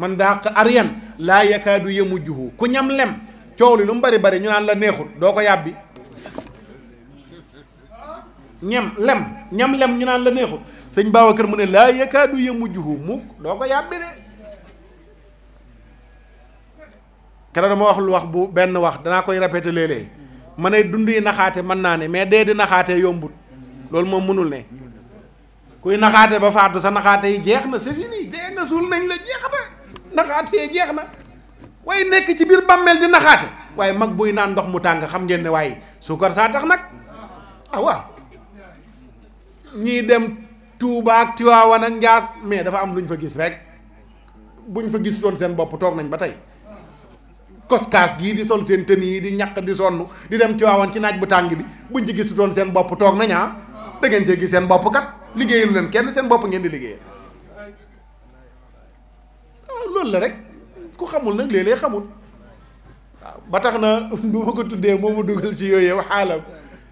man dàq aryan laa yakaadu yamujuhu ku ñam lem coow li lu mu bari bari ñu naan la neexut doo ko yàbbi ñam lem ñam lem ñu naan la neexut sëñ Babacar mu ne laa yakaadu yamujuhu mukk doo ko yàbbi de keroog dama wax lu wax bu benn wax danaa koy répété léeg-léeg ma ne dund yi naxaate mën naa ne mais dee di naxaatee yombut loolu moom mënul ne kuy naxaate ba faatu sa naxaate yi jeex na c'est fini nga suul nañ la jeex na naxaate yi jeex na way nekk ci biir bàmmeel di naxaate waaye mag buy naan ndox mu tàng xam ngeen ne waaye suukar saa tax nag ah waaw ñii dem Touba ak Tiwaawan ak Njaas mais dafa am lu ñu fa gis rek buñ fa gis doon seen bopp toog nañ ba tey koskaas gii di sol seen tën yi di ñaq di sonn di dem ci waawoon ci naaj bu tàng bi buñ ci gisutoon seen bopp toog nañ ah da ngeen cee gis seen bopp kat liggéeyalu leen kenn seen bopp ngeen di liggéeyal loolu la rek ku xamul nag léeg-léeg xamul waaw ba tax na bu *laughs* ko tuddee moo ma dugal ci yooyu yow xaalam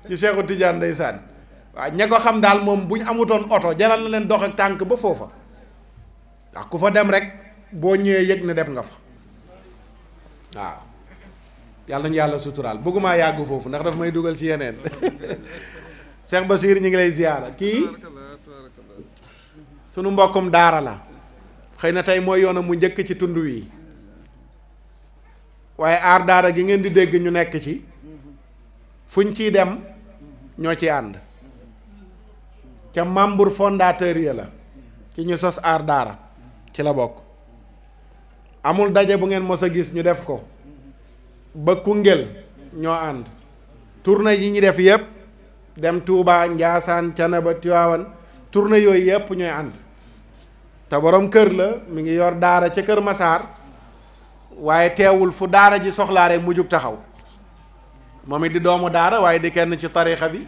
ci Cheikhu Tidiane ndeysaan waaw ña ko xam daal moom bu ñu amutoon oto jaral na leen dox ak tànk ba foofa ndax ku fa dem rek boo ñëwee yëg ne def nga fa. waaw yàlla nañu yàlla suturaal bëggumaa yàgg foofu ndax dafa may dugal ci yeneen *laughs* Cheikh Basiir ñu ngi lay ziyaara kii sunu mbokkum daara la xëy na tey mooy yoona mu njëkk ci tund wi waaye aar daara gi ngeen di dégg ñu nekk ci fuñ ciy dem ñoo ci ànd ca membre fondateur ya la ci ñu sos aar daara ci la bokk amul daje bu ngeen mos a gis ñu def ko ba Koungheul ñoo ànd tournée yi ñu def yépp dem Touba Njaasaan Canaba Tiwaawan tournée yooyu yëpp ñooy ànd te boroom kër la mi ngi yor daara ca kër Masaar waaye teewul fu daara ji soxlaa rek mu jug taxaw moom it di doomu daara waaye di kenn ci tariixa bi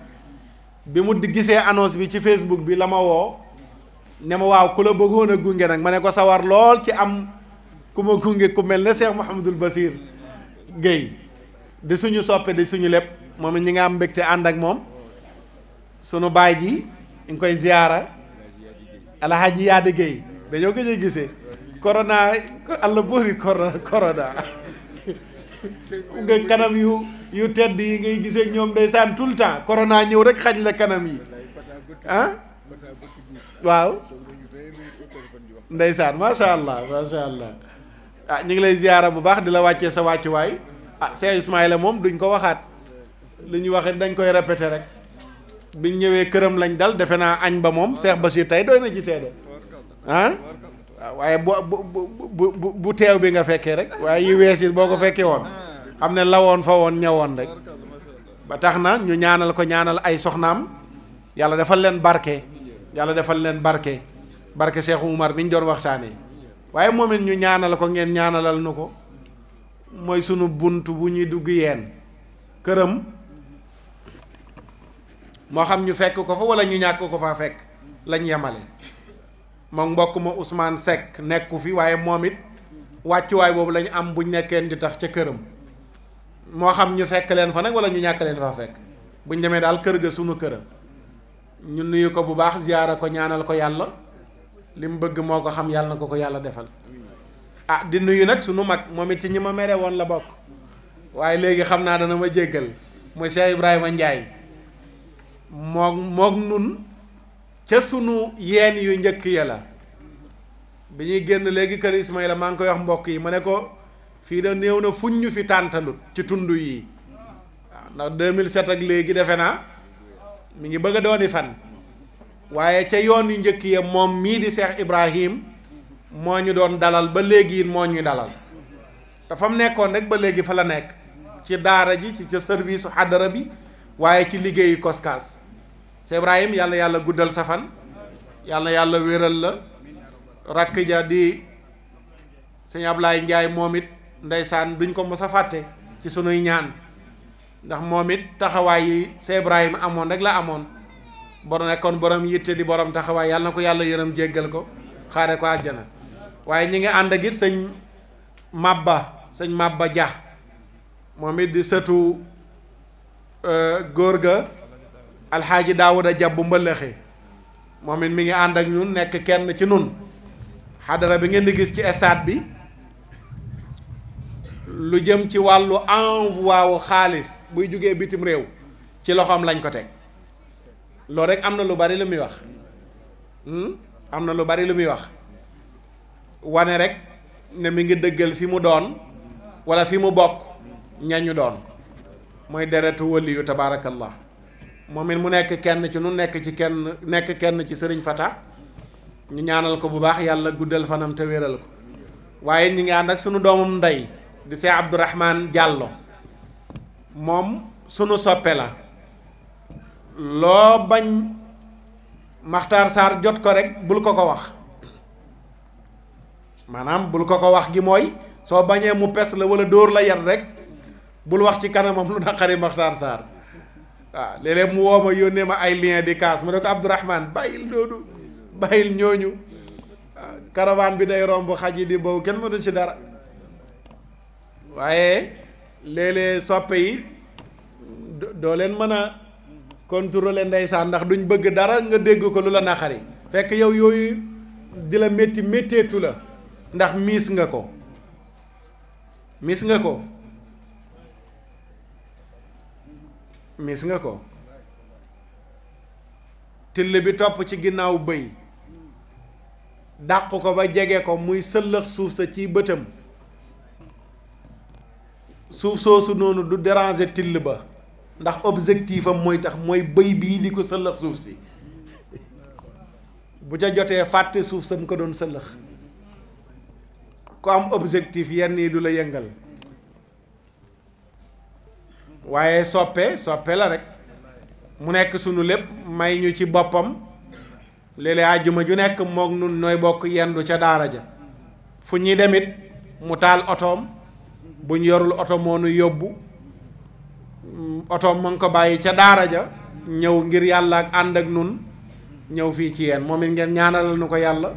bi mu gisee annonce bi ci Facebook bi la ma woo ne ma waaw ku la bëggoon a gunge nag ma ne ko sawar lool ci am. ku ma gunge ku mel ne Cheikh Mouhamadul Basir Guèye di suñu soppe di suñu lépp moom ñi nga am ci ànd ak moom sunu baay ji ñu koy ziyaara alhaji Yaadi Guèye dañoo gëj a gisee corona àlla boori corona corona kanam yu yu tedd yi ngay gise ñoom ndeysaan tout le temps corona ñëw rek xaj la kanam yi ah? waaw ndeysaan macha allah macha allah ah ñu ngi lay ziyaara bu baax di la wàccee sa wàccuwaay ah Cheikh Ismaïla moom duñ ko waxaat li ñu waxee dañ koy répété rek biñ ñëwee këram lañ dal defe naa añ ba moom Cheikh Bachir tey doy na ci seede ah, ah waaye bu bu bu bu teew bi nga fekkee rek waaye yi wees yi boo ko fekkee woon xam ne lawoon fa woon ñëwoon rek ba tax na ñu ñaanal ko ñaanal ay soxnaam yàlla defal leen barke yàlla defal leen barke barke Cheikh Oumar niñ doon waxtaanee. waaye moom it ñu ñaanal ko ngeen ñaanalal nu ko mooy sunu bunt bu ñuy dugg yeen këram moo xam ñu fekk ko fa wala ñu ñàkk ko faa fekk lañ yemale moom mbokk ma Ousmane sekk nekku fi waaye moom it wàccuwaay boobu lañu am buñ nekkeen di tax ca këram moo xam ñu fekk leen fa nag wala ñu ñàkk leen faa fekk buñ demee daal kër ga sunu këram ñu nuyu ko bu baax ziyaara ko ñaanal ko yàlla li mu bëgg moo ko xam yàlla na ko ko yàlla defal ah di nuyu nag sunu mag moom it ci ñi ma mere woon la bokk waaye léegi xam naa dana ma jéggal mooy Cheikh Ibrahima njaay moog mook nun ca sunu yeen yu njëkk ya la bi ñuy génn léegi kër Ismaïla maa ngi koy wax mbokk yi ma ne ko fii da néew na fuñ fi tàntalut ci tund yi waaw ndax 2007 ak léegi defe naa mu ngi bëgg a dooni fan waaye ca yoon yu njëkk ya moom mii di Cheikh Ibrahim moo ñu doon dalal ba léegi moo ñuy dalal te nekkoon rek ba léegi fa la nekk ci daara ji ci ca servisu su xadara bi waaye ci liggéeyu koskaas Cheikh Ibrahim yàlla yàlla guddal safan yàlla yàlla wéral la rakk ja di sëñ Ablaye Ndiaye moom it ndeysaan duñ ko mos a fàtte ci sunuy ñaan ndax moom it taxawaay yi Cheikh Ibrahim amoon rek la amoon. bor nekkoon boroom yitte di borom taxawaay yàlla na ko yàlla yërëm jéggal ko xaare ko àjjana waaye ñi ngi ànd ak it sëñ mabba sëñ mabba jaa moom it di sëtu euh, góor ga alxaaji daawuda jab bu mbëllëxe moom it mi ngi ànd ak ñun nekk kenn ci nun xadara bi ngeen di gis ci stade bi lu jëm ci wàllu envoi wu xaalis buy jógee bitim réew ci loxoom lañ ko teg loolu rek am na lu bari lu muy wax hmm? am na lu bari lu muy wax wane rek ne mi ngi dëggal fi mu doon wala fi mu bokk ñañu doon mooy deretu wëli yu tabaarakallah moom it mu nekk kenn ci nu nekk ci kenn nekk kenn ci sëriñ Fata ñu ñaanal ko bu baax yàlla guddal fanam te wéral ko waaye ñu ngi ànd ak sunu doomam ndey di Cheikh Abdourahman jàlloo moom sunu soppe la loo bañ maxtaar jot ko rek bul ko ko wax maanaam bul ko ko wax gi mooy soo bañee mu pes la wala dóor la yar rek bul wax ci kanamam lu naqari maxtaar saar waaw léeg mu wow ma yónnee ma ay lien di kaas mu ne ko Abdourahman bàyyil doodu bàyyil ñooñu caravane bi day romb xaj yi di boobu kenn mënu ci dara waaye léeg soppe yi doo leen mën a contrôler ndeysaan ndax duñ bëgg dara nga dégg ko lu la naxari fekk yow yooyu di la métti métteetu la ndax miis nga ko miis nga ko miis nga ko till bi topp ci ginnaaw bëy dàq ko ba jege ko muy sëllëx suuf sa ci bëtam suuf soosu noonu du déranger till ba ndax objectif am mooy tax mooy bëy bii di ko sëllëx suuf si bu ca jotee fàtte suuf sam ko doon sëllëx ku am objectif yenn yi du la yëngal waaye soppe soppe la rek mu nekk sunu lépp may ñu ci boppam léeg-léeg àjjuma ju nekk moog nun nooy bokk yendu ca daara ja fu ñuy demit mu taal otoom bu ñu yorul oto moo yóbbu Mm, oto mu ngi ko bàyyi ca daara ja ñëw ngir yàlla ak ànd ak nun ñëw fii ci yéen moom it ngeen ñaanalal nu ko yàlla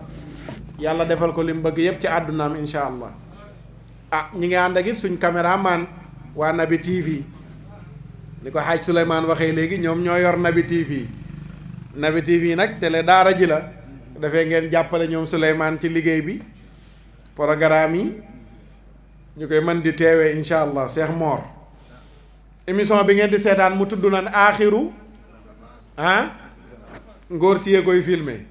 yàlla defal ko li mu bëgg yépp ci àddunaam insha allah ah ñi nga ànd ak it suñ caméraman waa Nabi TV li ko xaaj Souleymane waxee léegi ñoom ñoo yor Nabi TV Nabi TV nag tele daara ji la dafee ngeen jàppale ñoom Souleymane ci liggéey bi programme yi ñu koy mën di teewee incha allah Cheikh moor émission bi ngeen di seetaan mu tudd naan aaxiru ah ngóor siyee koy filme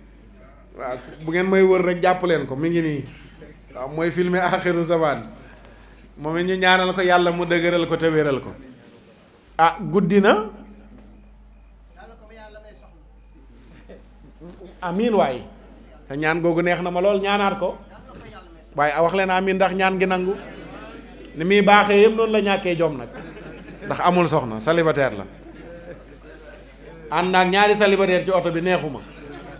waaw bu ngeen may wër rek jàpp leen ko mi ngi nii waaw mooy filmer aaxiru zaman moom it ñu ñaanal ko yàlla mu dëgëral ko te wéral ko ah guddi na amin waay sa ñaan googu neex na ma lool ñaanaat ko waaye a wax leen amin ndax ñaan gi nangu ni muy baaxee yëpp noonu la ñàkkee jom nag ndax amul soxna célibataire la ànd ak ñaari célibataire ci oto bi neexuma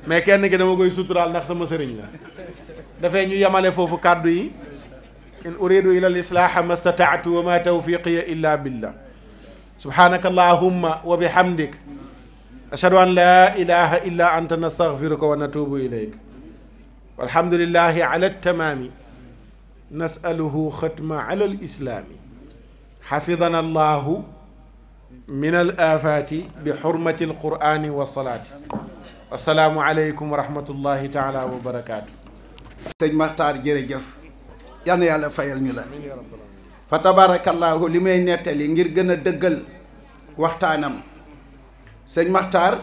mais kenn ki dama koy suturaal ndax sama sëriñ la dafay ñu yemale foofu kàddu yi in uridu ila al islaaha ma stataatu wa ma tawfiqiya illa billah subhanaka allahumma wa bihamdik ashhadu an la ilaha illa anta nastaghfiruka wa natubu ilayk walhamdulillahi ala tamaami nasaluhu xatma ala al xafidana allahu min al afaati bi xurmati al qurani wa salaati asalaamu aleykum wa rahmatullahi taala Maxtaar jërëjëf yal yàlla fayal ñu la fa tabaarakallaahu li may nettali ngir gën a dëggal waxtaanam sëñ Maxtaar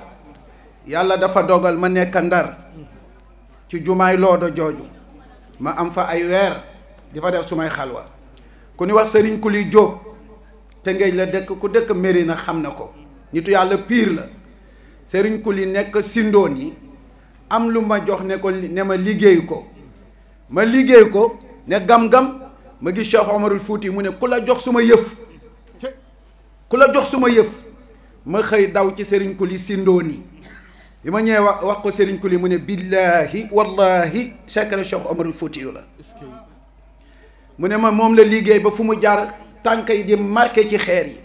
yàlla dafa dogal ma nekk ndar ci jumaay loodo jooju ma am fa ay weer di fa def sumay xalwa ku ni wax sëriñ Kuli Jóob Tëngéej la dëkk ku dëkk Mérina xam na ko nitu yàlla piir la sëriñ ko li nekk sindoon yi am lu ma jox ne ko ne ma liggéey ko ma liggéey ko ne gam-gam ma gis Cheikh Omarul Fouti mu ne ku la jox suma yëf ku la jox suma yëf ma xëy daw ci Serigne Kuli sindoon yi bi ma ñëwee wax wax ko sëriñ ko li mu ne billaahi wallaahi secret Cheikh Omarul Fouti la mu ne ma moom la liggéey ba fu mu jar tànk yi di marke ci xeer yi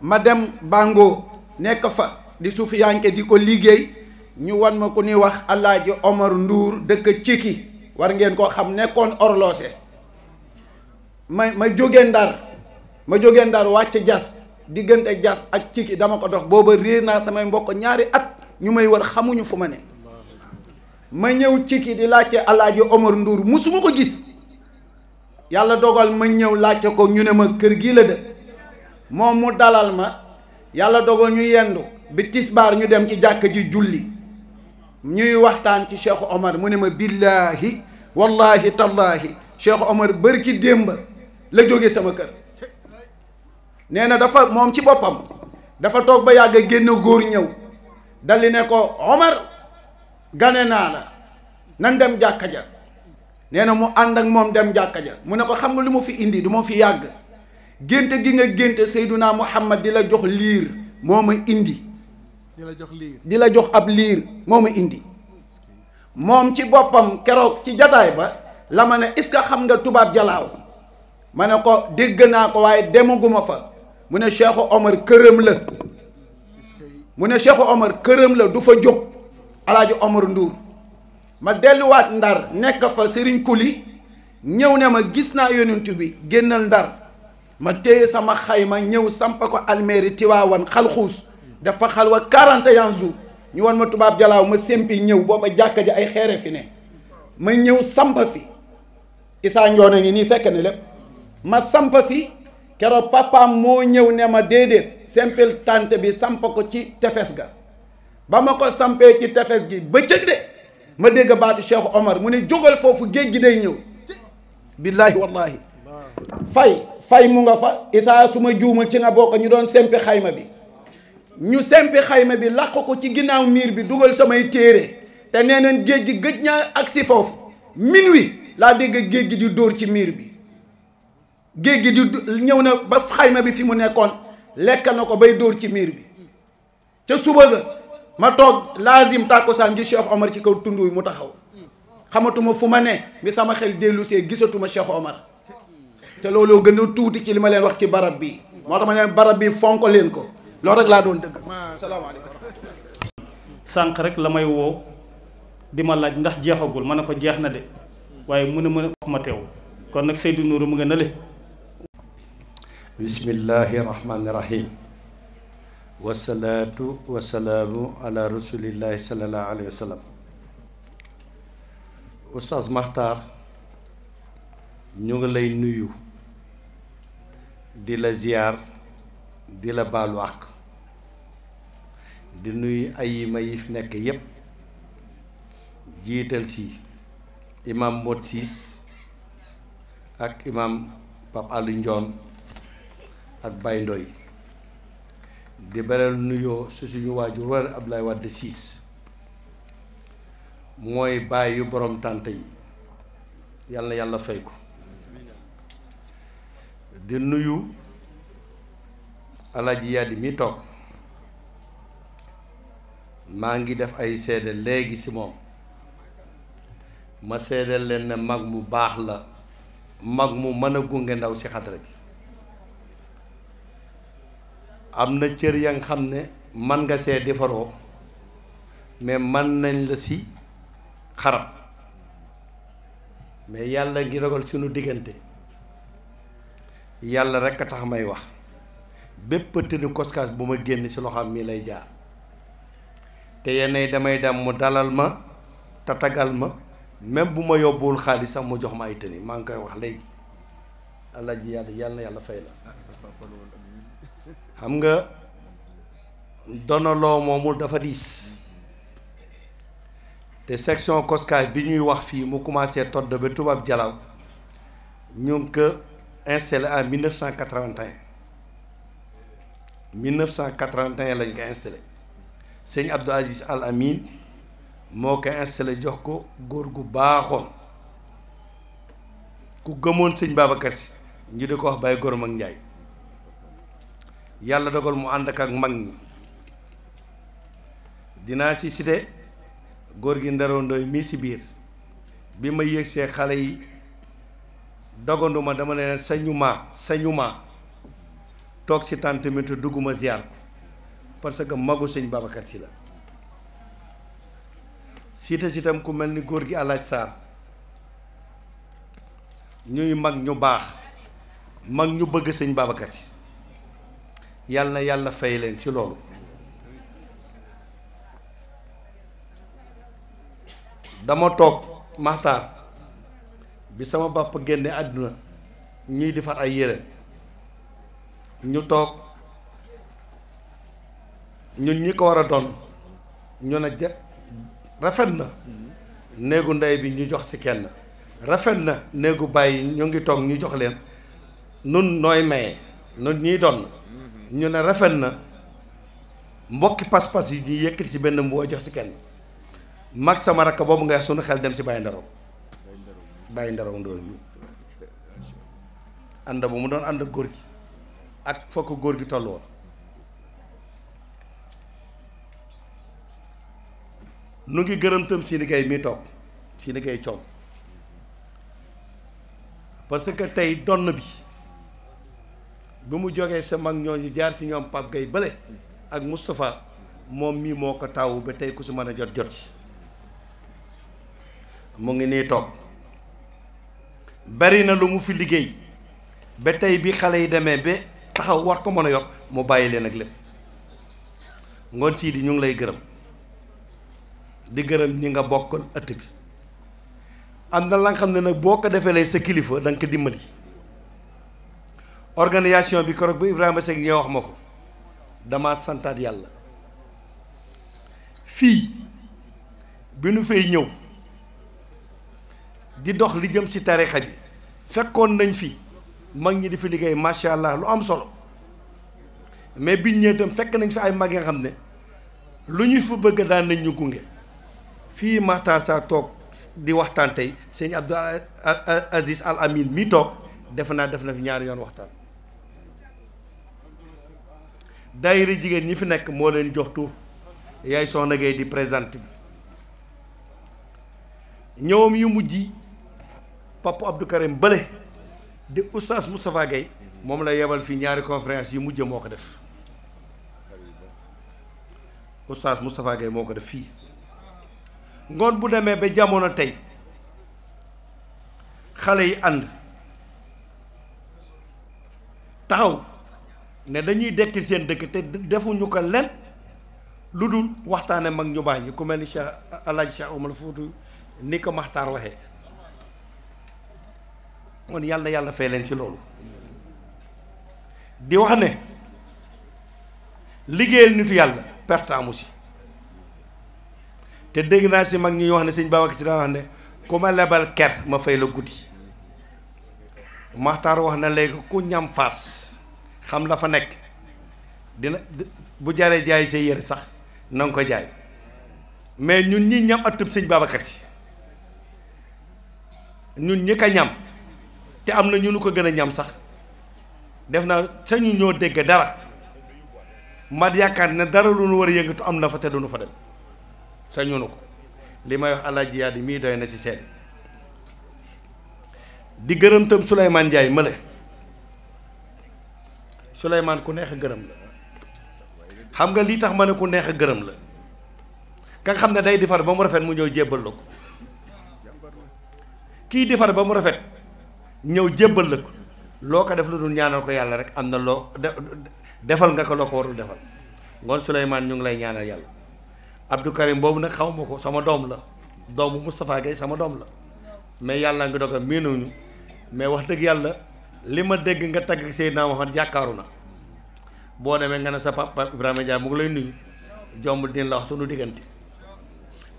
ma dem bàngo nekk fa di suufiyanke di ko liggéey ñu wan ma ko ñuy wax Alaaji Omar Nduur dëkk Ciki war ngeen koo xam nekkoon orloose ma ma jóge Ndar ma jóge Ndar wàcc jas diggante jas ak Ciki dama ko dox booba réer naa samay mbokk ñaari at ñu may war xamuñu fu ma ne ma ñëw Ciki di laajte Alaaji Omar Nduur musuma ko gis yàlla dogal ma ñëw laajte ko ñu ne ma kër gii la dëkk moom mu dalal ma yàlla dogal ñu yendu bi tisbaar ñu dem ci jàkk ji julli ñuy waxtaan ci Cheikh Omar mu ne ma billaahi wallaahi tallaahi Cheikh Omar bërki démb la jóge sama kër nee na dafa moom ci boppam dafa toog ba yàgg génn góor ñëw daldi ne ko Omar gane naa la nan dem jàkka ja nee na mu ànd ak moom dem jàkka ja mu ne ko xam nga lu ma fi indi du ma fi yàgg génte gi nga génte xam Muhammad di la jox liir moo ma indi di la jox liir di la jox ab liir moo ma indi moom ci boppam keroog ci jataay ba la ma ne est-ce que xam nga tubaab jalaaw ma ne ko dégg naa ko waaye demaguma fa mu ne Cheikh Omar këram la mu ne Cheikh Omar këram la du fa jóg Alaaji Omar Ndour ma delluwaat ndar nekk fa sëriñ kuli ñëw ne ma gis naa yonent bi génnal ndar ma téye sama xayma ñëw samp ko almeeri tiwaawan xalxuus dafa xalwa 41 jours ñu wan ma tubaab jalaaw ma sempi ñëw booba jàkka ji ay xeere fi ne ma ñëw samp fi isaa a ngi nii fekk ne lépp ma samp fi keroog papaam moo ñëw ne ma déedéet simple tànt bi samp ko ci tefes ga ba ma ko sampee ci tefes gi bëccëg de ma dégg baatu Cheikh Omar mu ne jógal foofu géej gi day ñëw billaahi wallaahi fay fay mu nga fa isaa su ma juumul ci nga bokk ñu doon sempi xayma bi ñu sempi xayma bi làq ko ci ginnaaw miir bi dugal samay téere te nee neen géej gi gëj naa agsi foofu wi laa dégg géej gi di dóor ci miir bi géej gi di ñëw na ba xayma bi fi mu nekkoon lekk na ko bay dóor ci miir bi ca suba ga ma toog laazim tàkkusaan ngi Cheikh Omar ci kaw tund wi mu taxaw xamatuma fu ma ne bi sama xel dellusee gisatuma Cheikh Omar te looloo gën a tuuti ci li ma leen wax ci barab bi moo tax ma ne barab bi fonk leen ko loolu rek laa doon dëgg salaamaaleykum sànq rek la may woo di ma laaj ndax jeexagul ma ne ko jeex na de waaye mu ne ma ma teew kon nag Seydou Nourou mu nga nële bismillahi rahmaani rahim wasalaatu wasalaamu ala rasulillahi salallahu alayhi wa Makhtar ñu ngi lay nuyu di la ziyaar di la baalu àq di nuyu ayima yi nekk yépp jiital si imam Mbodj ak imam Pape Alioune Ndione ak Baye Ndoye di beral nuyoo su suñu waajur war Abdoulaye Wade siis mooy baay yu borom tànt yi yàlla yàlla fay ko di nuyu Alaaji Yadi mi toog maa ngi def ay seede léegi si moom ma seedeel leen ne mag mu baax la mag mu mën a gunge ndaw si xadra bi am na cër ya nga xam ne man nga see defaroo mais man nañ la si xarab mais yàlla ngi dogal suñu diggante yàlla rek a tax may wax bépp tëddu koskaas bu ma génn si loxoom mi lay jaar te yenn damay dem mu dalal ma tatagal ma même bu ma yóbbuwul xaalis sax mu jox ma ay maa ngi koy wax léegi allah ji yàlla yàlla yàlla fay la xam nga donaloo moomul dafa diis te section Coskas bi ñuy wax fii mu commencé todd ba tubaab jalaw ñu ngi ko installé en 1981 1981 lañ ko installé sëñ Abdou Aziz Al Amin moo ko installé jox ko góor gu baaxoon ku gëmoon sëñ Babacar si ñu di ko wax Baye Gorom ak Njaay yàlla dogal mu ànd ak ak mag ñi dinaa ci cité góor gi ndarondooy mii ci biir bi ma yéegsee xale yi doganduma dama ne sañu ma sañu toog ci tànt mi te dugguma ziar parce que magu sëñ Babacar si la cité si ku mel ni góor gi àllaaj Sarr ñuy mag ñu baax mag ñu bëgg sëñ Babacar Sy yal na yàlla fay leen ci loolu dama toog maxtaar bi sama bàpp génne àdduna ñuy defar ay yére ñu toog ñun ñi ko war a doon ñoo na ja rafet na néegu ndey bi ñu jox ci kenn rafet na néegu bàyyi ñu ngi toog ñu jox leen nun nooy maye nun ñiy doon ñu ne rafet na mbokki pas-pas yi ñu yëkkati ci benn mboo jox ci kenn mag sama rakk boobu nga sunu xel dem ci bàyyi ndaraw bàyyi ndaraw ndoor bi ànd bu mu doon ànd góor gi ak fokk góor gi tollu woon nu ngi gërëm tam Sini Gaye mi toog Sini parce que tey donn bi bi mu jógee sa mag ñooñu jaar ci ñoom Pape Gueye bële ak Moustapha moom mii moo ko taw ba tey ku si mën a jot jot ci mu ngi nii toog bari na lu mu fi liggéey ba tey bi xale yi demee ba taxaw war ko mën a yor mu bàyyi leen ak lépp ngoon sii di ñu ngi lay gërëm di gërëm ñi nga bokkal ëtt bi am na la nga xam ne nag boo ko defee lay sa kilifa da ko dimbali. organisation bi keroog ba Ibrahima Seck ñoo wax ma ko dama santaat yàlla fii bi nu fay ñëw di dox li jëm ci tarixa bi fekkoon nañ fi mag ñi di fi liggéey macha allah lu am solo mais biñ ñëwee itam fekk nañ fi ay mag yi nga xam ne lu ñu fa bëgg daan nañ ñu gunge fii Makhtar sa toog di waxtaan tey sëñ a Aziz Al Amin mi toog defe naa def na fi ñaari yoon waxtaan. daayira jigéen ñi fi nekk moo leen jox tur yaay Soxna Gueye di présidente bi ñëwam yu mujj Papa Abdou Karim Bële di oustaz Moustapha Gueye moom la yebal fii ñaari conférence yi mujj moo ko def oustaz Moustapha Gueye moo ko def fii ngoon bu demee ba jamono tey xale yi ànd taxaw ne dañuy dekkil seen dëkk te defuñu ko len lu dul waxtaane mag ñu baax ñi ku mel ni Cheikh Alaaji Cheikh Omar Fuutu ni ko Maxtaar waxe kon yàlla yàlla fay leen ci loolu di wax ne liggéeyal nitu yàlla perte si te dégg naa si mag ñuy wax ne sëñ Babacar si daan wax ne ku ma lebal ker ma fay la guddi Maxtaar wax na léegi ku ñam faas xam la fa nekk dina bu jaree jaay say yére sax na ko jaay mais ñun ñi ñam ëttub sëñ Babacar si ñun ñi ko ñam te am na ñu nu ko gën a ñam sax def naa sañu ñoo dégg dara ma yaakaar ne dara lu nu war a yëngatu am na fa te du nu fa dem sañu nu ko li may wax alaaji yaa di mii doy na ci seen di gërëmtam Souleymane Ndiaye mële Souleymane ku neex a gërëm la xam nga lii tax ma ne ku neex a gërëm la ka nga xam ne day defar ba mu rafet mu ñëw jébbal la ko kii defar ba mu rafet ñëw jébbal la loo ko def lu dul ñaanal ko yàlla rek am na loo defal nga ko loo ko warul defal ngoon Souleymane ñu ngi lay ñaanal yàlla Abdou Karim boobu nag xaw ma ko sama doom la doomu Moustapha Gueye sama doom la mais yàlla ngi dogal miinuñu mais wax dëgg yàlla li ma dégg nga tagg Seydina Muhammad yaakaaru na boo demee nga ne sa papa Ibrahima Dia mu ngi lay nuyu jombul dina la wax sunu diggante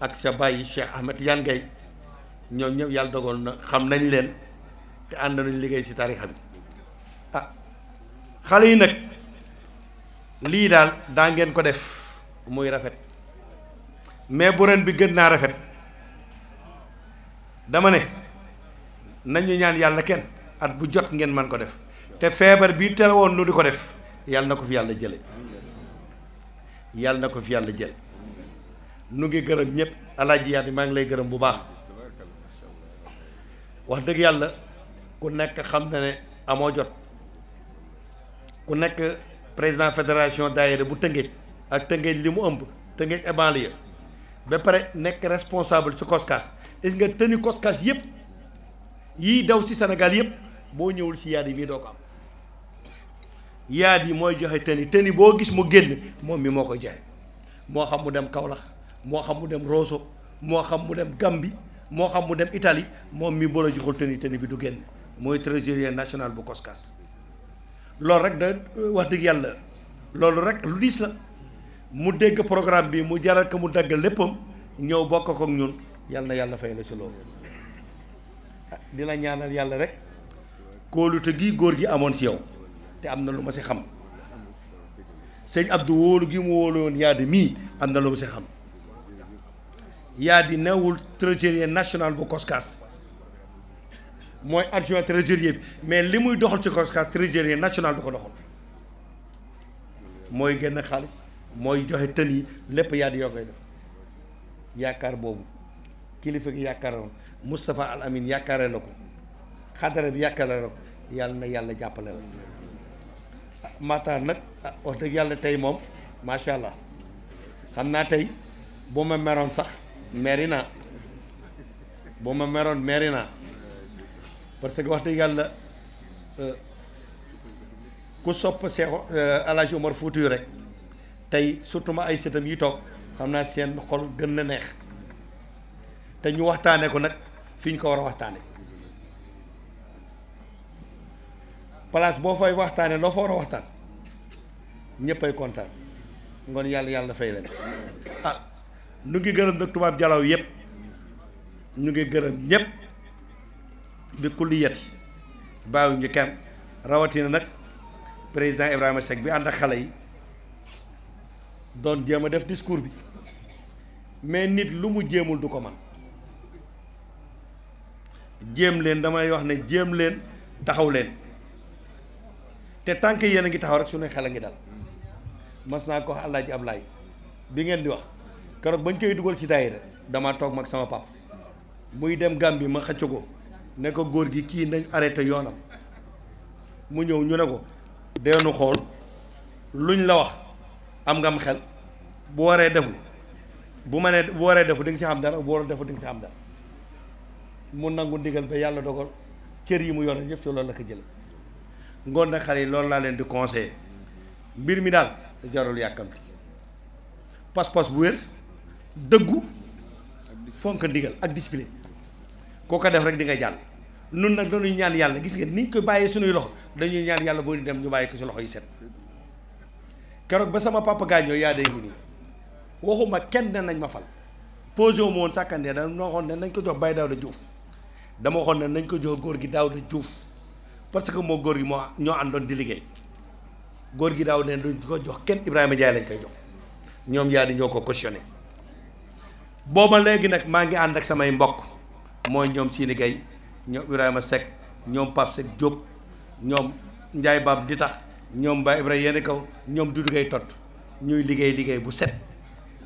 ak sa bàyyi Cheikh Ahmed Tidiane Gaye ñoom ñëpp yàlla dogoon na xam nañ leen te ànd nañ liggéey si tarixa bi ah xale yi nag lii daal daa ngeen ko def muy rafet mais bu ren bi gën naa rafet dama ne nañu ñaan yàlla kenn at bu jot ngeen man ko def te feebar bi teel woon nu di ko def yàlla na ko fi yàlla jële yàlla na ko fi yàlla jële nu ngi gërëm ñëpp alaaji yaat maa ngi lay gërëm bu baax wax dëgg yàlla ku nekk xam na ne amoo jot ku nekk président fédération daayira bu Tëngéej ak Tëngéej li mu ëmb Tëngéej et banlieue ba pare nekk responsable ci COSCAS gis nga tenu COSCAS yëpp yii daw si Sénégal yëpp boo ñëwul ci yaat yi mii doo ko am yaat yi mooy joxe teni teni boo gis mu génn moom mi moo koy jaay moo xam mu dem Kaolack moo xam mu dem Rosso moo xam mu dem Gambie moo xam mu dem Italie moom mi boo joxul teni teni bi du génn mooy trésorier national bu Koskas loolu rek da wax dëgg yàlla loolu rek lu diis la mu dégg programme bi mu jaral ko mu dagg léppam ñëw bokk ak ñun yàlla yàlla fay la si loolu ah, dina la ñaanal yàlla rek kóolute gi góor gi amoon si yow. am na lu ma si xam sëñ Abdou wóolu gi mu wóolu woon yaadi mii am na lu ma si xam yaadi newul trésorier national bu koskaas mooy adjoint trésorier bi mais li muy doxal ci COSCAS trésorier national du ko doxal mooy génn xaalis mooy joxe tën yi lépp yaadi yoo koy def yaakaar boobu kilifa gi yaakaaroon Moustapha Al Amin yaakaare ko xadara bi yaakaare la ko yàlla na yàlla jàppale la Matar nag ah, wax dëgg yàlla tey moom macha allah xam naa tey boo ma meroon sax meri naa boo ma meroon meri naa parce que wax dëgg yàlla euh, ku sopp Seexu euh, El Hadj Omar Foutiyu rek tey surtout ma ay sëtam yi toog xam naa seen xol gën na neex te ñu waxtaanee ko nag fi ñu ko war a waxtaanee place boo fay waxtaanee loo fa war a waxtaan ñëppay kontaan ngoon yàlla yàlla fay leen *coughs* ah ñu ngi gërëm nag tubaab jalaw yëpp ñu ngi gërëm ñëpp bi kulliyati bàyyi ñu kenn rawatina nag président Ibrahima Seck bi ànd ak xale yi doon jéem a def discours bi mais nit lu mu jéemul du ko man jéem leen damay wax ne jéem leen taxaw leen. te tànk yéen a ngi taxaw rek suñu xel a ngi dal mas naa ko wax Alaaji Ablaay bi ngeen di wax keroog bañ koy dugal si daayira damaa toog mag sama pap muy dem Gàmbi ma xëcc ko ne ko góor gi kii nañ arrêté yoonam mu ñëw ñu ne ko deenu xool luñ la wax am ngam xel bu waree defu bu ma nee bu waree defu di nga si xam dara bu waree defu di ci si xam dara mu nangu ndigal ba yàlla dogal cër yi mu yore yëpp si loolu la ko jël ngoon na xale yi loolu laa leen di conseillé mbir mi daal jarul yàkkamti pas-pas bu wér dëggu fonk ndigal ak discipline koo ko def rek di nga jàll nun nag dañuy ñaan yàlla gis nga ni ko bàyyee suñuy loxo dañuy ñaan yàlla boo ñu dem ñu bàyyi ko si loxo yi set keroog ba sama papa gaañoo yaa day ngi nii waxuma kenn ne nañ ma fal posé sàkkandee da noo xoon ne nañ ko jox Baye Daouda Diouf dama xoon ne nañ ko jox góor gi Daouda juuf parce que moo góor gi moo ñoo àndoon di liggéey góor gi daaw ne duñ ko jox kenn Ibrahima Jaay lañ koy jox ñoom yaa di ñoo ko cautionné booba léegi nag maa ngi ànd ak samay mbokk mooy ñoom Sini Gay ñoom Ibrahima Seck ñoom Pape Seck Diop ñoom njaay Bab di tax ñoom Baye Ibrahima yenn kaw ñoom Dudu Gay tot ñuy liggéey liggéey bu set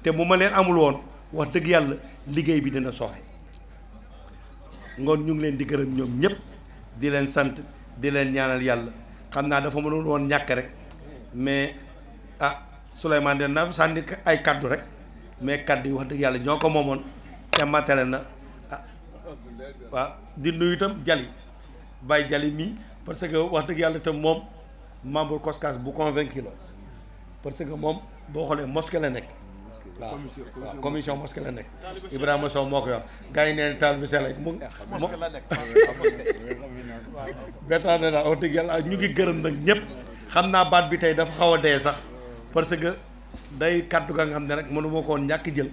te bu ma leen amul woon wax dëgg yàlla liggéey bi dina sooxe ngoon ñu ngi leen di gërëm ñoom ñëpp di leen sant. di leen ñaanal yàlla xam naa dafa mënul woon ñàkk rek mais ah Souleymane de na sànni ay kaddu rek mais kaddu yi wax dëgg yàlla ñoo ko moomoon te na ah waaw di nuyu itam Jali Baye Jali mii parce que wax dëgg yàlla itam moom membre COSCAS bu convaincu kilo parce que moom boo xoolee moske la nekk. waaw commission mosquée la nekk Ibrahima Sow moo ko yor gars yi nee na taal bi sell mu bertaane daal wax dëgg yàlla ñu ngi gërëm nag ñëpp xam naa baat bi tey dafa xaw a dee sax parce que day kàddu ga nga xam ne rek mënu ma koon ñàkk jël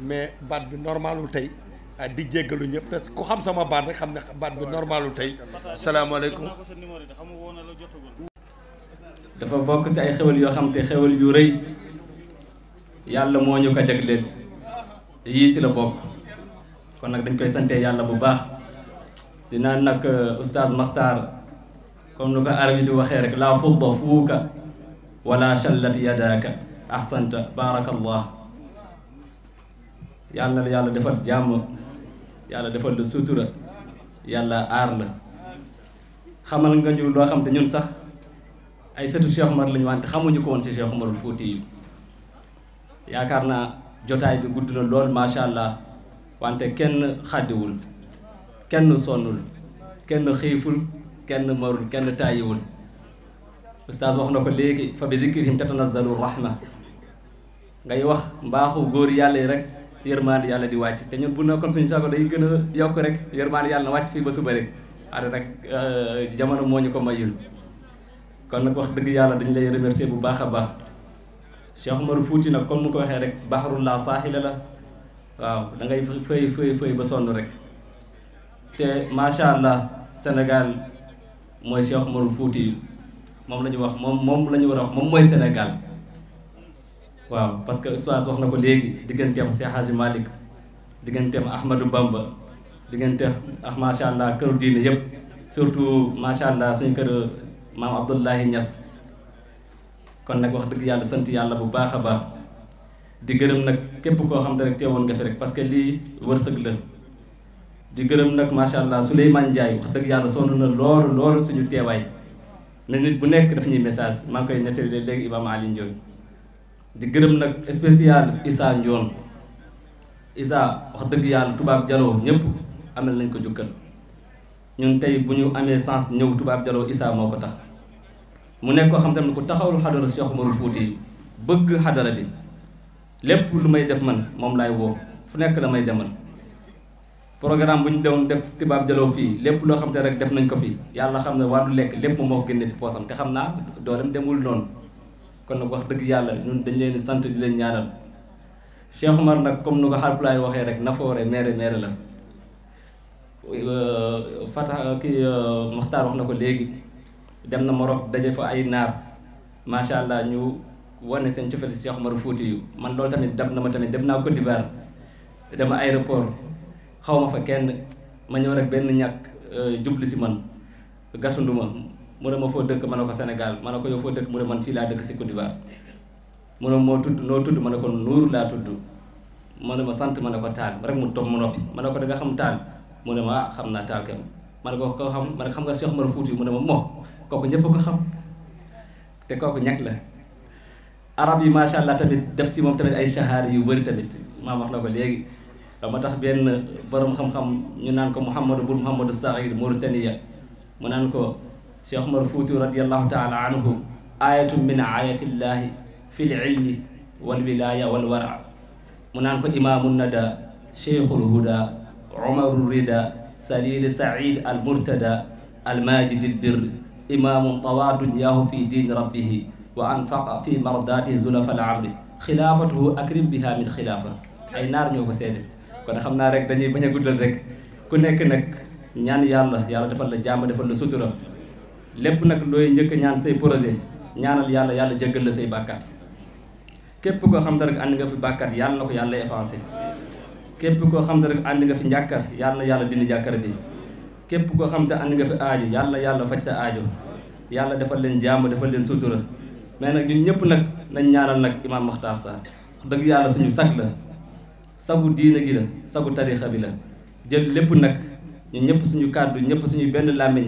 mais baat bi normalul tey di jéggalu ñëpp te ku xam sama baat rek xam ne baat bi normalul tey salaamaaleykum dafa bokk si ay xewal yoo xam te xewal yu rëy yàlla moo ñu ko jagleel yii si la bokk kon nag dañ koy sante yàlla bu baax dinaa nag euh, oustaz Makhtar comme lu ko arab yi di waxee rek laa fudda fuuka wala shallat yadaaka ahsanta barakallah yàlla la yàlla defal jàmm yàlla defal la sutura yàlla aar la xamal nga ñu loo xam te ñun sax ay sëtu Cheikh lañu wante xamuñu ko woon si Cheikh Omarul Fouti yi yaakaar naa jotaay bi gudd na lool macha allah wante kenn xàddiwul kenn sonnul kenn xiiful kenn marul kenn tàyyiwul ustaas wax na ko léegi fa bi zikrihim tatanazzalu rahma ngay wax mbaaxu góor yàlla yi rek yërmaande yàlla di wàcc te ñun bu nekkoon suñu sago day gën a yokk rek yërmaande yàlla na wàcc fii ba suba rek ate rek euh, jamono moo ñu ko mayul kon nag wax dëgg yàlla dañu lay remercier bu baax a baax Cheikh Oumar Fouti nag comme mu ko waxee rek baxarul laa saaxila la waaw da ngay fëy fëy fëy ba sonn rek te macha allah Sénégal mooy Cheikh Oumar Fouti moom la ñu wax moom moom la ñu war a wax moom mooy Sénégal waaw parce que Oustaz wax na ko léegi digganteem Cheikh Hadji Malick digganteem Ahmadou Bamba digganteem ah macha allah këru diine yëpp surtout macha allah suñu kër maam Abdoulahi Niass. kon nag wax dëgg yàlla sant yàlla bu baax a baax di gërëm nag képp koo xam ne rek teewoon nga fi rek parce que lii wërsëg la di gërëm nag macha allah Souleymane Ndiaye wax dëgg yàlla sonn na lool lool suñu teewaay na nit bu nekk daf ñuy message maa ngi koy nettali léegi Imam Ali Ndione di gërëm nag spécial Issa Ndione Issa wax dëgg yàlla tubaab jaloo ñëpp amal nañ ko jukkal ñun tey bu ñu amee sens ñëw tubaab jaloo Issa moo ko tax mu nekk ko xam ne tamit ko taxawul xadara Cheikh Oumar Fouti bëgg xadara bi lépp lu may def man moom laay woo fu nekk la may demal programme bu ñu doon def tibaab jaloo fii lépp loo xam te rek def nañ ko fii yàlla xam ne wàllu lekk lépp moo ko génne si poosam te xam naa doolem demul noonu kon nag wax dëgg yàlla ñun dañu leen sant di leen ñaanal Cheikh Oumar nag comme nu ko xalpulaay waxee rek nafoore meere meere la euh, fata ki euh, Maxtaar wax na ko léegi dem na Maroc daje fa ay naar macha allah ñu wane seen cofeel si Cheikh Omar Fouti yu man loolu tamit dab na ma tamit dem naa Côte d'Ivoire dama aéroport xaw ma fa kenn ma ñëw rek benn ñàkk euh, jublu si man gàttandu ma mu ne ma foo dëkk ma ne ko senegal ma ne ko yow foo dëkk mu ne man fii laa dëkk si Côte d'Ivoire moo tudd noo tudd ma ne ko Nuur laa tudd ma ne ma sant ma ne ko taal rek mu toog mu noppi ma ne ko da nga xam taal mu ne ah xam naa taal kenn ma ne ko koo xam ma ne xam nga Cheikh Omar kooku ñëpp ko kooku ñàkk la arab yi macha allah tamit def si moom tamit ay shahaada yu bari tamit ma wax na ko léegi dama tax benn borom xam-xam ñu naan ko Mouhamadou bul Mouhamadou Saïd Mauritania mu naan ko Cheikh Omar Fouti radiallahu taala anhu ayatun min ayatillahi fil ilmi wal wilaya wal mu naan ko imaamu nada cheikhul huda omaru rida salil said al murtada al majid al birr imaamun tawaa dunyaahu fi diini rabbihi wa anfaqa fi mardaati zulafa al amri xilaafatuhu akrim biha min xilaafa ay naar ñoo ko seede kon xam naa rek dañuy bañ a guddal rek ku nekk nag ñaan yàlla yàlla defal la jàmm defal la sutura lépp nag looy njëkk ñaan say projet ñaanal yàlla yàlla jëggal la say bàkkaat képp koo xam ne rek ànd nga fi bàkkat yàlla na ko yàlla effacé képp koo xam ne rek ànd nga fi njàkkar yàlla yàlla dindi jàkkar bi képp koo xam te ànd nga fi aajo yàlla yàlla faj sa aajo yàlla defal leen jàmm defal leen sutura mais nag ñun ñëpp nag nañ ñaanal nag Imam Makhtar Sarr wax dëgg yàlla suñu sag la sagu diina gi la sagu tarixa bi la jël lépp nag ñun ñëpp suñu kàddu ñëpp suñu benn làmmiñ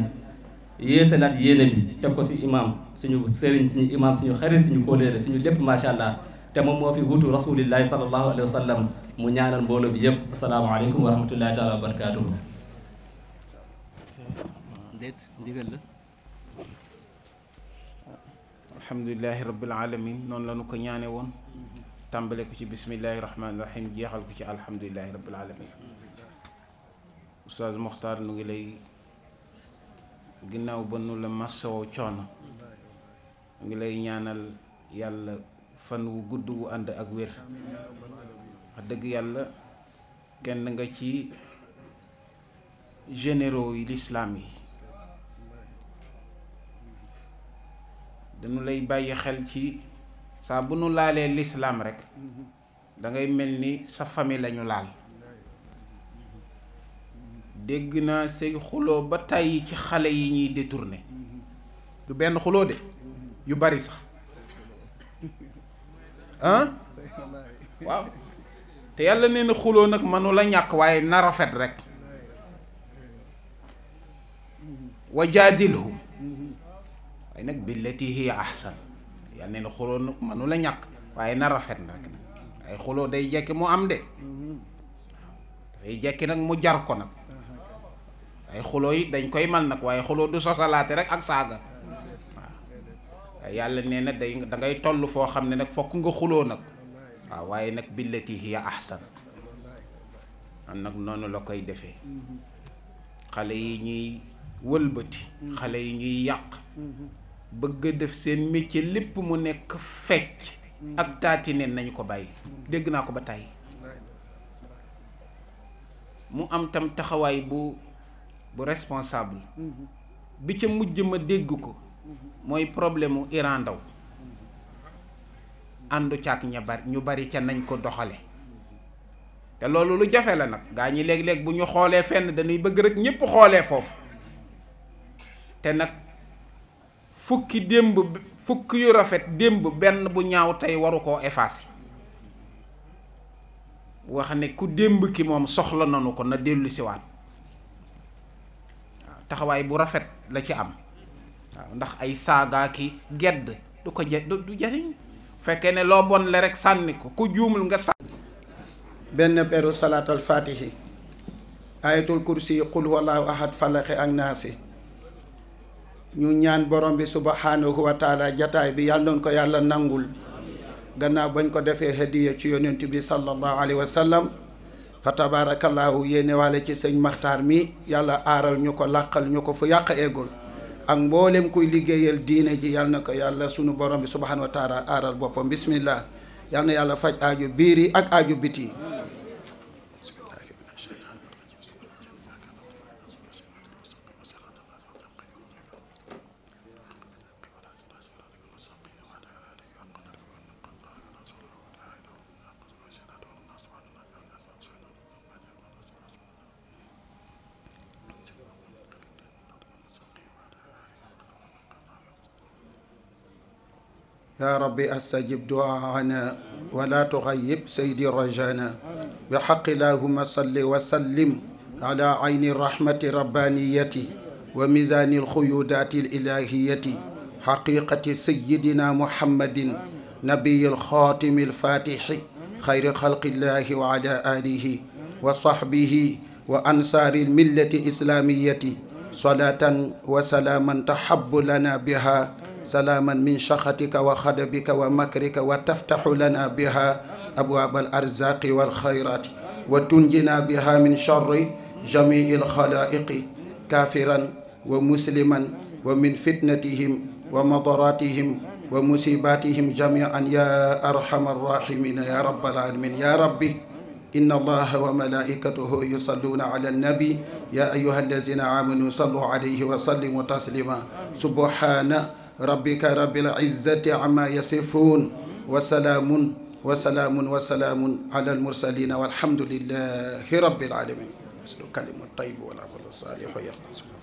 yéesalaat yéene bi te ko si imam suñu sëriñ suñu imam suñu xarit suñu kóoleere suñu lépp macha allah te moom moo fi wutu rasulillahi sallallahu alayhi wa sallam mu ñaanal mbooloo bi yëpp asalaamaaleykum wa rahmatullahi taala wa barakaatuhu déet ndigal la alamin noonu la ñu ko ñaane woon tàmbale ko ci bismillahi rahmaani rahim jeexal ko ci alhamdulilahi rabbil alamin oustaz Mokhtar nu ngi lay ginnaaw ba nu la massoo coono ngi lay ñaanal yàlla fan wu gudd wu ànd ak wér dëgg yàlla kenn nga ci généraux yi lislaam yi dañu lay bàyyi xel ci saa bu nu laalee lislaam rek mm-hmm. dangay mel ni sa famille lañu laal dégg naa say xuloo ba tàyyi ci xale yi ñuy détourné mm-hmm. du benn xuloo de yu bari sax ah *laughs* waaw te yàlla nee xuloo nag mënu la ñàkk waaye na rafet rek wajaadilhum waaye nag billati hiya ahsan yal ne xuloo la ñàkk waaye na rafet na rek nag day jekki mu am de dafay nag mu jar ko nag waaye xuloo dañ koy man nag waaye xuloo du rek ak saaga waaw yàlla na day da ngay toll foo xam ne nag fokk nga xuloo nag waaw waaye nag billati hiya ahsan am nag noonu la koy defee xale yi ñuy wëlbati xale yi ñuy yàq bëgg def seen métier lépp mu nekk fecc ak taati neen nañu ko bàyyi dégg naa ko ba tàyyi mu am tam taxawaay bu bu responsable bi ca mujj ma dégg ko mooy problème mu Iran Ndaw àndu caak ñu bari ca nañ ko doxale te loolu lu jafe la nag gaa ñi léeg-léeg bu ñu xoolee fenn dañuy bëgg rek ñépp xoolee foofu te nag fukki démb yu rafet démb benn bu ñaaw tey waru koo effacer wax ne ku démb ki moom soxla nanu ko na dellu taxawaay bu rafet la ci am waaw ndax ay saagaa ki gedd du ko ja du jariñ fekkee ne loo bon le rek sànni ko ku juumul nga sànni benn peru salaatal faatihi ayatul kursi qul huwallahu ahad falaqi ak naasi ñu ñaan borom bi subhanahu wa taala jataay bi yàlla noonu ko yàlla nangul gannaaw bañ ko defee hadiya ci yonent bi sallallahu alayhi wa sallam fa tabarakallahu yéene waale ci sëñ maxtaar mi yàlla aaral ñu ko làqal ñu ko fu yàq eggul ak mboolem kuy liggéeyal diine ji yàlla na ko yàlla sunu borom bi subhanahu wa taala aaral boppam bismillah yàlla na yàlla faj aaju biir yi ak aaju biti yaa rabbi astajib duaana wala tuxayib saydi rajana bi xaqi laahuma salli wa sallim ala ayni rahmati rabbaniyati wa misaani alxuyudaati alilahiyati xaqiqati sayidina muhammadin nabiyi alxaatimi alfatixi xayri xalqillahi wa ala alihi wa sahbihi wa ansaari almillati islamiyati salaatan wa salaaman taxabu lana biha salaaman min chaxatika wa xadabika wa makrika wa taftaxu lana biha abwaaba al arzaqi wal xayraati wa tunjina biha min charri jamii al xalaaiqi kaafiran wa musliman wa min fitnatihim wa madaratihim wa musibatihim jamian ya arhamar rahimina ya rabbal alamin ya rabbi inna allaha wa malaikatahu yusalluna ala annabi ya ayuha allazina amanu sallu alayhi wa sallimu taslima subhana rabbika rabbil izzati amma yasifun wa salaamun wa salaamun wa salaamun ala almursalina walhamdulillahi rabbil alamin aslu kalimu tayyib wala qawlu salih